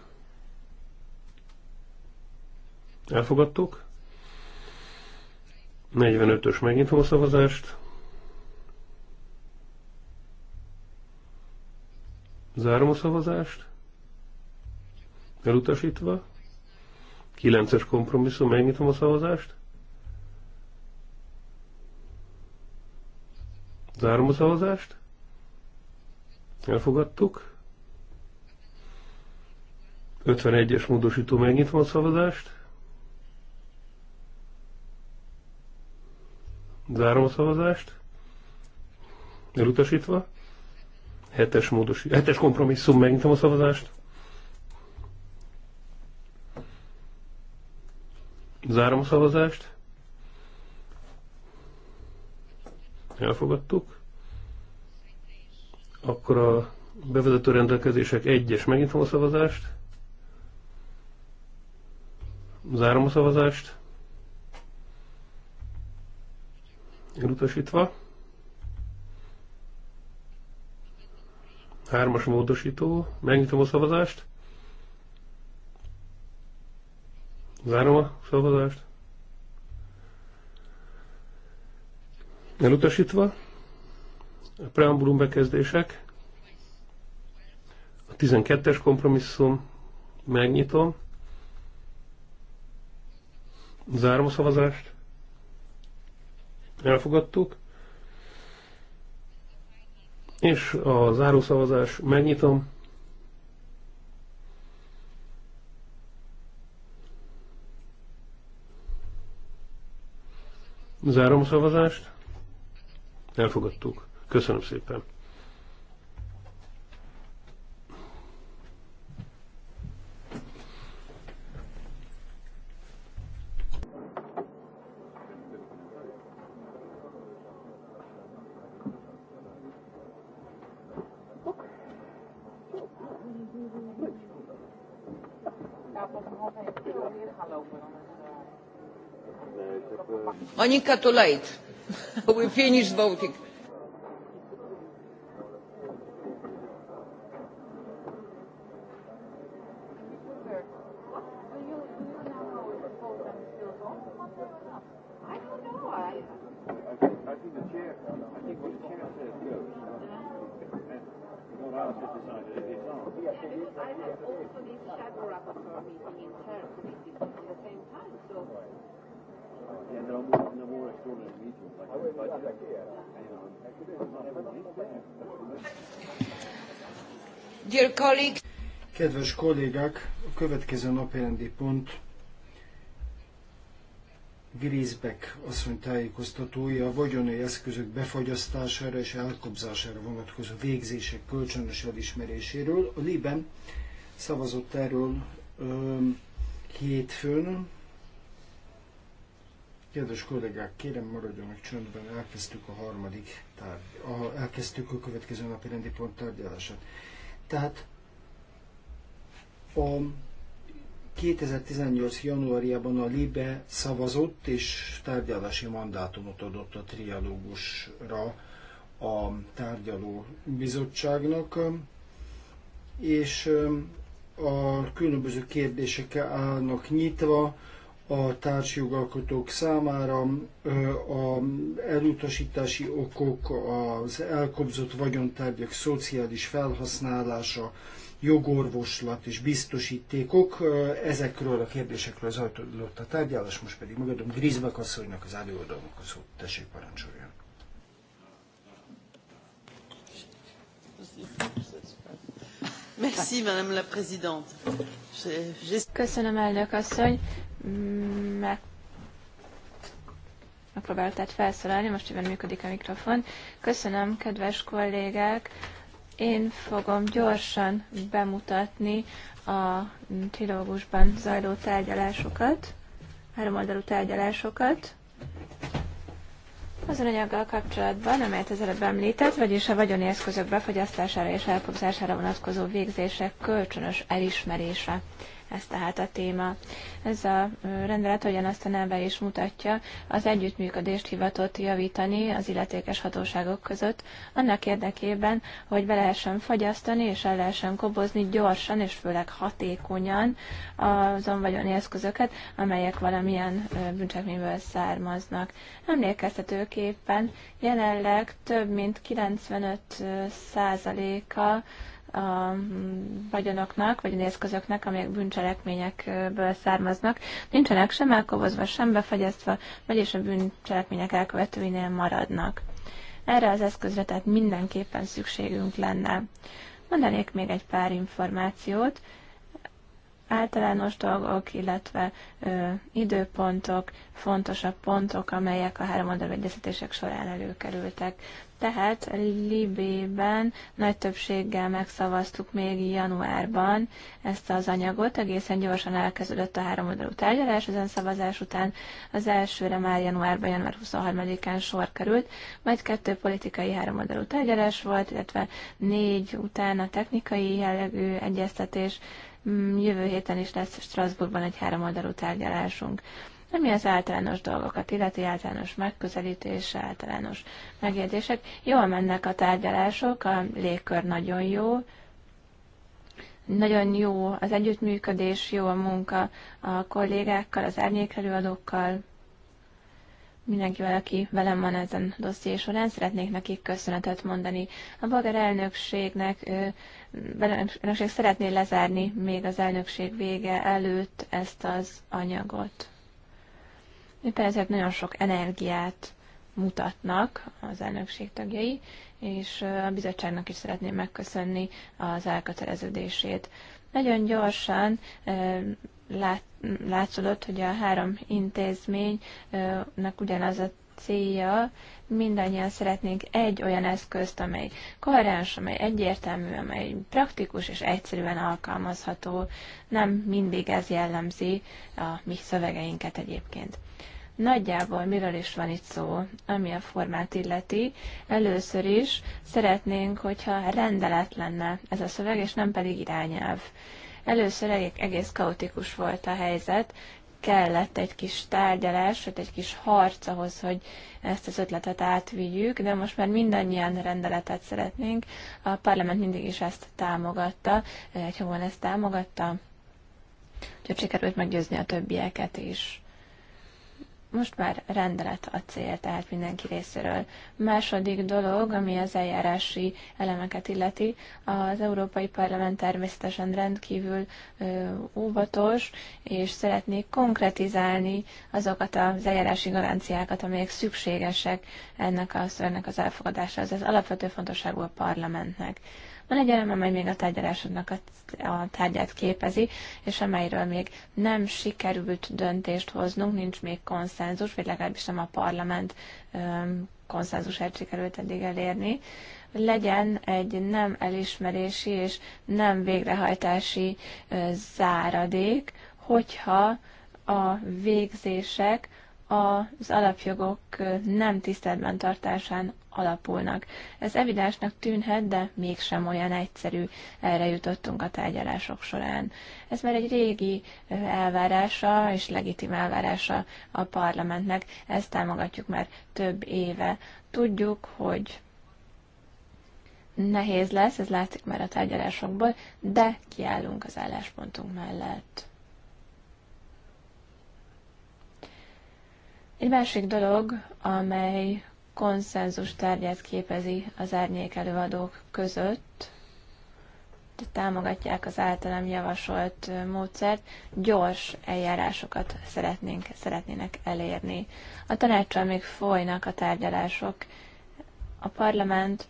Elfogadtuk. 45-ös megnyitom a szavazást. Zárom a szavazást. Elutasítva. 9-es kompromisszum, megnyitom a szavazást. Zárom a szavazást. Elfogadtuk. 51-es módosító, megnyitom a szavazást. Zárom a szavazást. Elutasítva. 7-es módosító, 7-es kompromisszum, megnyitom a szavazást. Zárom a szavazást. Elfogadtuk. Akkor a bevezető rendelkezések egyes. megint a szavazást. Zárom a szavazást. Elutasítva. Hármas módosító. Megnyitom a szavazást. Zárom a szavazást. Elutasítva. A preambulum bekezdések. A 12-es kompromisszum. Megnyitom. Zárom a szavazást. Elfogadtuk. És a zárószavazás megnyitom. Zárom a szavazást. Elfogadtuk. Köszönöm szépen. monica too late we finished voting. Kedves kollégák, a következő napirendi pont Grisbeck asszony tájékoztatója a vagyonai eszközök befagyasztására és elkobzására vonatkozó végzések kölcsönös elismeréséről. A Liben szavazott erről ö, hétfőn. Kedves kollégák, kérem maradjanak csöndben, elkezdtük a harmadik tárgy, a, elkezdtük a következő napi rendi pont tárgyalását. Tehát a 2018. januárjában a LIBE szavazott és tárgyalási mandátumot adott a trialógusra a tárgyaló bizottságnak, és a különböző kérdések állnak nyitva a társjogalkotók számára, a elutasítási okok, az elkobzott vagyontárgyak szociális felhasználása, jogorvoslat és biztosítékok. Ezekről a kérdésekről zajlott a tárgyalás, most pedig megadom Grizbek asszonynak az előadónak a szót. Tessék, parancsoljon. Merci, Madame la Présidente. Köszönöm, elnök asszony. Mm, meg megpróbáltát felszólalni, most éppen működik a mikrofon. Köszönöm, kedves kollégák! Én fogom gyorsan bemutatni a trilógusban zajló tárgyalásokat, háromoldalú tárgyalásokat. Azon anyaggal kapcsolatban, amelyet az előbb említett, vagyis a vagyoni eszközök befogyasztására és elkobzására vonatkozó végzések kölcsönös elismerése ez tehát a téma. Ez a rendelet, hogyan azt a neve is mutatja, az együttműködést hivatott javítani az illetékes hatóságok között, annak érdekében, hogy be lehessen fagyasztani és el lehessen kobozni gyorsan és főleg hatékonyan azon vagyoni eszközöket, amelyek valamilyen bűncsekményből származnak. Emlékeztetőképpen jelenleg több mint 95 százaléka a vagyonoknak, vagy eszközöknek, amelyek bűncselekményekből származnak, nincsenek sem elkobozva, sem befagyasztva, vagyis a bűncselekmények elkövetőinél maradnak. Erre az eszközre tehát mindenképpen szükségünk lenne. Mondanék még egy pár információt, általános dolgok, illetve ö, időpontok, fontosabb pontok, amelyek a három egyeztetések során előkerültek. Tehát Libében nagy többséggel megszavaztuk még januárban ezt az anyagot, egészen gyorsan elkezdődött a háromoldalú tárgyalás ezen szavazás után, az elsőre már januárban, január 23-án sor került, majd kettő politikai háromoldalú tárgyalás volt, illetve négy után a technikai jellegű egyeztetés, Mm, jövő héten is lesz Strasbourgban egy háromoldalú tárgyalásunk ami az általános dolgokat illeti, általános megközelítés, általános megjegyzések. Jól mennek a tárgyalások, a légkör nagyon jó, nagyon jó az együttműködés, jó a munka a kollégákkal, az árnyékelőadókkal mindenkivel, aki velem van ezen dosszié során, szeretnék nekik köszönetet mondani. A bolgár elnökségnek elnökség szeretné lezárni még az elnökség vége előtt ezt az anyagot. Éppen ezért nagyon sok energiát mutatnak az elnökség tagjai, és a bizottságnak is szeretném megköszönni az elköteleződését. Nagyon gyorsan lát, látszódott, hogy a három intézménynek ugyanaz a célja, mindannyian szeretnénk egy olyan eszközt, amely koherens, amely egyértelmű, amely praktikus és egyszerűen alkalmazható. Nem mindig ez jellemzi a mi szövegeinket egyébként. Nagyjából miről is van itt szó, ami a formát illeti. Először is szeretnénk, hogyha rendelet lenne ez a szöveg, és nem pedig irányelv. Először egész kaotikus volt a helyzet, kellett egy kis tárgyalás, vagy egy kis harc ahhoz, hogy ezt az ötletet átvigyük, de most már mindannyian rendeletet szeretnénk. A parlament mindig is ezt támogatta, egy ezt támogatta, úgyhogy sikerült meggyőzni a többieket is most már rendelet a cél, tehát mindenki részéről. Második dolog, ami az eljárási elemeket illeti, az Európai Parlament természetesen rendkívül ö, óvatos, és szeretné konkretizálni azokat az eljárási garanciákat, amelyek szükségesek ennek a szörnek az elfogadásához. Ez alapvető fontosságú a parlamentnek. Van egy elem, amely még a tárgyalásodnak a, a tárgyát képezi, és amelyről még nem sikerült döntést hoznunk, nincs még konszenzus, vagy legalábbis nem a parlament öm, konszenzusát sikerült eddig elérni legyen egy nem elismerési és nem végrehajtási záradék, hogyha a végzések az alapjogok nem tiszteletben tartásán alapulnak. Ez evidensnek tűnhet, de mégsem olyan egyszerű, erre jutottunk a tárgyalások során. Ez már egy régi elvárása és legitim elvárása a parlamentnek, ezt támogatjuk már több éve. Tudjuk, hogy nehéz lesz, ez látszik már a tárgyalásokból, de kiállunk az álláspontunk mellett. Egy másik dolog, amely konszenzus tárgyát képezi az árnyék előadók között, de támogatják az általam javasolt módszert, gyors eljárásokat szeretnénk, szeretnének elérni. A tanácssal még folynak a tárgyalások. A parlament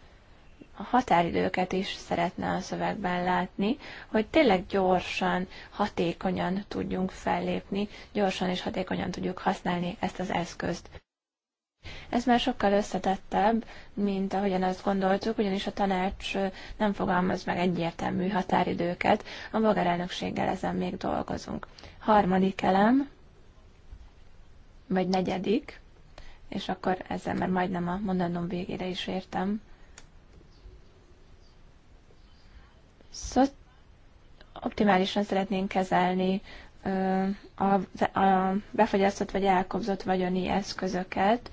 a határidőket is szeretne a szövegben látni, hogy tényleg gyorsan, hatékonyan tudjunk fellépni, gyorsan és hatékonyan tudjuk használni ezt az eszközt. Ez már sokkal összetettebb, mint ahogyan azt gondoltuk, ugyanis a tanács nem fogalmaz meg egyértelmű határidőket, a bolgár elnökséggel ezen még dolgozunk. Harmadik elem, vagy negyedik, és akkor ezzel már majdnem a mondanom végére is értem. Szóval optimálisan szeretnénk kezelni a, a vagy elkobzott vagyoni eszközöket,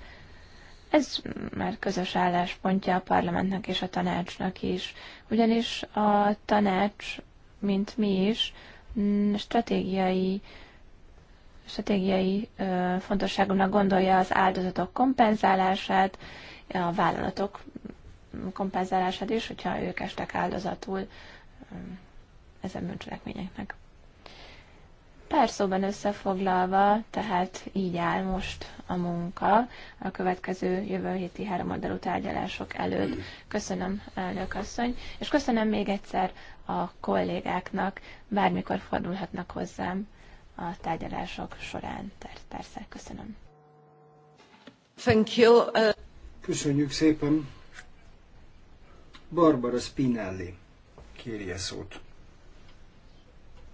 ez már közös álláspontja a parlamentnek és a tanácsnak is, ugyanis a tanács, mint mi is, mm, stratégiai stratégiai fontosságúnak gondolja az áldozatok kompenzálását, a vállalatok kompenzálását is, hogyha ők estek áldozatul ezen bűncselekményeknek. Pár szóban összefoglalva, tehát így áll most a munka a következő jövő héti háromoldalú tárgyalások előtt. Köszönöm, elnök asszony, és köszönöm még egyszer a kollégáknak, bármikor fordulhatnak hozzám a tárgyalások során. Persze, köszönöm. Thank you. Uh... Köszönjük szépen. Barbara Spinelli a szót.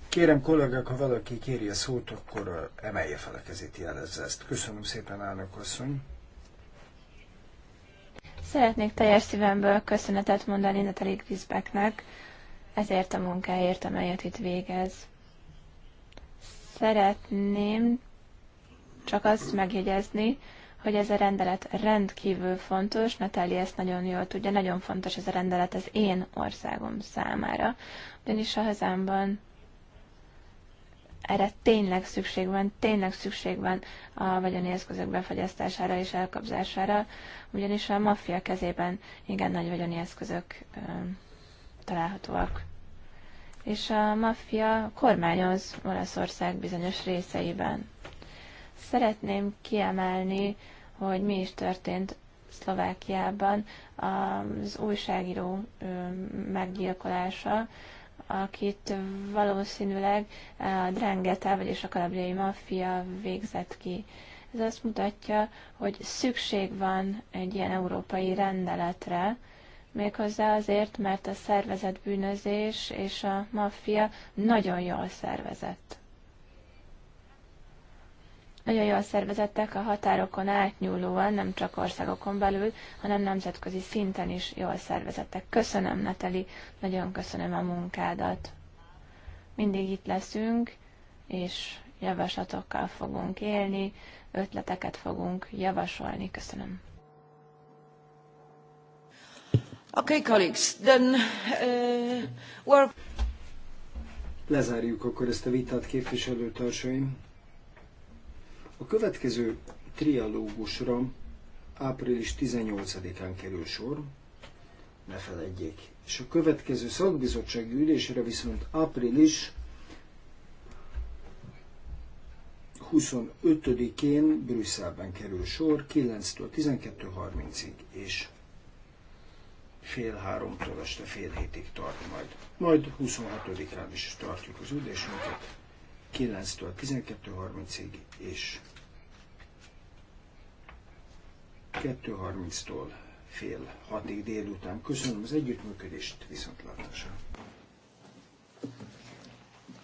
Kérem kollégák, ha valaki kéri a szót, akkor uh, emelje fel a kezét, jelezze ezt. Köszönöm szépen, elnök asszony. Szeretnék teljes szívemből köszönetet mondani Natali Grisbecknek ezért a munkáért, amelyet itt végez. Szeretném csak azt megjegyezni, hogy ez a rendelet rendkívül fontos, Natali ezt nagyon jól tudja, nagyon fontos ez a rendelet az én országom számára, ugyanis a hazámban erre tényleg szükség van, tényleg szükség van a vagyoni eszközök befagyasztására és elkapzására, ugyanis a maffia kezében igen nagy vagyoni eszközök találhatóak. És a maffia kormányoz Olaszország bizonyos részeiben. Szeretném kiemelni, hogy mi is történt Szlovákiában az újságíró meggyilkolása, akit valószínűleg eh, a Drangheta, vagyis a kalabriai maffia végzett ki. Ez azt mutatja, hogy szükség van egy ilyen európai rendeletre, méghozzá azért, mert a szervezetbűnözés bűnözés és a maffia nagyon jól szervezett. Nagyon jól szervezettek a határokon átnyúlóan, nem csak országokon belül, hanem nemzetközi szinten is jól szervezettek. Köszönöm, Nateli, nagyon köszönöm a munkádat. Mindig itt leszünk, és javaslatokkal fogunk élni, ötleteket fogunk javasolni. Köszönöm. Okay, colleagues, then uh, we're... Lezárjuk akkor ezt a vitát, képviselőtársaim. A következő trialógusra április 18-án kerül sor, ne feledjék. És a következő szakbizottsági ülésre viszont április 25-én Brüsszelben kerül sor, 9-től 12.30-ig, és fél háromtól este fél hétig tart majd. Majd 26-án is tartjuk az ülésünket, 9-től 12.30-ig, és 2.30-tól fél hatig délután. Köszönöm az együttműködést, viszontlátásra.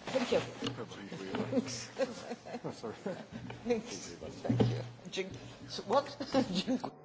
Thank you. Thanks. Thanks. Thank you. So what?